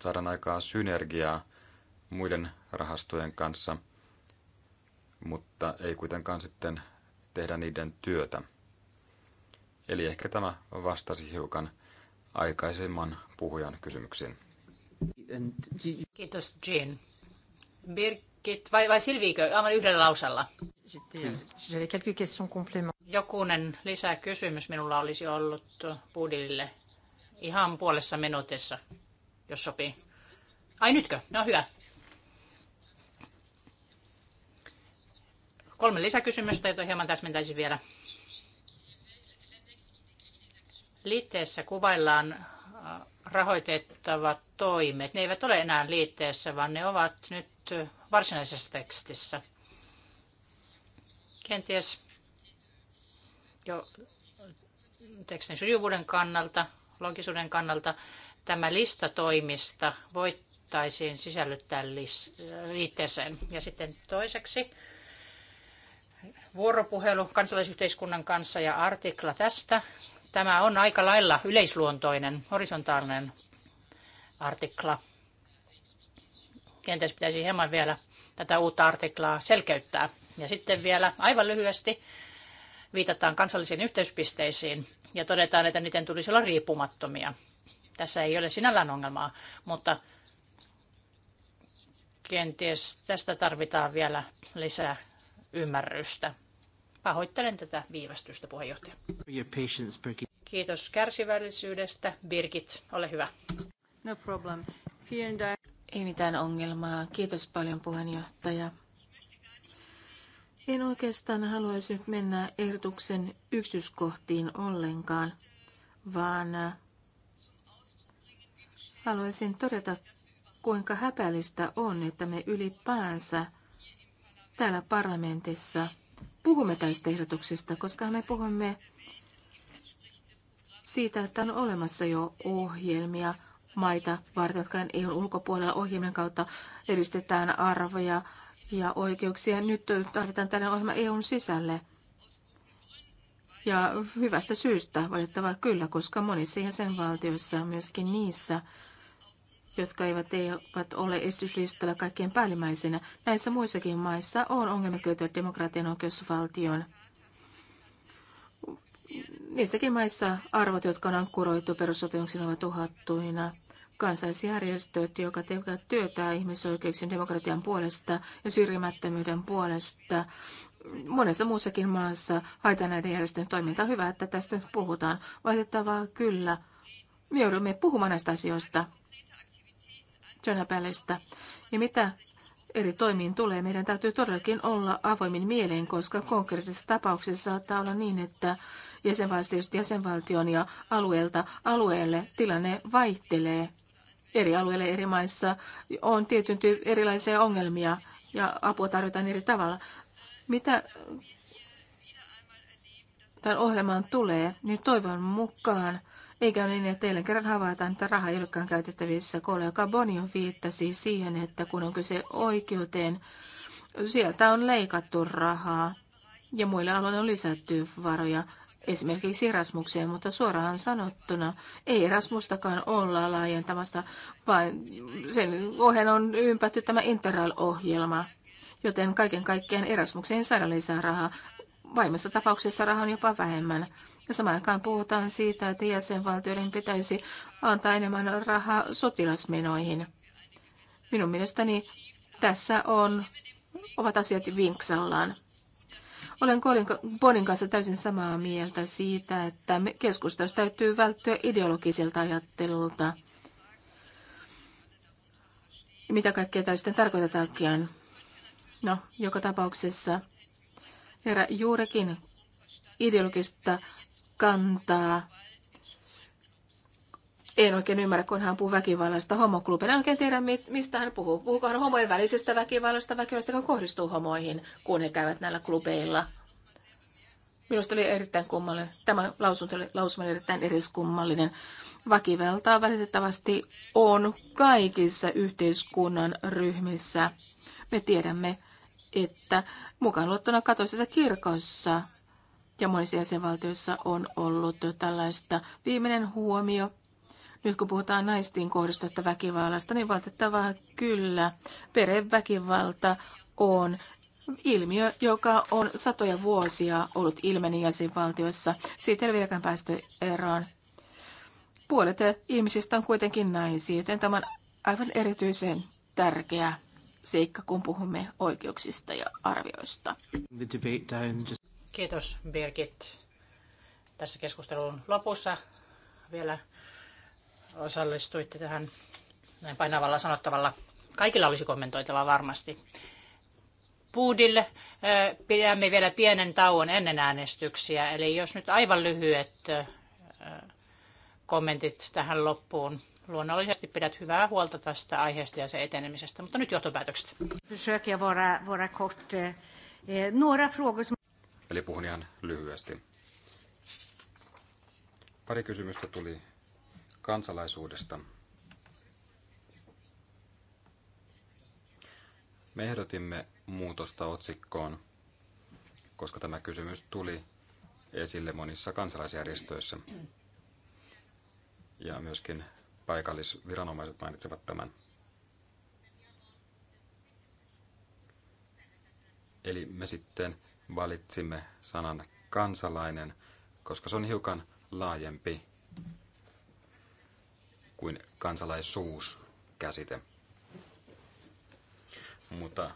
saadaan aikaa synergiaa muiden rahastojen kanssa, mutta ei kuitenkaan sitten tehdä niiden työtä. Eli ehkä tämä vastasi hiukan aikaisemman puhujan kysymyksiin. Kiitos Jean. Birk Kiit- vai, vai silviikö aivan yhdellä lausalla? Sitten, Jokunen lisäkysymys minulla olisi ollut Budille ihan puolessa minuutissa, jos sopii. Ai nytkö? No hyvä. Kolme lisäkysymystä, joita hieman täsmentäisin vielä. Liitteessä kuvaillaan äh, rahoitettavat toimet. Ne eivät ole enää liitteessä, vaan ne ovat nyt äh, varsinaisessa tekstissä. Kenties jo tekstin sujuvuuden kannalta, logisuuden kannalta tämä lista toimista voittaisiin sisällyttää liitteeseen. Ja sitten toiseksi vuoropuhelu kansalaisyhteiskunnan kanssa ja artikla tästä. Tämä on aika lailla yleisluontoinen, horisontaalinen artikla. Kenties pitäisi hieman vielä tätä uutta artiklaa selkeyttää. Ja sitten vielä aivan lyhyesti viitataan kansallisiin yhteyspisteisiin ja todetaan, että niiden tulisi olla riippumattomia. Tässä ei ole sinällään ongelmaa, mutta kenties tästä tarvitaan vielä lisää ymmärrystä. Pahoittelen tätä viivästystä, puheenjohtaja. Kiitos kärsivällisyydestä. Birgit, ole hyvä. No problem. Ei mitään ongelmaa. Kiitos paljon puheenjohtaja. En oikeastaan haluaisi mennä ehdotuksen yksityiskohtiin ollenkaan, vaan äh, haluaisin todeta, kuinka häpeällistä on, että me ylipäänsä täällä parlamentissa puhumme tästä ehdotuksesta, koska me puhumme siitä, että on olemassa jo ohjelmia, maita varten, jotka EUn ulkopuolella ohjelmien kautta edistetään arvoja ja oikeuksia. Nyt tarvitaan tällainen ohjelma EUn sisälle. Ja hyvästä syystä, valitettavaa kyllä, koska monissa jäsenvaltioissa, myöskin niissä, jotka eivät, e-, eivät ole esityslistalla kaikkein päällimmäisenä, näissä muissakin maissa on ongelmat liittyvät demokratian oikeusvaltioon. Niissäkin maissa arvot, jotka on ankkuroitu perussopimuksen ovat uhattuina. Kansalaisjärjestöt, jotka tekevät työtä ihmisoikeuksien demokratian puolesta ja syrjimättömyyden puolesta, monessa muussakin maassa haetaan näiden järjestöjen toimintaa. Hyvä, että tästä puhutaan. Valitettavaa kyllä. Me joudumme puhumaan näistä asioista Jönäpälistä. Ja mitä eri toimiin tulee, meidän täytyy todellakin olla avoimin mieleen, koska konkreettisessa tapauksessa saattaa olla niin, että jäsenvaltiosta jäsenvaltion ja alueelta alueelle tilanne vaihtelee eri alueille eri maissa on tietyn erilaisia ongelmia ja apua tarvitaan eri tavalla. Mitä tämän ohjelmaan tulee, niin toivon mukaan eikä ole niin, että teille kerran havaitaan, että raha ei olekaan käytettävissä. Kollega Bonio viittasi siihen, että kun on kyse oikeuteen, sieltä on leikattu rahaa ja muille aloille on lisätty varoja esimerkiksi Erasmukseen, mutta suoraan sanottuna ei Erasmustakaan olla laajentamasta, vaan sen ohjeen on ympätty tämä Interrail-ohjelma. Joten kaiken kaikkiaan Erasmukseen saada lisää rahaa. Vaimassa tapauksessa rahaa on jopa vähemmän. Ja samaan aikaan puhutaan siitä, että jäsenvaltioiden pitäisi antaa enemmän rahaa sotilasmenoihin. Minun mielestäni tässä on, ovat asiat vinksallaan. Olen Bonin kanssa täysin samaa mieltä siitä, että keskustelussa täytyy välttyä ideologisilta ajattelulta. Mitä kaikkea tämä sitten tarkoitetaankin? No, joka tapauksessa herra juurikin ideologista kantaa en oikein ymmärrä, kun hän puhuu väkivallasta homoklubina. En oikein tiedä, mistä hän puhuu. Puhuuko hän homojen välisestä väkivallasta, väkivallasta, joka kohdistuu homoihin, kun he käyvät näillä klubeilla? Minusta oli erittäin kummallinen. Tämä lausunto oli, lausuma oli erittäin eriskummallinen. Väkivaltaa valitettavasti on kaikissa yhteiskunnan ryhmissä. Me tiedämme, että mukaan luottuna katoisessa kirkossa ja monissa jäsenvaltioissa on ollut tällaista. Viimeinen huomio nyt kun puhutaan naistiin kohdistuvasta väkivallasta, niin valitettavaa kyllä perheväkivalta on ilmiö, joka on satoja vuosia ollut ilmeni jäsenvaltioissa. Siitä ei ole vieläkään päästy eroon. Puolet ihmisistä on kuitenkin naisia, joten tämä on aivan erityisen tärkeä seikka, kun puhumme oikeuksista ja arvioista. Kiitos Birgit. Tässä keskustelun lopussa vielä osallistuitte tähän näin painavalla sanottavalla. Kaikilla olisi kommentoitava varmasti. Puudille eh, pidämme vielä pienen tauon ennen äänestyksiä, eli jos nyt aivan lyhyet eh, kommentit tähän loppuun. Luonnollisesti pidät hyvää huolta tästä aiheesta ja sen etenemisestä, mutta nyt johtopäätökset. Försöker vara, vara kort. Eh, några frågor som... Eli puhun ihan lyhyesti. Pari kysymystä tuli kansalaisuudesta. Me ehdotimme muutosta otsikkoon, koska tämä kysymys tuli esille monissa kansalaisjärjestöissä. Ja myöskin paikallisviranomaiset mainitsevat tämän. Eli me sitten valitsimme sanan kansalainen, koska se on hiukan laajempi kuin kansalaisuuskäsite. Mutta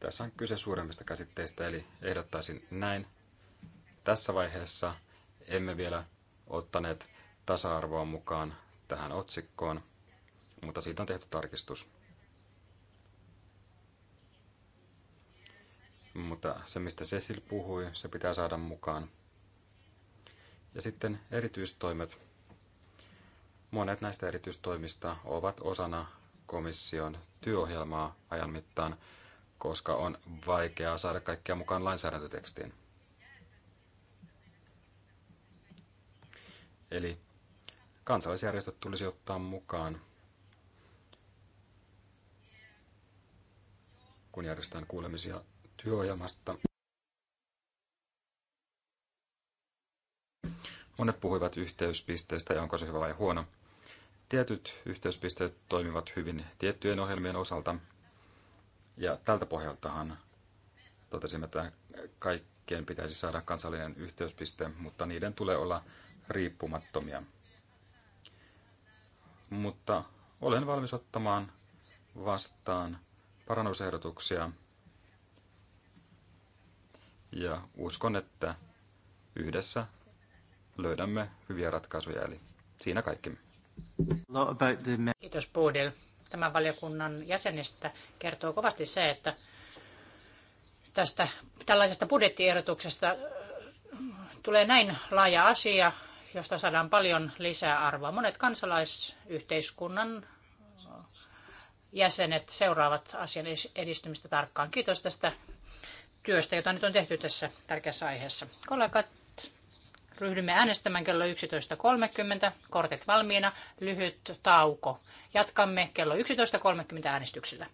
tässä on kyse suuremmista käsitteistä, eli ehdottaisin näin. Tässä vaiheessa emme vielä ottaneet tasa-arvoa mukaan tähän otsikkoon, mutta siitä on tehty tarkistus. Mutta se, mistä Cecil puhui, se pitää saada mukaan. Ja sitten erityistoimet. Monet näistä erityistoimista ovat osana komission työohjelmaa ajan mittaan, koska on vaikeaa saada kaikkia mukaan lainsäädäntötekstiin. Eli kansalaisjärjestöt tulisi ottaa mukaan, kun järjestetään kuulemisia työohjelmasta. Monet puhuivat yhteyspisteistä ja onko se hyvä vai huono. Tietyt yhteyspisteet toimivat hyvin tiettyjen ohjelmien osalta. Ja tältä pohjaltahan totesimme, että kaikkien pitäisi saada kansallinen yhteyspiste, mutta niiden tulee olla riippumattomia. Mutta olen valmis ottamaan vastaan parannusehdotuksia ja uskon, että yhdessä löydämme hyviä ratkaisuja. Eli siinä kaikki. Kiitos Puudil. Tämän valiokunnan jäsenistä kertoo kovasti se, että tästä tällaisesta budjettiehdotuksesta äh, tulee näin laaja asia, josta saadaan paljon lisää arvoa. Monet kansalaisyhteiskunnan äh, jäsenet seuraavat asian edistymistä tarkkaan. Kiitos tästä työstä, jota nyt on tehty tässä tärkeässä aiheessa. Kollegat, Ryhdymme äänestämään kello 11.30. Kortit valmiina. Lyhyt tauko. Jatkamme kello 11.30 äänestyksillä.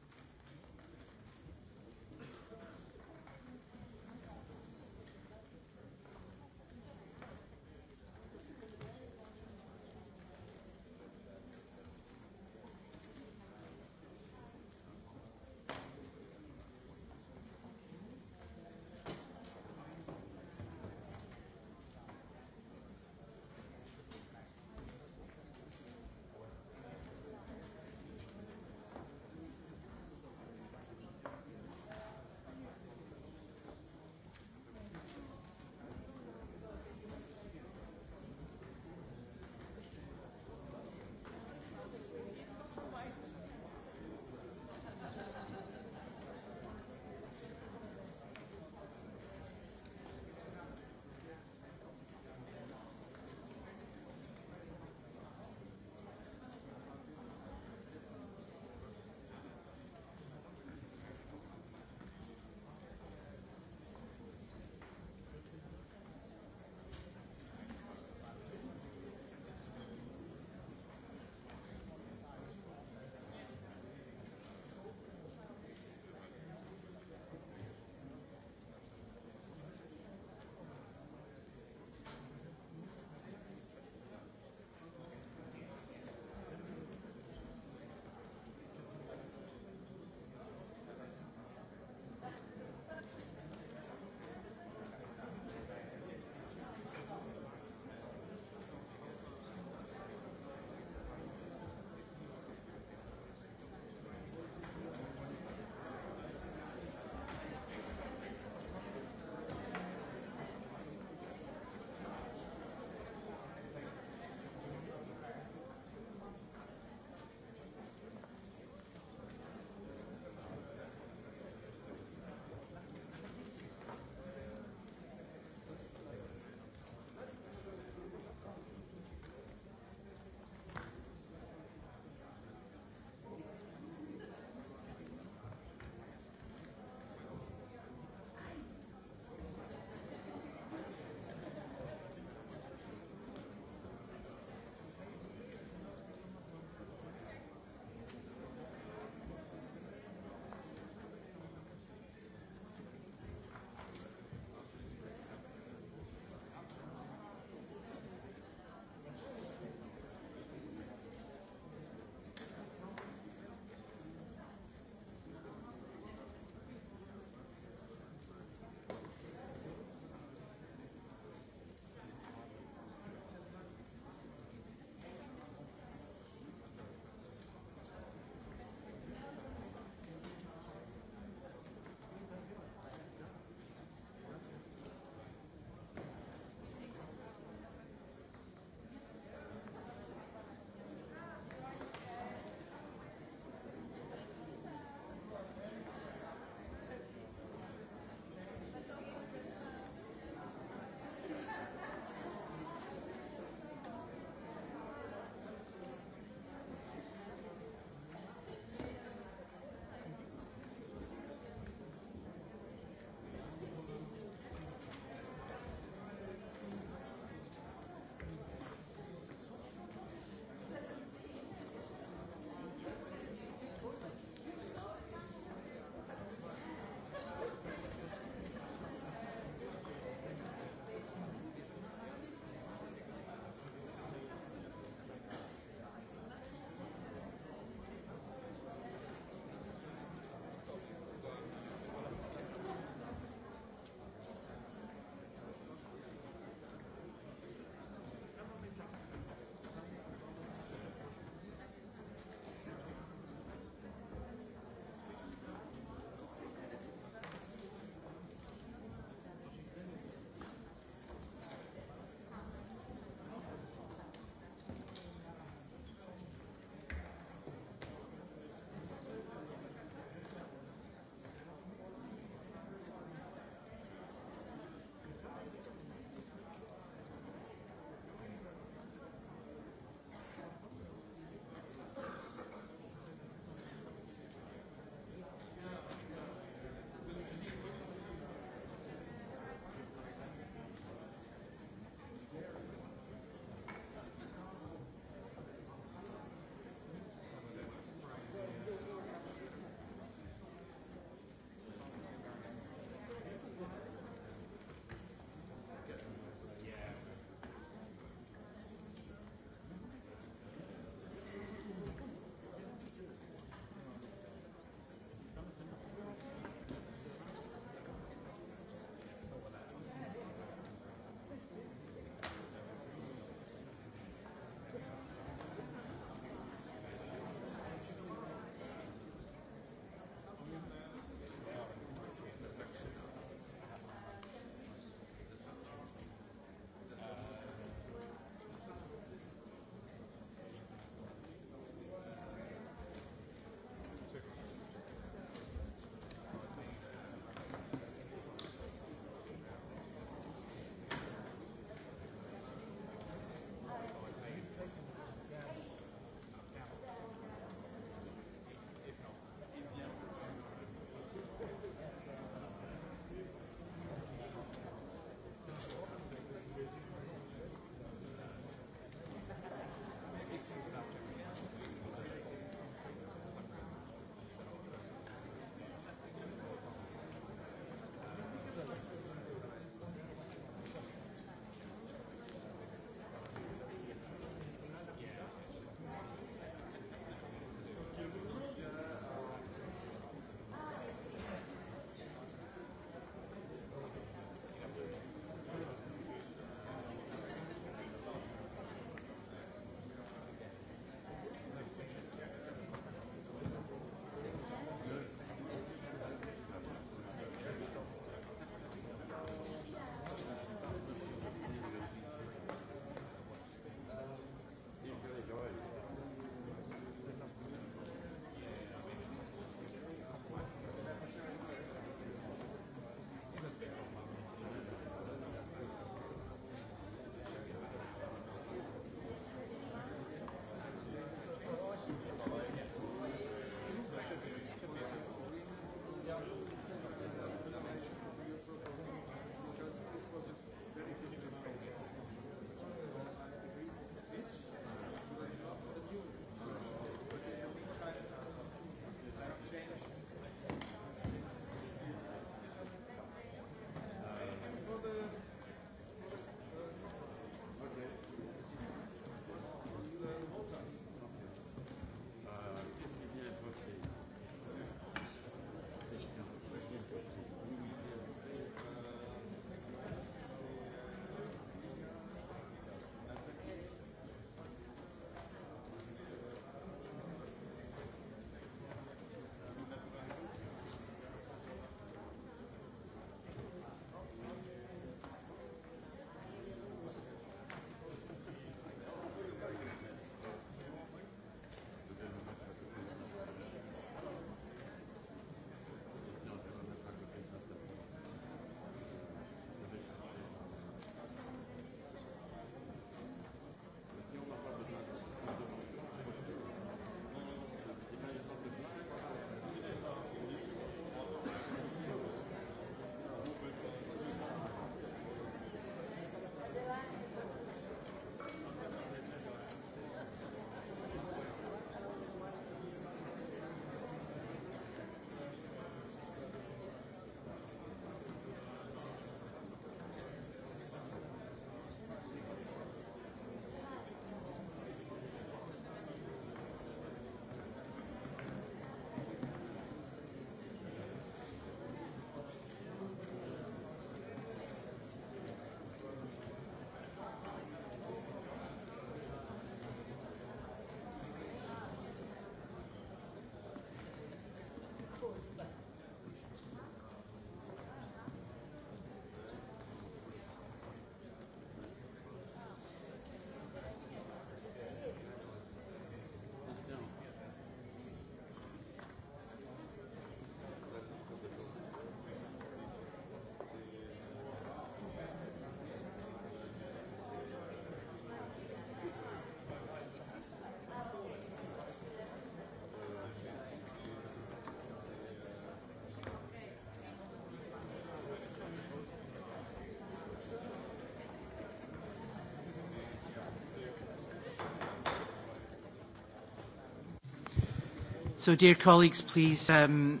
So dear colleagues, please... Um...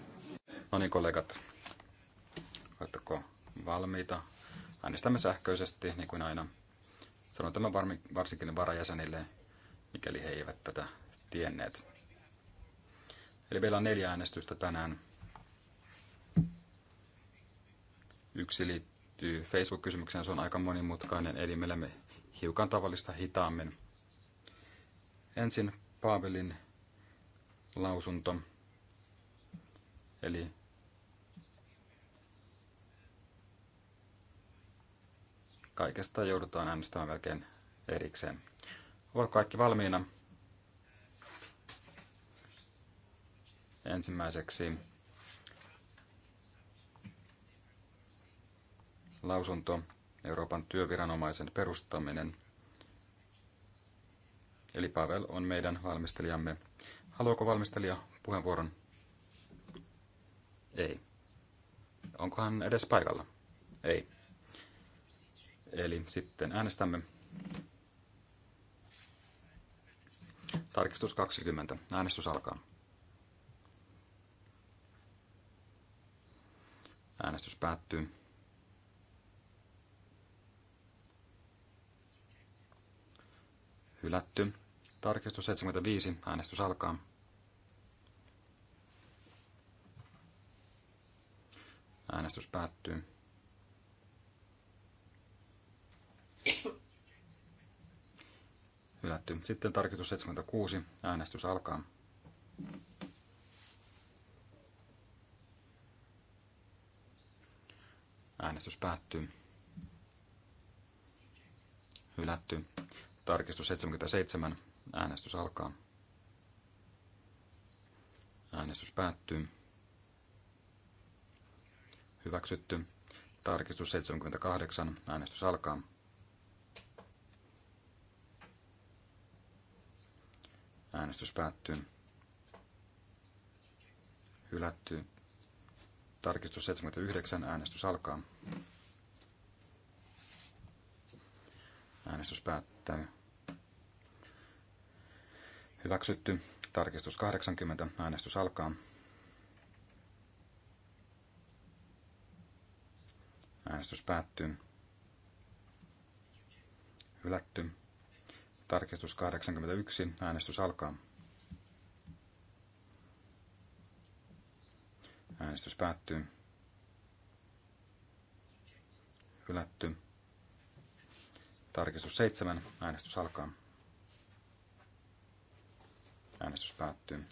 No niin, kollegat. Oletteko valmiita? Äänestämme sähköisesti, niin kuin aina. Sanon tämän varsinkin varajäsenille, mikäli he eivät tätä tienneet. Eli meillä on neljä äänestystä tänään. Yksi liittyy Facebook-kysymykseen, se on aika monimutkainen, eli me hiukan tavallista hitaammin. Ensin Paavelin lausunto. Eli kaikesta joudutaan äänestämään melkein erikseen. Ovat kaikki valmiina. Ensimmäiseksi lausunto Euroopan työviranomaisen perustaminen. Eli Pavel on meidän valmistelijamme. Haluaako valmistelija puheenvuoron? Ei. Onko hän edes paikalla? Ei. Eli sitten äänestämme. Tarkistus 20. Äänestys alkaa. Äänestys päättyy. Hylätty. Tarkistus 75. Äänestys alkaa. Äänestys päättyy. Hylätty. Sitten tarkistus 76. Äänestys alkaa. Äänestys päättyy. Hylätty. Tarkistus 77. Äänestys alkaa. Äänestys päättyy. Hyväksytty. Tarkistus 78. Äänestys alkaa. Äänestys päättyy. Hylätty. Tarkistus 79. Äänestys alkaa. Äänestys päättyy. Hyväksytty. Tarkistus 80. Äänestys alkaa. Äänestys päättyy. Hylätty. Tarkistus 81. Äänestys alkaa. Äänestys päättyy. Hylätty. Tarkistus 7. Äänestys alkaa. Äänestys päättyy.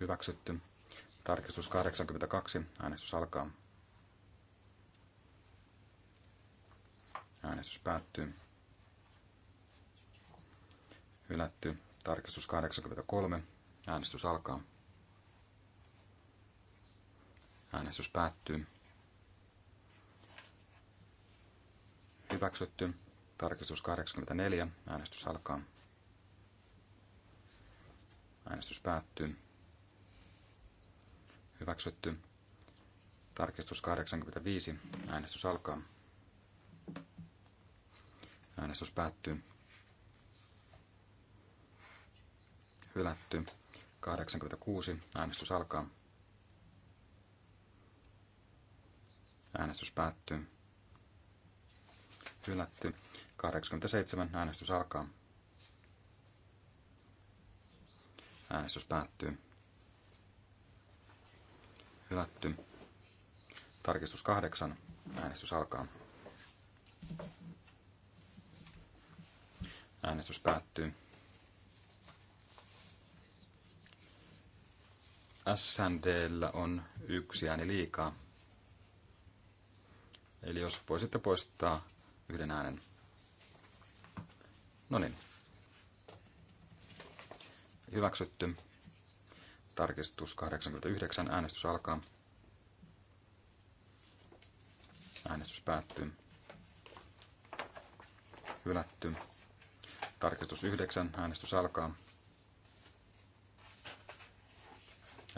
Hyväksytty. Tarkistus 82. Äänestys alkaa. Äänestys päättyy. Hylätty. Tarkistus 83. Äänestys alkaa. Äänestys päättyy. Hyväksytty. Tarkistus 84. Äänestys alkaa. Äänestys päättyy. Hyväksytty. Tarkistus 85. Äänestys alkaa. Äänestys päättyy. Hylätty. 86. Äänestys alkaa. Äänestys päättyy. Hylätty. 87. Äänestys alkaa. Äänestys päättyy. Hylätty. Tarkistus kahdeksan. Äänestys alkaa. Äänestys päättyy. SNDllä on yksi ääni liikaa. Eli jos voisitte poistaa yhden äänen. No niin. Hyväksytty. Tarkistus 89. Äänestys alkaa. Äänestys päättyy. Hylätty. Tarkistus 9. Äänestys alkaa.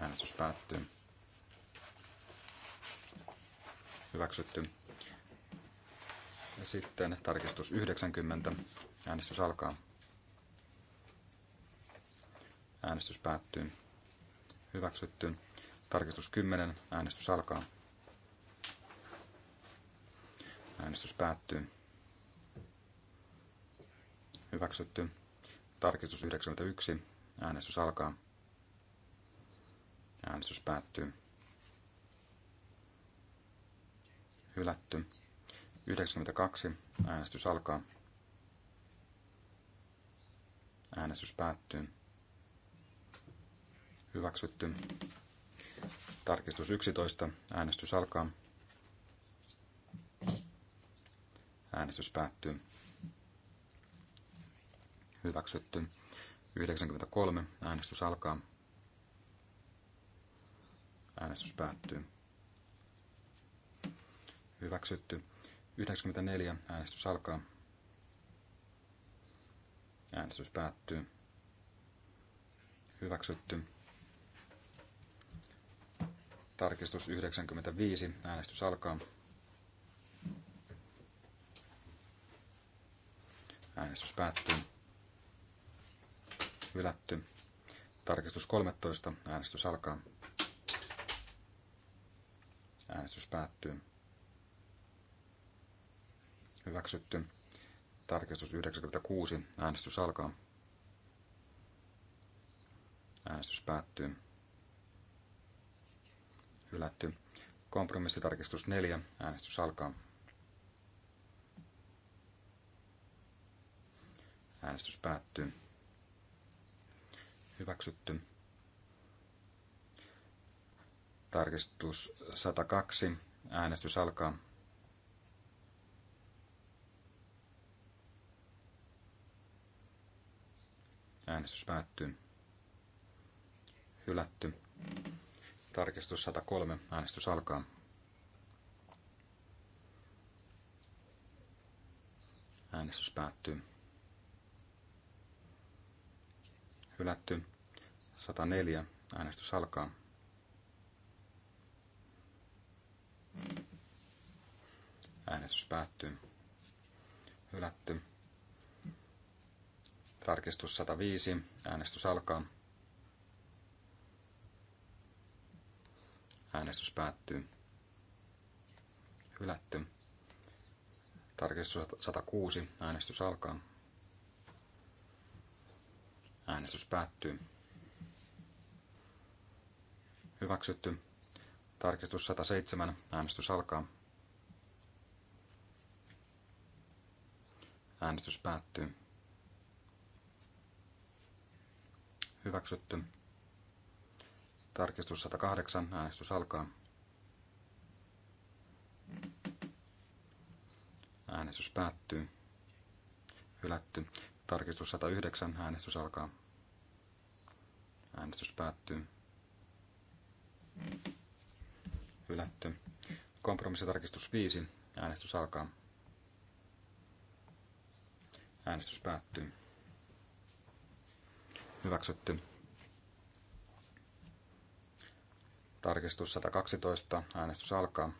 Äänestys päättyy. Hyväksytty. Ja sitten tarkistus 90. Äänestys alkaa. Äänestys päättyy hyväksytty. Tarkistus 10, äänestys alkaa. Äänestys päättyy. Hyväksytty. Tarkistus 91, äänestys alkaa. Äänestys päättyy. Hylätty. 92, äänestys alkaa. Äänestys päättyy. Hyväksytty. Tarkistus 11. Äänestys alkaa. Äänestys päättyy. Hyväksytty. 93. Äänestys alkaa. Äänestys päättyy. Hyväksytty. 94. Äänestys alkaa. Äänestys päättyy. Hyväksytty. Tarkistus 95. Äänestys alkaa. Äänestys päättyy. Hylätty. Tarkistus 13. Äänestys alkaa. Äänestys päättyy. Hyväksytty. Tarkistus 96. Äänestys alkaa. Äänestys päättyy hylätty. Kompromissitarkistus 4. Äänestys alkaa. Äänestys päättyy. Hyväksytty. Tarkistus 102. Äänestys alkaa. Äänestys päättyy. Hylätty. Tarkistus 103. Äänestys alkaa. Äänestys päättyy. Hylätty. 104. Äänestys alkaa. Äänestys päättyy. Hylätty. Tarkistus 105. Äänestys alkaa. Äänestys päättyy. Hylätty. Tarkistus 106. Äänestys alkaa. Äänestys päättyy. Hyväksytty. Tarkistus 107. Äänestys alkaa. Äänestys päättyy. Hyväksytty. Tarkistus 108. Äänestys alkaa. Äänestys päättyy. Hylätty. Tarkistus 109. Äänestys alkaa. Äänestys päättyy. Hylätty. Kompromissitarkistus 5. Äänestys alkaa. Äänestys päättyy. Hyväksytty. Tarkistus 112. Äänestys alkaa.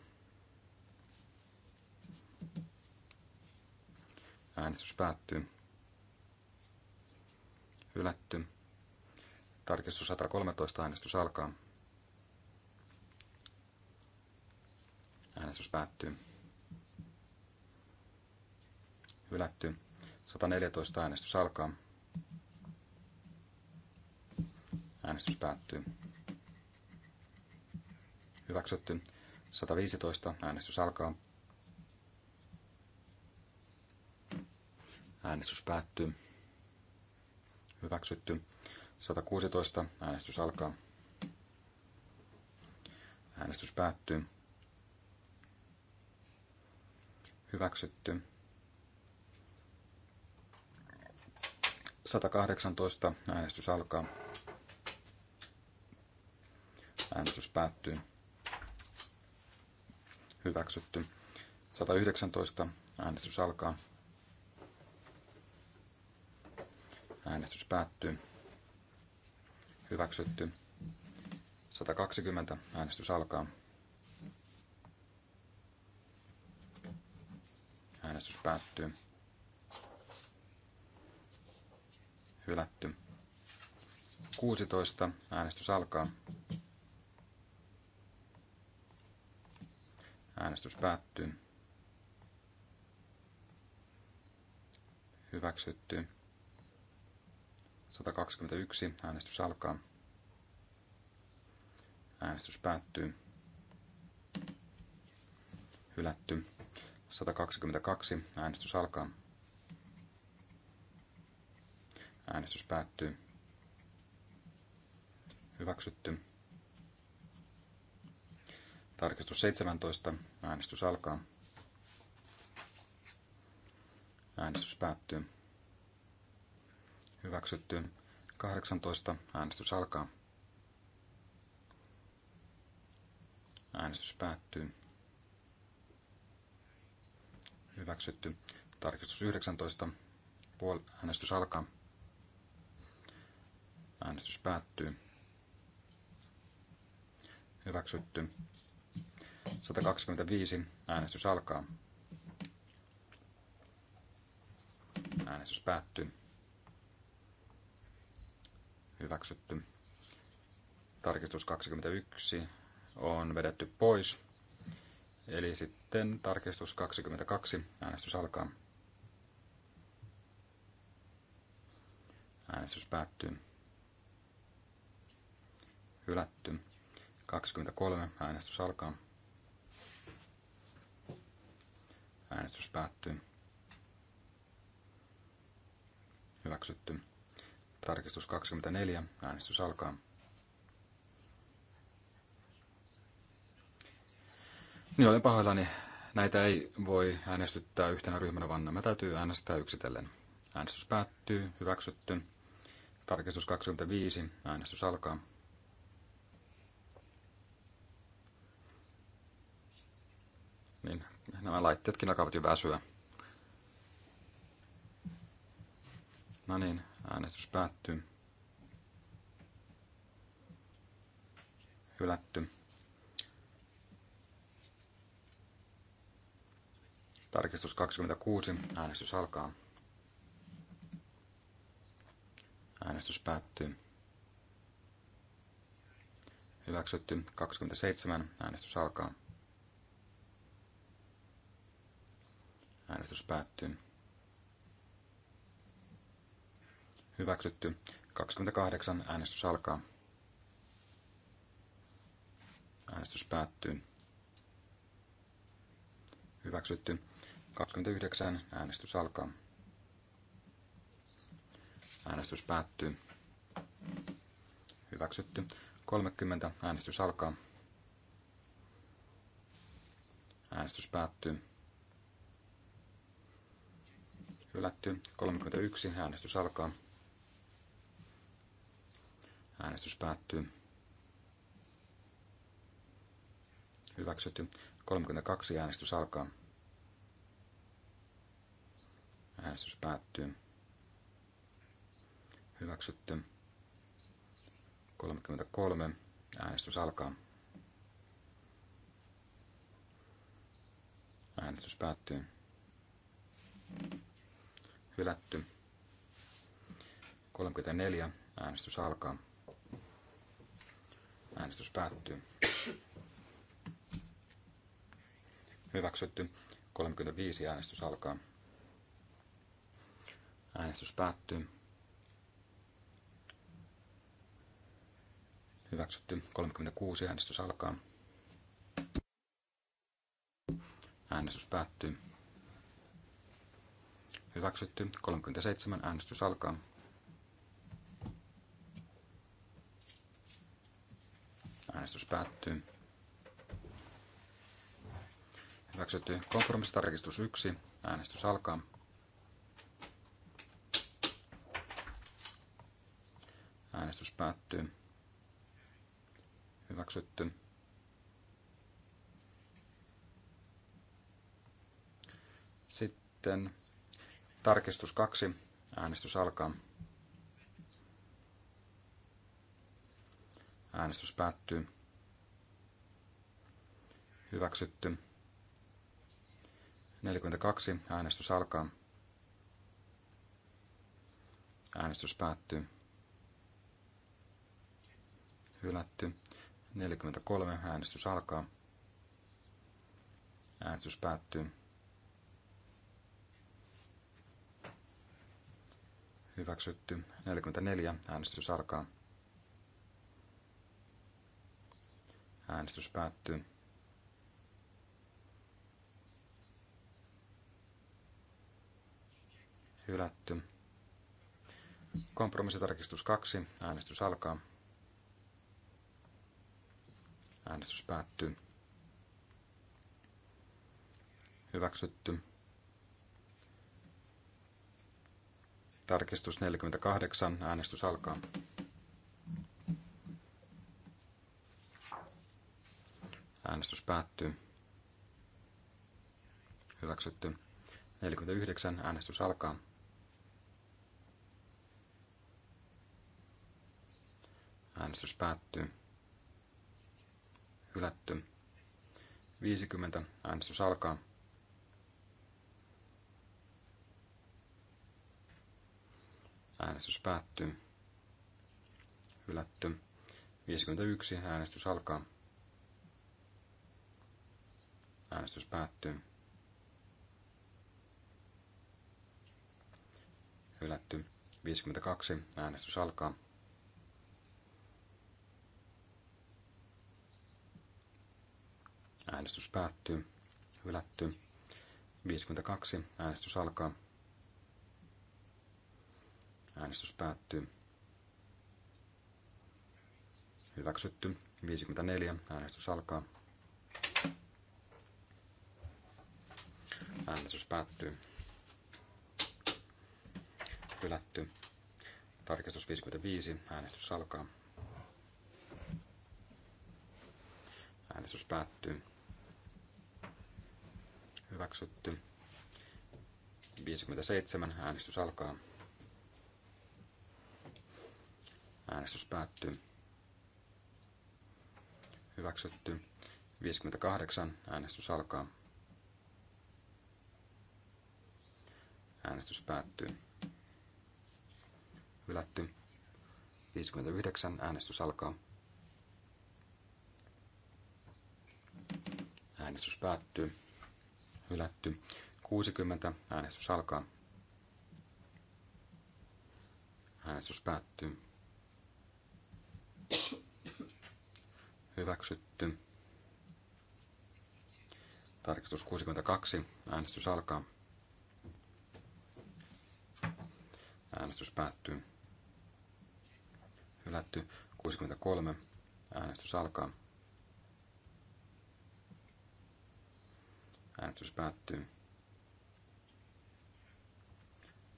Äänestys päättyy. Hylätty. Tarkistus 113. Äänestys alkaa. Äänestys päättyy. Hylätty. 114. Äänestys alkaa. Äänestys päättyy. Hyväksytty. 115. Äänestys alkaa. Äänestys päättyy. Hyväksytty. 116. Äänestys alkaa. Äänestys päättyy. Hyväksytty. 118. Äänestys alkaa. Äänestys päättyy hyväksytty. 119 äänestys alkaa. Äänestys päättyy. Hyväksytty. 120 äänestys alkaa. Äänestys päättyy. Hylätty. 16 äänestys alkaa. Äänestys päättyy. Hyväksytty. 121. Äänestys alkaa. Äänestys päättyy. Hylätty. 122. Äänestys alkaa. Äänestys päättyy. Hyväksytty. Tarkistus 17. Äänestys alkaa. Äänestys päättyy. Hyväksytty. 18. Äänestys alkaa. Äänestys päättyy. Hyväksytty. Tarkistus 19. Puol- äänestys alkaa. Äänestys päättyy. Hyväksytty. 125. Äänestys alkaa. Äänestys päättyy. Hyväksytty. Tarkistus 21 on vedetty pois. Eli sitten tarkistus 22. Äänestys alkaa. Äänestys päättyy. Hylätty. 23. Äänestys alkaa. Äänestys päättyy. Hyväksytty. Tarkistus 24. Äänestys alkaa. Niin olen pahoillani. Näitä ei voi äänestyttää yhtenä ryhmänä, vaan nämä täytyy äänestää yksitellen. Äänestys päättyy. Hyväksytty. Tarkistus 25. Äänestys alkaa. Niin, Nämä laitteetkin alkavat jo väsyä. No niin, äänestys päättyy. Hylätty. Tarkistus 26. Äänestys alkaa. Äänestys päättyy. Hyväksytty 27. Äänestys alkaa. Äänestys päättyy. Hyväksytty. 28. Äänestys alkaa. Äänestys päättyy. Hyväksytty. 29. Äänestys alkaa. Äänestys päättyy. Hyväksytty. 30. Äänestys alkaa. Äänestys päättyy. Hylätty. 31. Äänestys alkaa. Äänestys päättyy. Hyväksytty. 32. Äänestys alkaa. Äänestys päättyy. Hyväksytty. 33. Äänestys alkaa. Äänestys päättyy hylätty. 34. Äänestys alkaa. Äänestys päättyy. Hyväksytty. 35. Äänestys alkaa. Äänestys päättyy. Hyväksytty. 36. Äänestys alkaa. Äänestys päättyy. Hyväksytty. 37. Äänestys alkaa. Äänestys päättyy. Hyväksytty. Kompromissitarkistus 1. Äänestys alkaa. Äänestys päättyy. Hyväksytty. Sitten Tarkistus kaksi, Äänestys alkaa. Äänestys päättyy. Hyväksytty. 42. Äänestys alkaa. Äänestys päättyy. Hylätty. 43. Äänestys alkaa. Äänestys päättyy. hyväksytty. 44 äänestys alkaa. Äänestys päättyy. Hylätty. Kompromissitarkistus 2. Äänestys alkaa. Äänestys päättyy. Hyväksytty. Tarkistus 48. Äänestys alkaa. Äänestys päättyy. Hyväksytty. 49. Äänestys alkaa. Äänestys päättyy. Hylätty. 50. Äänestys alkaa. Äänestys päättyy. Hylätty. 51. Äänestys alkaa. Äänestys päättyy. Hylätty. 52. Äänestys alkaa. Äänestys päättyy. Hylätty. 52. Äänestys alkaa. Äänestys päättyy. Hyväksytty. 54. Äänestys alkaa. Äänestys päättyy. Hylätty. Tarkistus 55. Äänestys alkaa. Äänestys päättyy. Hyväksytty. 57. Äänestys alkaa. Äänestys päättyy. Hyväksytty. 58. Äänestys alkaa. Äänestys päättyy. Hylätty. 59. Äänestys alkaa. Äänestys päättyy. Hylätty. 60. Äänestys alkaa. Äänestys päättyy. Hyväksytty. Tarkistus 62. Äänestys alkaa. Äänestys päättyy. Hylätty 63. Äänestys alkaa. Äänestys päättyy.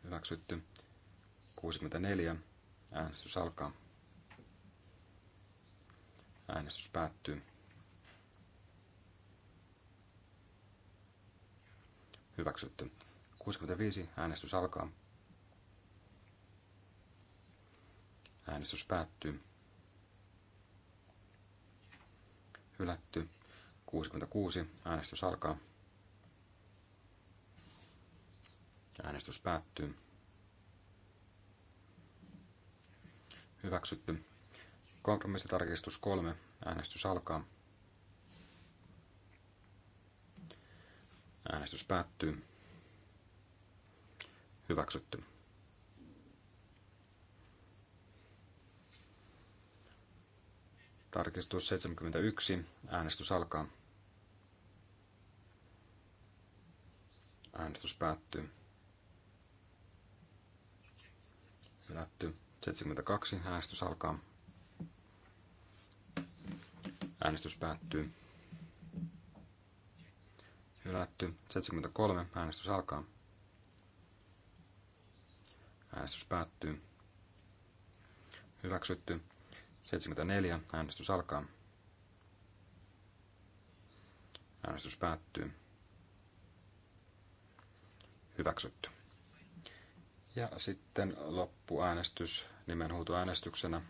Hyväksytty. 64. Äänestys alkaa. Äänestys päättyy. Hyväksytty. 65. Äänestys alkaa. Äänestys päättyy. Hylätty. 66. Äänestys alkaa. Äänestys päättyy. Hyväksytty. Kompromissitarkistus kolme. Äänestys alkaa. Äänestys päättyy. Hyväksytty. Tarkistus 71. Äänestys alkaa. Äänestys päättyy. Hylätty. 72. Äänestys alkaa. Äänestys päättyy. Hylätty. 73. Äänestys alkaa. Äänestys päättyy. Hyväksytty. 74. Äänestys alkaa. Äänestys päättyy. Hyväksytty. Ja sitten loppuäänestys nimenhuutoäänestyksenä.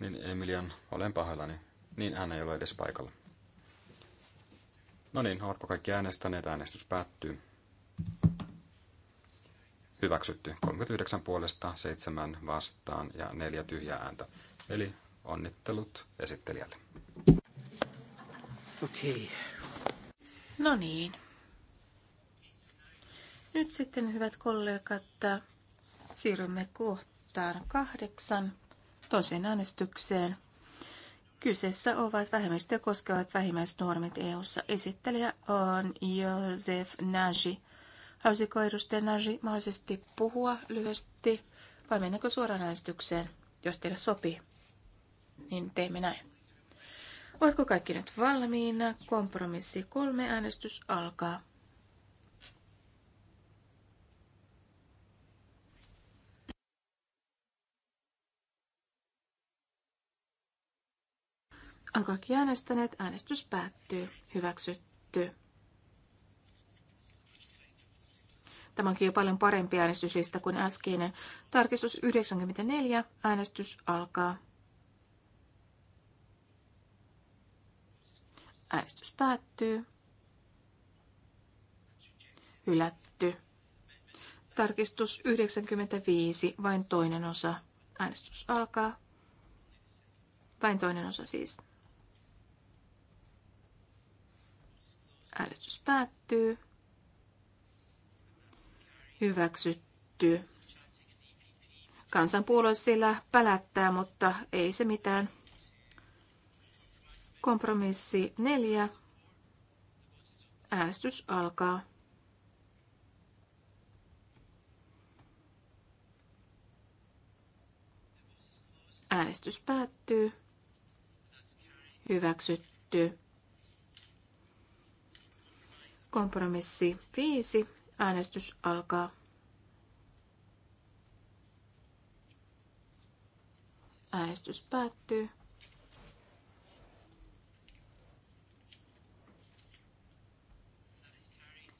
Niin Emilian, olen pahoillani. Niin hän ei ole edes paikalla. No niin, ovatko kaikki äänestäneet? Äänestys päättyy. Hyväksytty 39 puolesta, 7 vastaan ja 4 tyhjää ääntä. Eli onnittelut esittelijälle. Okei. Okay. No niin. Nyt sitten, hyvät kollegat, siirrymme kohtaan kahdeksan toiseen äänestykseen. Kyseessä ovat vähemmistöä koskevat vähimmäisnormit EU-ssa. Esittelijä on Josef Nagy. Haluaisiko edustaja Nagy mahdollisesti puhua lyhyesti vai mennäkö suoraan äänestykseen, jos teille sopii? Niin teemme näin. Ovatko kaikki nyt valmiina? Kompromissi kolme äänestys alkaa. On kaikki äänestäneet. Äänestys päättyy. Hyväksytty. Tämä onkin jo paljon parempi äänestyslista kuin äskeinen. Tarkistus 94. Äänestys alkaa. Äänestys päättyy. Hylätty. Tarkistus 95, vain toinen osa. Äänestys alkaa. Vain toinen osa siis. Äänestys päättyy. Hyväksytty. Kansanpuolue sillä pälättää, mutta ei se mitään. Kompromissi neljä. Äänestys alkaa. Äänestys päättyy. Hyväksytty. Kompromissi 5. Äänestys alkaa. Äänestys päättyy.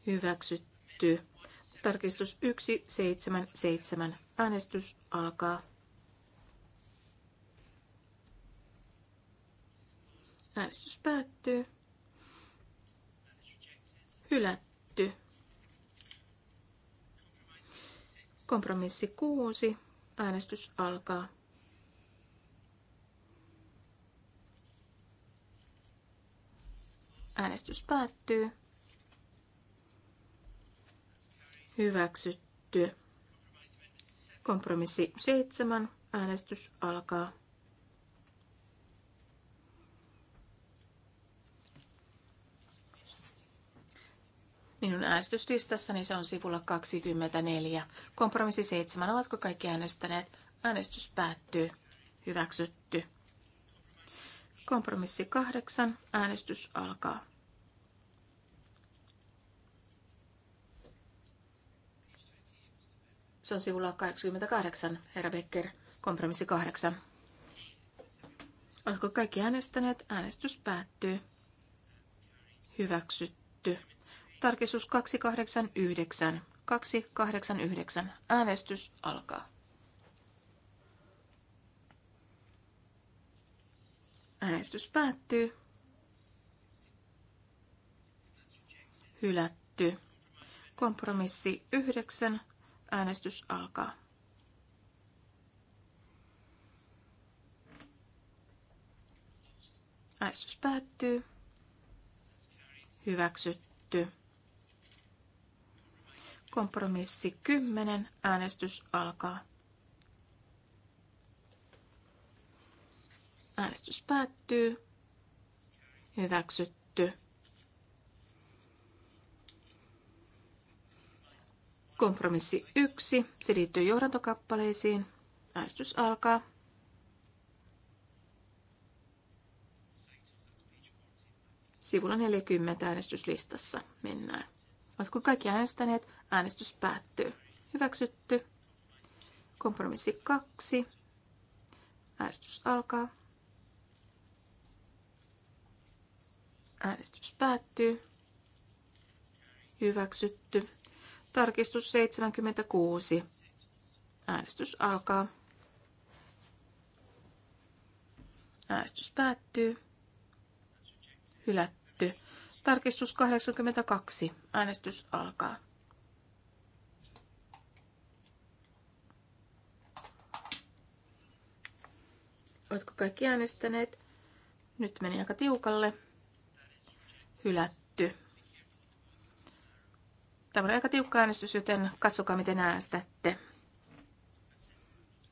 Hyväksytty. Tarkistus 177. Äänestys alkaa. Äänestys päättyy. Hylätty. Kompromissi 6. Äänestys alkaa. Äänestys päättyy. Hyväksytty. Kompromissi 7. Äänestys alkaa. minun äänestyslistassani niin se on sivulla 24. Kompromissi 7. Ovatko kaikki äänestäneet? Äänestys päättyy. Hyväksytty. Kompromissi 8. Äänestys alkaa. Se on sivulla 88, herra Becker. Kompromissi 8. Oletko kaikki äänestäneet? Äänestys päättyy. Hyväksytty. Tarkistus 289. 289. Äänestys alkaa. Äänestys päättyy. Hylätty. Kompromissi 9. Äänestys alkaa. Äänestys päättyy. Hyväksytty. Kompromissi 10. Äänestys alkaa. Äänestys päättyy. Hyväksytty. Kompromissi 1. Se liittyy johdantokappaleisiin. Äänestys alkaa. Sivulla 40 äänestyslistassa mennään. Oletko kaikki äänestäneet? Äänestys päättyy. Hyväksytty. Kompromissi 2. Äänestys alkaa. Äänestys päättyy. Hyväksytty. Tarkistus 76. Äänestys alkaa. Äänestys päättyy. Hylätty. Tarkistus 82. Äänestys alkaa. Oletko kaikki äänestäneet? Nyt meni aika tiukalle. Hylätty. Tämä on aika tiukka äänestys, joten katsokaa miten äänestätte.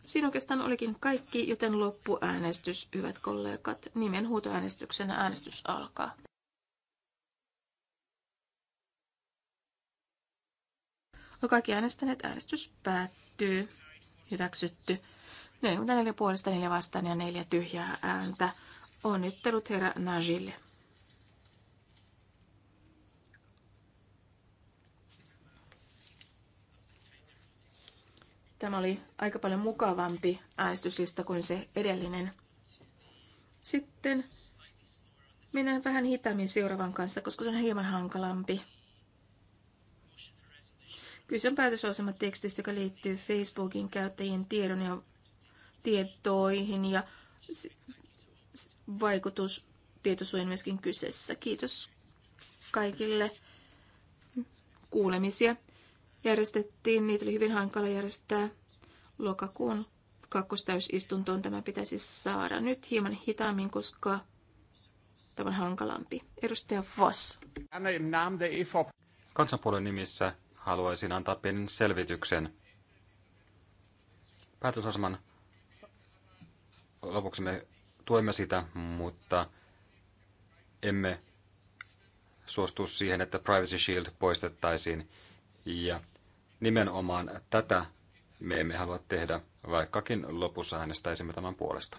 Siinä oikeastaan olikin kaikki, joten loppuäänestys, hyvät kollegat, nimen huutoäänestyksenä äänestys alkaa. No kaikki äänestäneet, äänestys päättyy. Hyväksytty. 44 puolesta, 4 vastaan ja 4 tyhjää ääntä. Onnittelut herra Najille. Tämä oli aika paljon mukavampi äänestyslista kuin se edellinen. Sitten mennään vähän hitaammin seuraavan kanssa, koska se on hieman hankalampi. Kyse on päätösasematekstistä, joka liittyy Facebookin käyttäjien tiedon ja tietoihin ja vaikutus tietosuojan myöskin kyseessä. Kiitos kaikille kuulemisia. Järjestettiin, niitä oli hyvin hankala järjestää lokakuun kakkostäysistuntoon tämä pitäisi saada nyt hieman hitaammin, koska tämä on hankalampi. Edustaja Voss. E Kansanpuolen nimissä haluaisin antaa pienen selvityksen. Päätösaseman lopuksi me tuemme sitä, mutta emme suostu siihen, että Privacy Shield poistettaisiin. Ja nimenomaan tätä me emme halua tehdä, vaikkakin lopussa äänestäisimme tämän puolesta.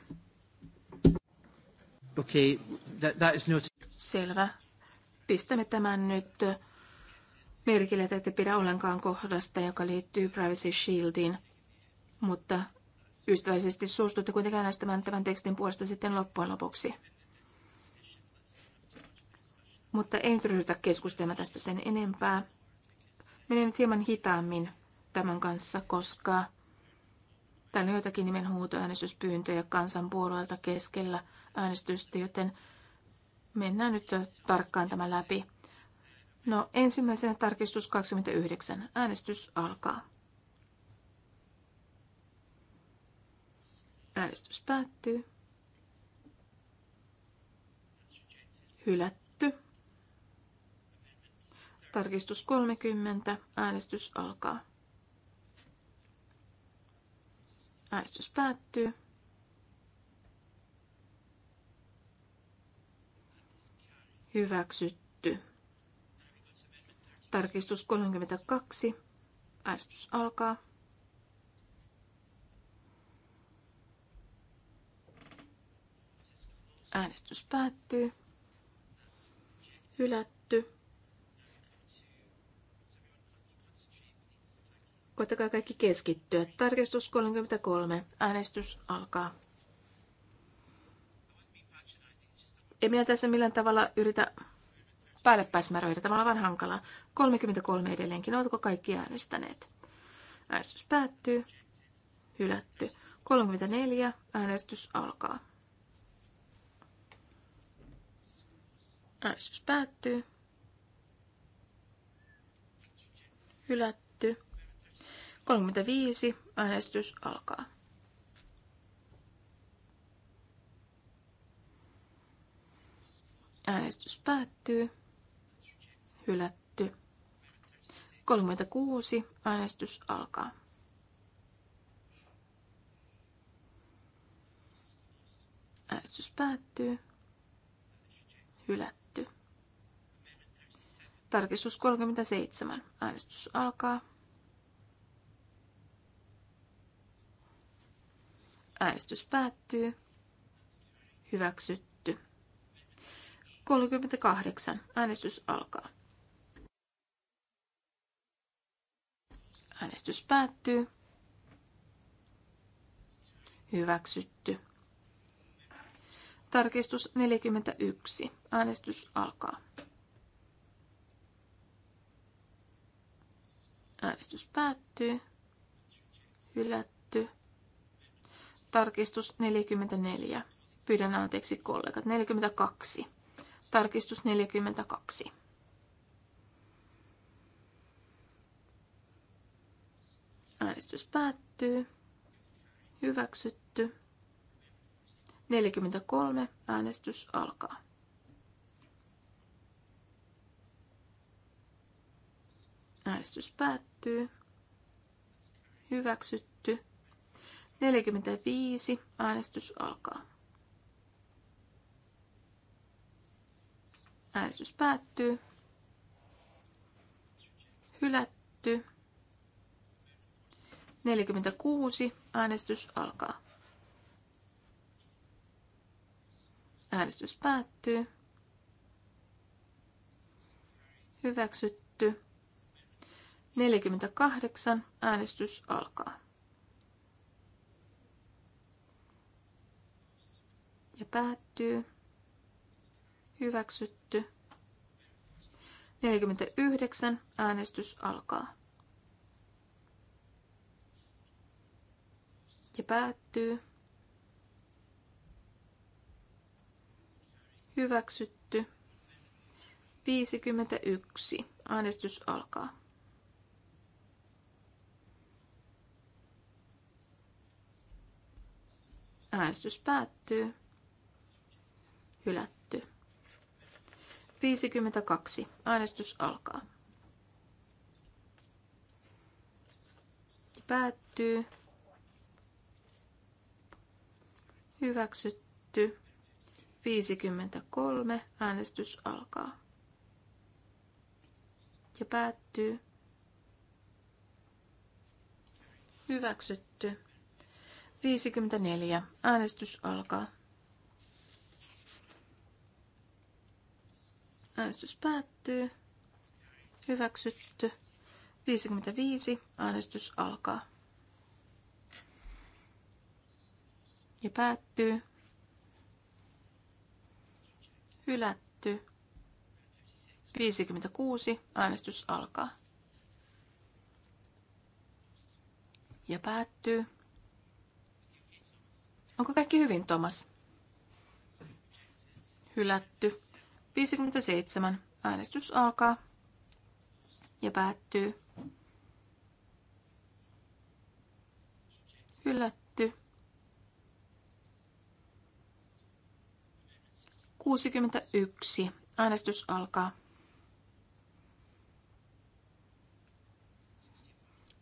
Okay, that, that is not... Selvä. Pistämme tämän nyt merkille, että ette pidä ollenkaan kohdasta, joka liittyy Privacy Shieldiin, mutta ystävällisesti suostutte kuitenkin äänestämään tämän tekstin puolesta sitten loppujen lopuksi. Mutta en ryhdytä keskustelemaan tästä sen enempää. Menen nyt hieman hitaammin tämän kanssa, koska täällä on joitakin äänestyspyyntöjä kansanpuolueelta keskellä äänestystä, joten mennään nyt tarkkaan tämä läpi. No, ensimmäisenä tarkistus 29. Äänestys alkaa. Äänestys päättyy. Hylätty. Tarkistus 30. Äänestys alkaa. Äänestys päättyy. Hyväksytty. Tarkistus 32. Äänestys alkaa. Äänestys päättyy. Hylätty. Koittakaa kaikki keskittyä. Tarkistus 33. Äänestys alkaa. En minä tässä millään tavalla yritä päälle pääsmäröidä. Tämä on aivan hankalaa. 33 edelleenkin. Oletko kaikki äänestäneet? Äänestys päättyy. Hylätty. 34. Äänestys alkaa. Äänestys päättyy. Hylätty. 35. Äänestys alkaa. Äänestys päättyy hylätty. 36. Äänestys alkaa. Äänestys päättyy. Hylätty. Tarkistus 37. Äänestys alkaa. Äänestys päättyy. Hyväksytty. 38. Äänestys alkaa. Äänestys päättyy. Hyväksytty. Tarkistus 41. Äänestys alkaa. Äänestys päättyy. Hylätty. Tarkistus 44. Pyydän anteeksi kollegat. 42. Tarkistus 42. Äänestys päättyy. Hyväksytty. 43. Äänestys alkaa. Äänestys päättyy. Hyväksytty. 45. Äänestys alkaa. Äänestys päättyy. Hylätty. 46. Äänestys alkaa. Äänestys päättyy. Hyväksytty. 48. Äänestys alkaa. Ja päättyy. Hyväksytty. 49. Äänestys alkaa. ja päättyy. Hyväksytty. 51. Äänestys alkaa. Äänestys päättyy. Hylätty. 52. Äänestys alkaa. Päättyy. Hyväksytty. 53. Äänestys alkaa. Ja päättyy. Hyväksytty. 54. Äänestys alkaa. Äänestys päättyy. Hyväksytty. 55. Äänestys alkaa. ja päättyy. Hylätty. 56. Äänestys alkaa. Ja päättyy. Onko kaikki hyvin, Thomas? Hylätty. 57. Äänestys alkaa ja päättyy. Hylätty. 61. Äänestys alkaa.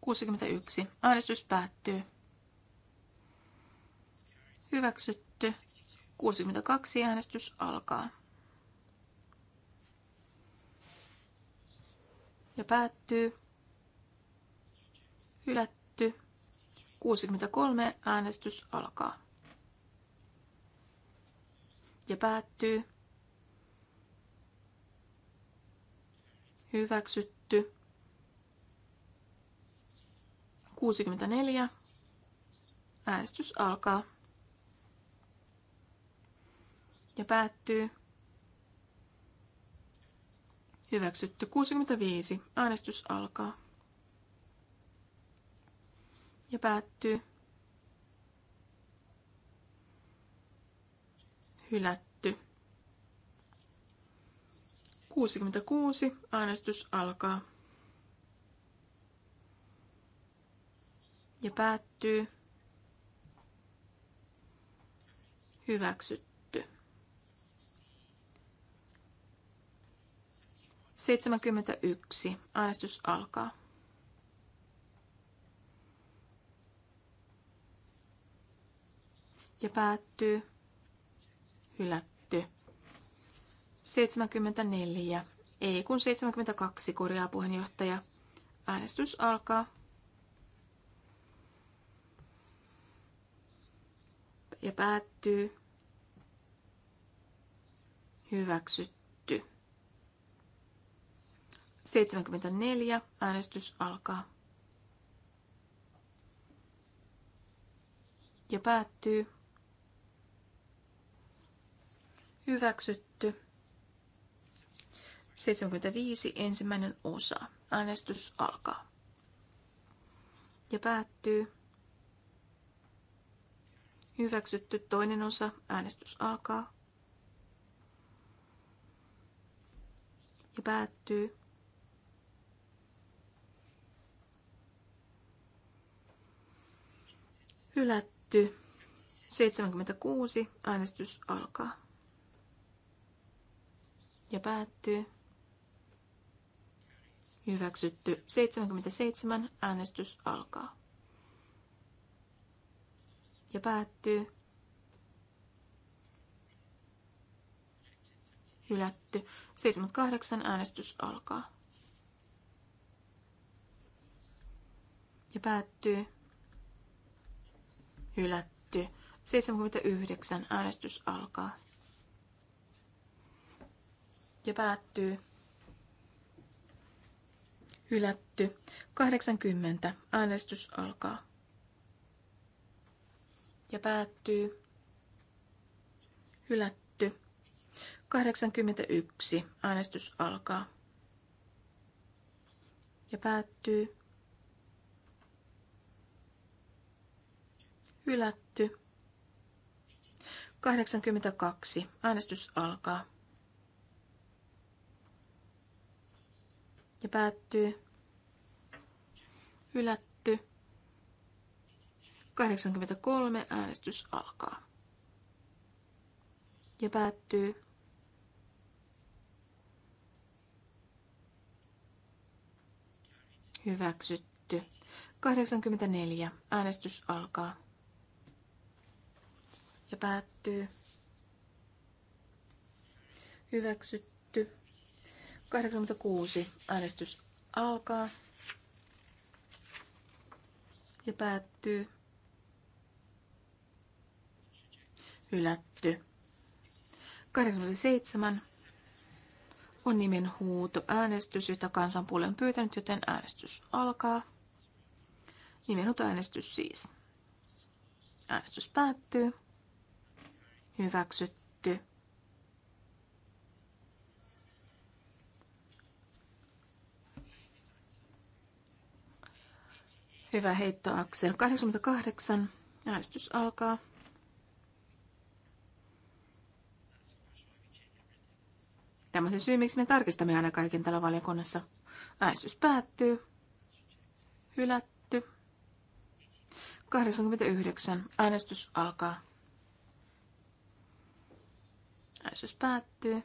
61. Äänestys päättyy. Hyväksytty. 62. Äänestys alkaa. Ja päättyy. Hylätty. 63. Äänestys alkaa ja päättyy. Hyväksytty. 64. Äänestys alkaa. Ja päättyy. Hyväksytty 65. Äänestys alkaa. Ja päättyy. hylätty. 66. Äänestys alkaa. Ja päättyy. Hyväksytty. 71. Äänestys alkaa. Ja päättyy hylätty. 74, ei kun 72 korjaa puheenjohtaja. Äänestys alkaa. Ja päättyy. Hyväksytty. 74. Äänestys alkaa. Ja päättyy. Hyväksytty. 75. Ensimmäinen osa. Äänestys alkaa. Ja päättyy. Hyväksytty toinen osa. Äänestys alkaa. Ja päättyy. Hylätty. 76. Äänestys alkaa ja päättyy. Hyväksytty 77. Äänestys alkaa. Ja päättyy. Hylätty 78. Äänestys alkaa. Ja päättyy. Hylätty 79. Äänestys alkaa ja päättyy. Hylätty. 80. Äänestys alkaa. Ja päättyy. Hylätty. 81. Äänestys alkaa. Ja päättyy. Hylätty. 82. Äänestys alkaa. ja päättyy. Ylätty. 83 äänestys alkaa. Ja päättyy. Hyväksytty. 84 äänestys alkaa. Ja päättyy. Hyväksytty. 86. Äänestys alkaa ja päättyy. Hylätty. 87 on nimen huuto äänestys, jota kansanpuoli on pyytänyt, joten äänestys alkaa. Nimenhuuto äänestys siis. Äänestys päättyy. hyväksyt. Hyvä heitto, Aksel. 88. Äänestys alkaa. Tämä on se syy, miksi me tarkistamme aina kaiken täällä valiokunnassa. Äänestys päättyy. Hylätty. 89. Äänestys alkaa. Äänestys päättyy.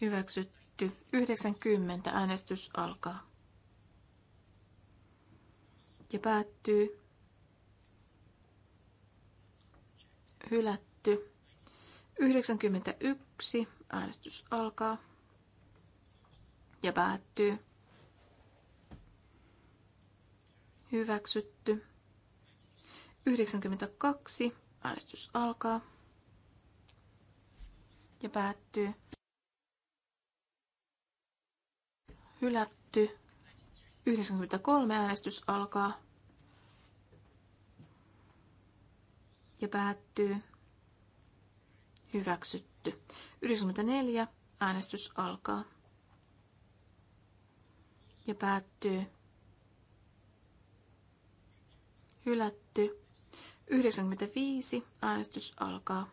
Hyväksytty. 90. Äänestys alkaa ja päättyy. Hylätty. 91. Äänestys alkaa ja päättyy. Hyväksytty. 92. Äänestys alkaa ja päättyy. Hylätty. 93 äänestys alkaa ja päättyy. Hyväksytty. 94 äänestys alkaa ja päättyy. Hylätty. 95 äänestys alkaa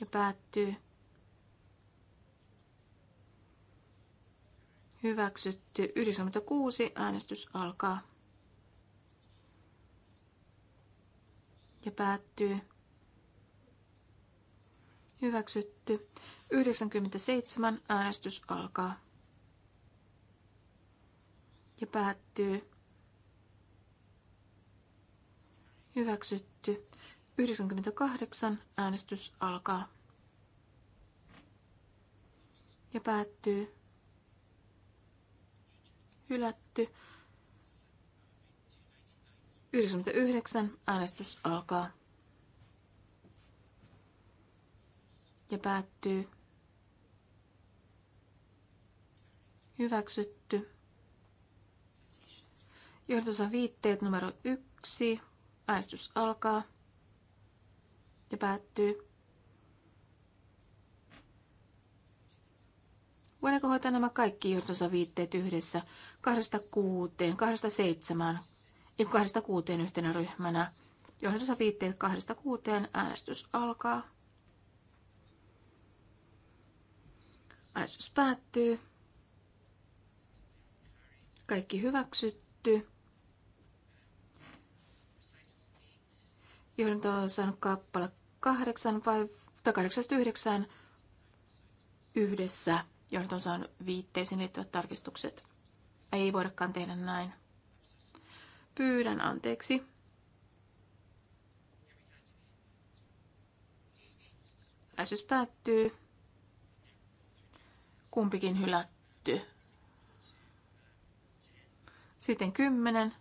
ja päättyy. Hyväksytty. 96. Äänestys alkaa. Ja päättyy. Hyväksytty. 97. Äänestys alkaa. Ja päättyy. Hyväksytty. 98. Äänestys alkaa. Ja päättyy hylätty. 99 äänestys alkaa ja päättyy. Hyväksytty. Johdossa viitteet numero 1. Äänestys alkaa ja päättyy. Voidaanko hoitaa nämä kaikki johdossa viitteet yhdessä? kahdesta kuuteen, kahdesta seitsemään, ei kahdesta kuuteen yhtenä ryhmänä. Johdossa viitteet kahdesta kuuteen äänestys alkaa. Äänestys päättyy. Kaikki hyväksytty. Johdanto on saanut kappale kahdeksan vai tai kahdeksasta yhdeksään yhdessä. Johdanto on saanut viitteisiin liittyvät tarkistukset. Ei voidakaan tehdä näin. Pyydän anteeksi. Äsys päättyy. Kumpikin hylätty. Sitten kymmenen.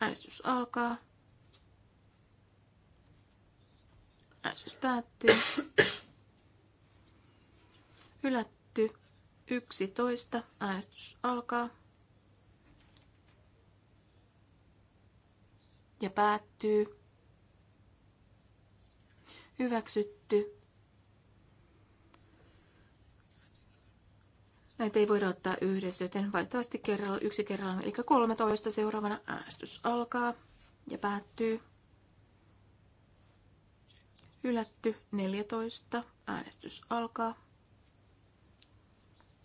Äänestys alkaa. Äänestys päättyy. Hylätty. Yksitoista. Äänestys alkaa. ja päättyy. Hyväksytty. Näitä ei voida ottaa yhdessä, joten valitettavasti kerralla, yksi kerralla, eli 13 seuraavana äänestys alkaa ja päättyy. Hylätty 14, äänestys alkaa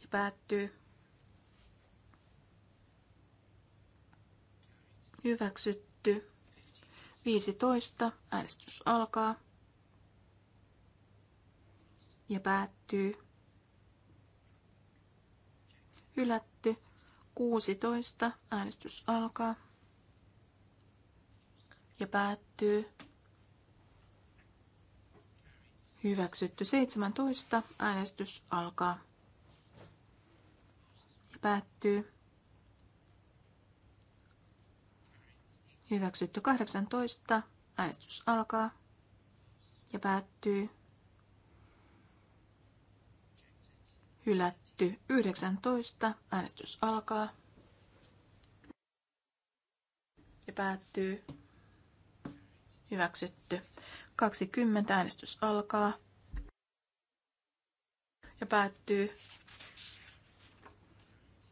ja päättyy. Hyväksytty 15. Äänestys alkaa ja päättyy. Hylätty. 16. Äänestys alkaa ja päättyy. Hyväksytty 17. Äänestys alkaa ja päättyy. Hyväksytty 18. Äänestys alkaa ja päättyy. Hylätty 19. Äänestys alkaa ja päättyy. Hyväksytty. 20. Äänestys alkaa ja päättyy.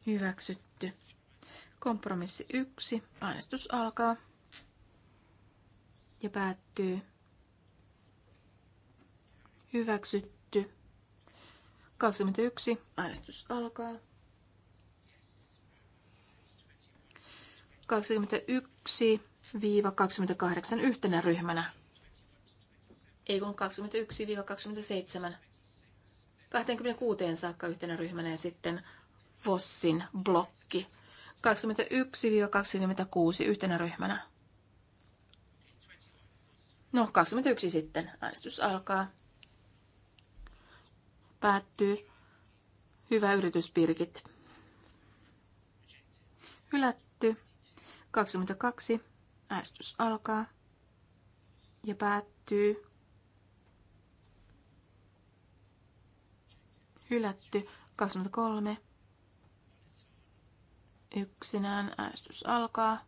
Hyväksytty. Kompromissi 1. Äänestys alkaa ja päättyy. Hyväksytty. 21. Äänestys alkaa. 21-28 yhtenä ryhmänä. Ei kun 21-27. 26 saakka yhtenä ryhmänä ja sitten Fossin blokki. 21-26 yhtenä ryhmänä. No, 21 sitten. Äänestys alkaa. Päättyy. Hyvä yritys, Pirkit. Hylätty. 22. Äänestys alkaa. Ja päättyy. Hylätty. 23. Yksinään äänestys alkaa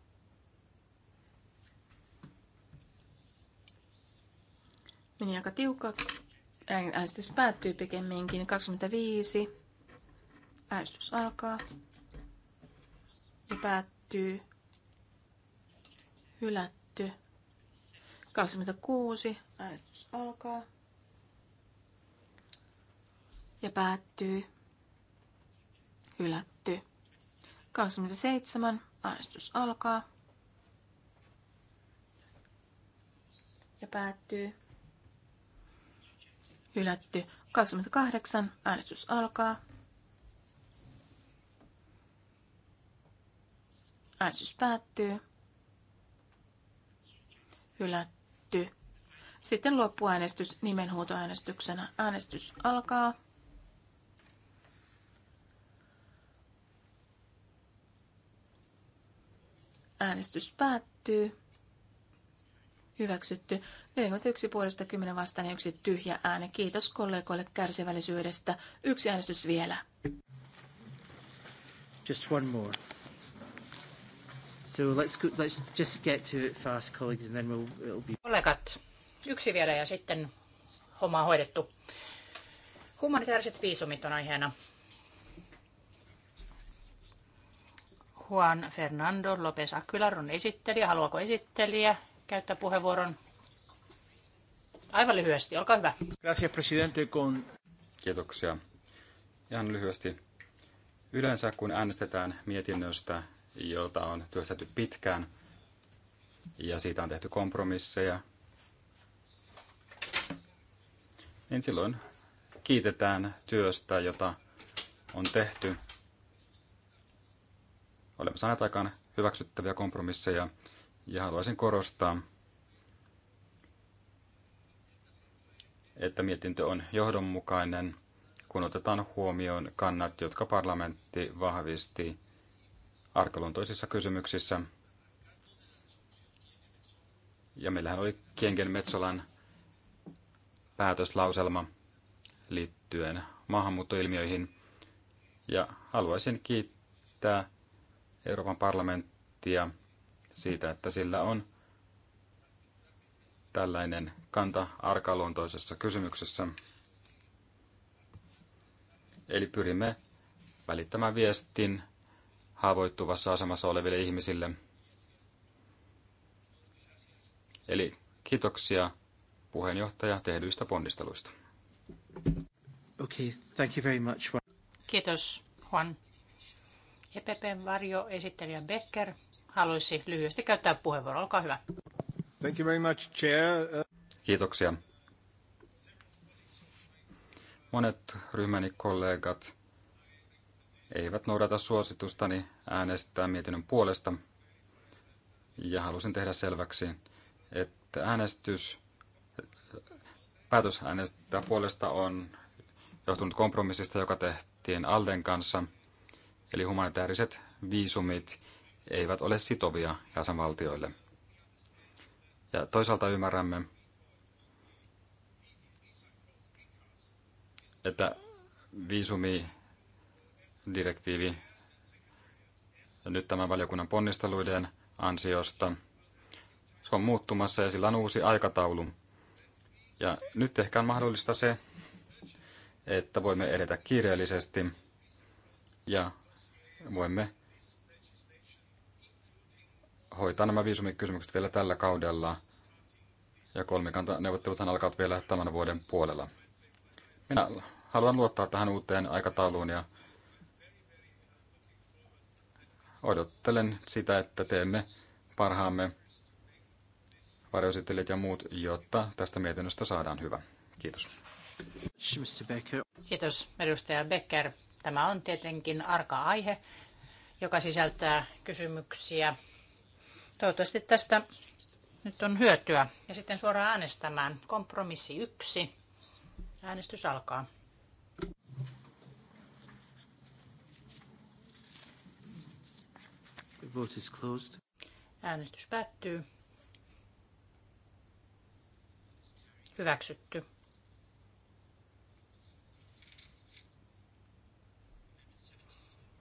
Meni aika tiukka. Äänestys päättyy pikemminkin. 25. Äänestys alkaa ja päättyy. Hylätty. 26. Äänestys alkaa ja päättyy. Hylätty. 27. Äänestys alkaa ja päättyy. Hylätty. 28. Äänestys alkaa. Äänestys päättyy. Hylätty. Sitten loppuäänestys nimenhuutoäänestyksenä. Äänestys alkaa. Äänestys päättyy hyväksytty. 41 puolesta 10 vastaan ja yksi tyhjä ääni. Kiitos kollegoille kärsivällisyydestä. Yksi äänestys vielä. Just one more. So let's, go, let's just get to it fast, colleagues, and then we'll, it'll be... Kollegat, yksi vielä ja sitten homma on hoidettu. Humanitaariset viisumit on aiheena. Juan Fernando López Aquilar on esittelijä. Haluaako esittelijä käyttää puheenvuoron? Aivan lyhyesti, olkaa hyvä. Gracias, presidente, con... Kiitoksia. Ihan lyhyesti. Yleensä kun äänestetään mietinnöstä, jota on työstetty pitkään, ja siitä on tehty kompromisseja, niin silloin kiitetään työstä, jota on tehty. Olemme saaneet aikaan hyväksyttäviä kompromisseja ja haluaisin korostaa, että mietintö on johdonmukainen, kun otetaan huomioon kannat, jotka parlamentti vahvisti arkaluontoisissa kysymyksissä. Ja meillähän oli Kienken Metsolan päätöslauselma liittyen maahanmuuttoilmiöihin. Ja haluaisin kiittää Euroopan parlamenttia siitä, että sillä on tällainen kanta arkaluontoisessa kysymyksessä. Eli pyrimme välittämään viestin haavoittuvassa asemassa oleville ihmisille. Eli kiitoksia puheenjohtaja tehdyistä ponnisteluista. Okay, thank you very much. Kiitos Juan. EPPn varjo esittelijä Becker haluaisi lyhyesti käyttää puheenvuoron. Olkaa hyvä. Thank you very much, Chair. Kiitoksia. Monet ryhmäni kollegat eivät noudata suositustani äänestää mietinnön puolesta, ja halusin tehdä selväksi, että äänestys, päätös äänestää puolesta on johtunut kompromissista, joka tehtiin Alden kanssa, eli humanitaariset viisumit eivät ole sitovia jäsenvaltioille. Ja toisaalta ymmärrämme, että viisumidirektiivi nyt tämän valiokunnan ponnisteluiden ansiosta se on muuttumassa ja sillä on uusi aikataulu. Ja nyt ehkä on mahdollista se, että voimme edetä kiireellisesti ja voimme hoitaa nämä viisumikysymykset vielä tällä kaudella, ja kolmikantaneuvotteluthan alkavat vielä tämän vuoden puolella. Minä haluan luottaa tähän uuteen aikatauluun ja odottelen sitä, että teemme parhaamme varjoesittelijät ja muut, jotta tästä mietinnöstä saadaan hyvä. Kiitos. Kiitos edustaja Becker. Tämä on tietenkin arka aihe, joka sisältää kysymyksiä Toivottavasti tästä nyt on hyötyä. Ja sitten suoraan äänestämään. Kompromissi yksi. Äänestys alkaa. The vote is closed. Äänestys päättyy. Hyväksytty.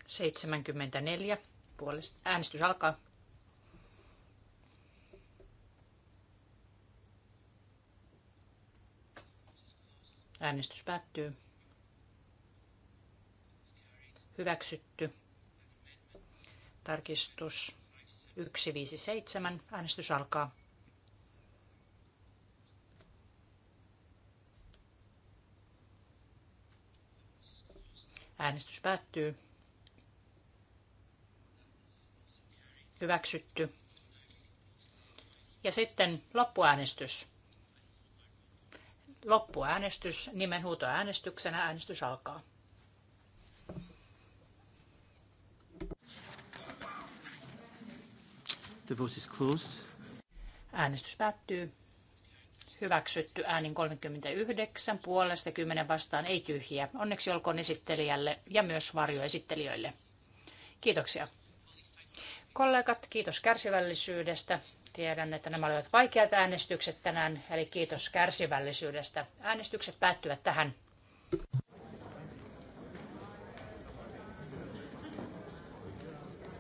Seitsemänkymmentäneljä puolesta. Äänestys alkaa. Äänestys päättyy. Hyväksytty. Tarkistus 157. Äänestys alkaa. Äänestys päättyy. Hyväksytty. Ja sitten loppuäänestys. Loppuäänestys nimenhuutoäänestyksenä. Äänestys alkaa. The vote is closed. Äänestys päättyy. Hyväksytty äänin 39, puolesta 10 vastaan, ei tyhjiä. Onneksi olkoon esittelijälle ja myös varjoesittelijöille. Kiitoksia. Kollegat, kiitos kärsivällisyydestä. Tiedän, että nämä olivat vaikeat äänestykset tänään, eli kiitos kärsivällisyydestä. Äänestykset päättyvät tähän.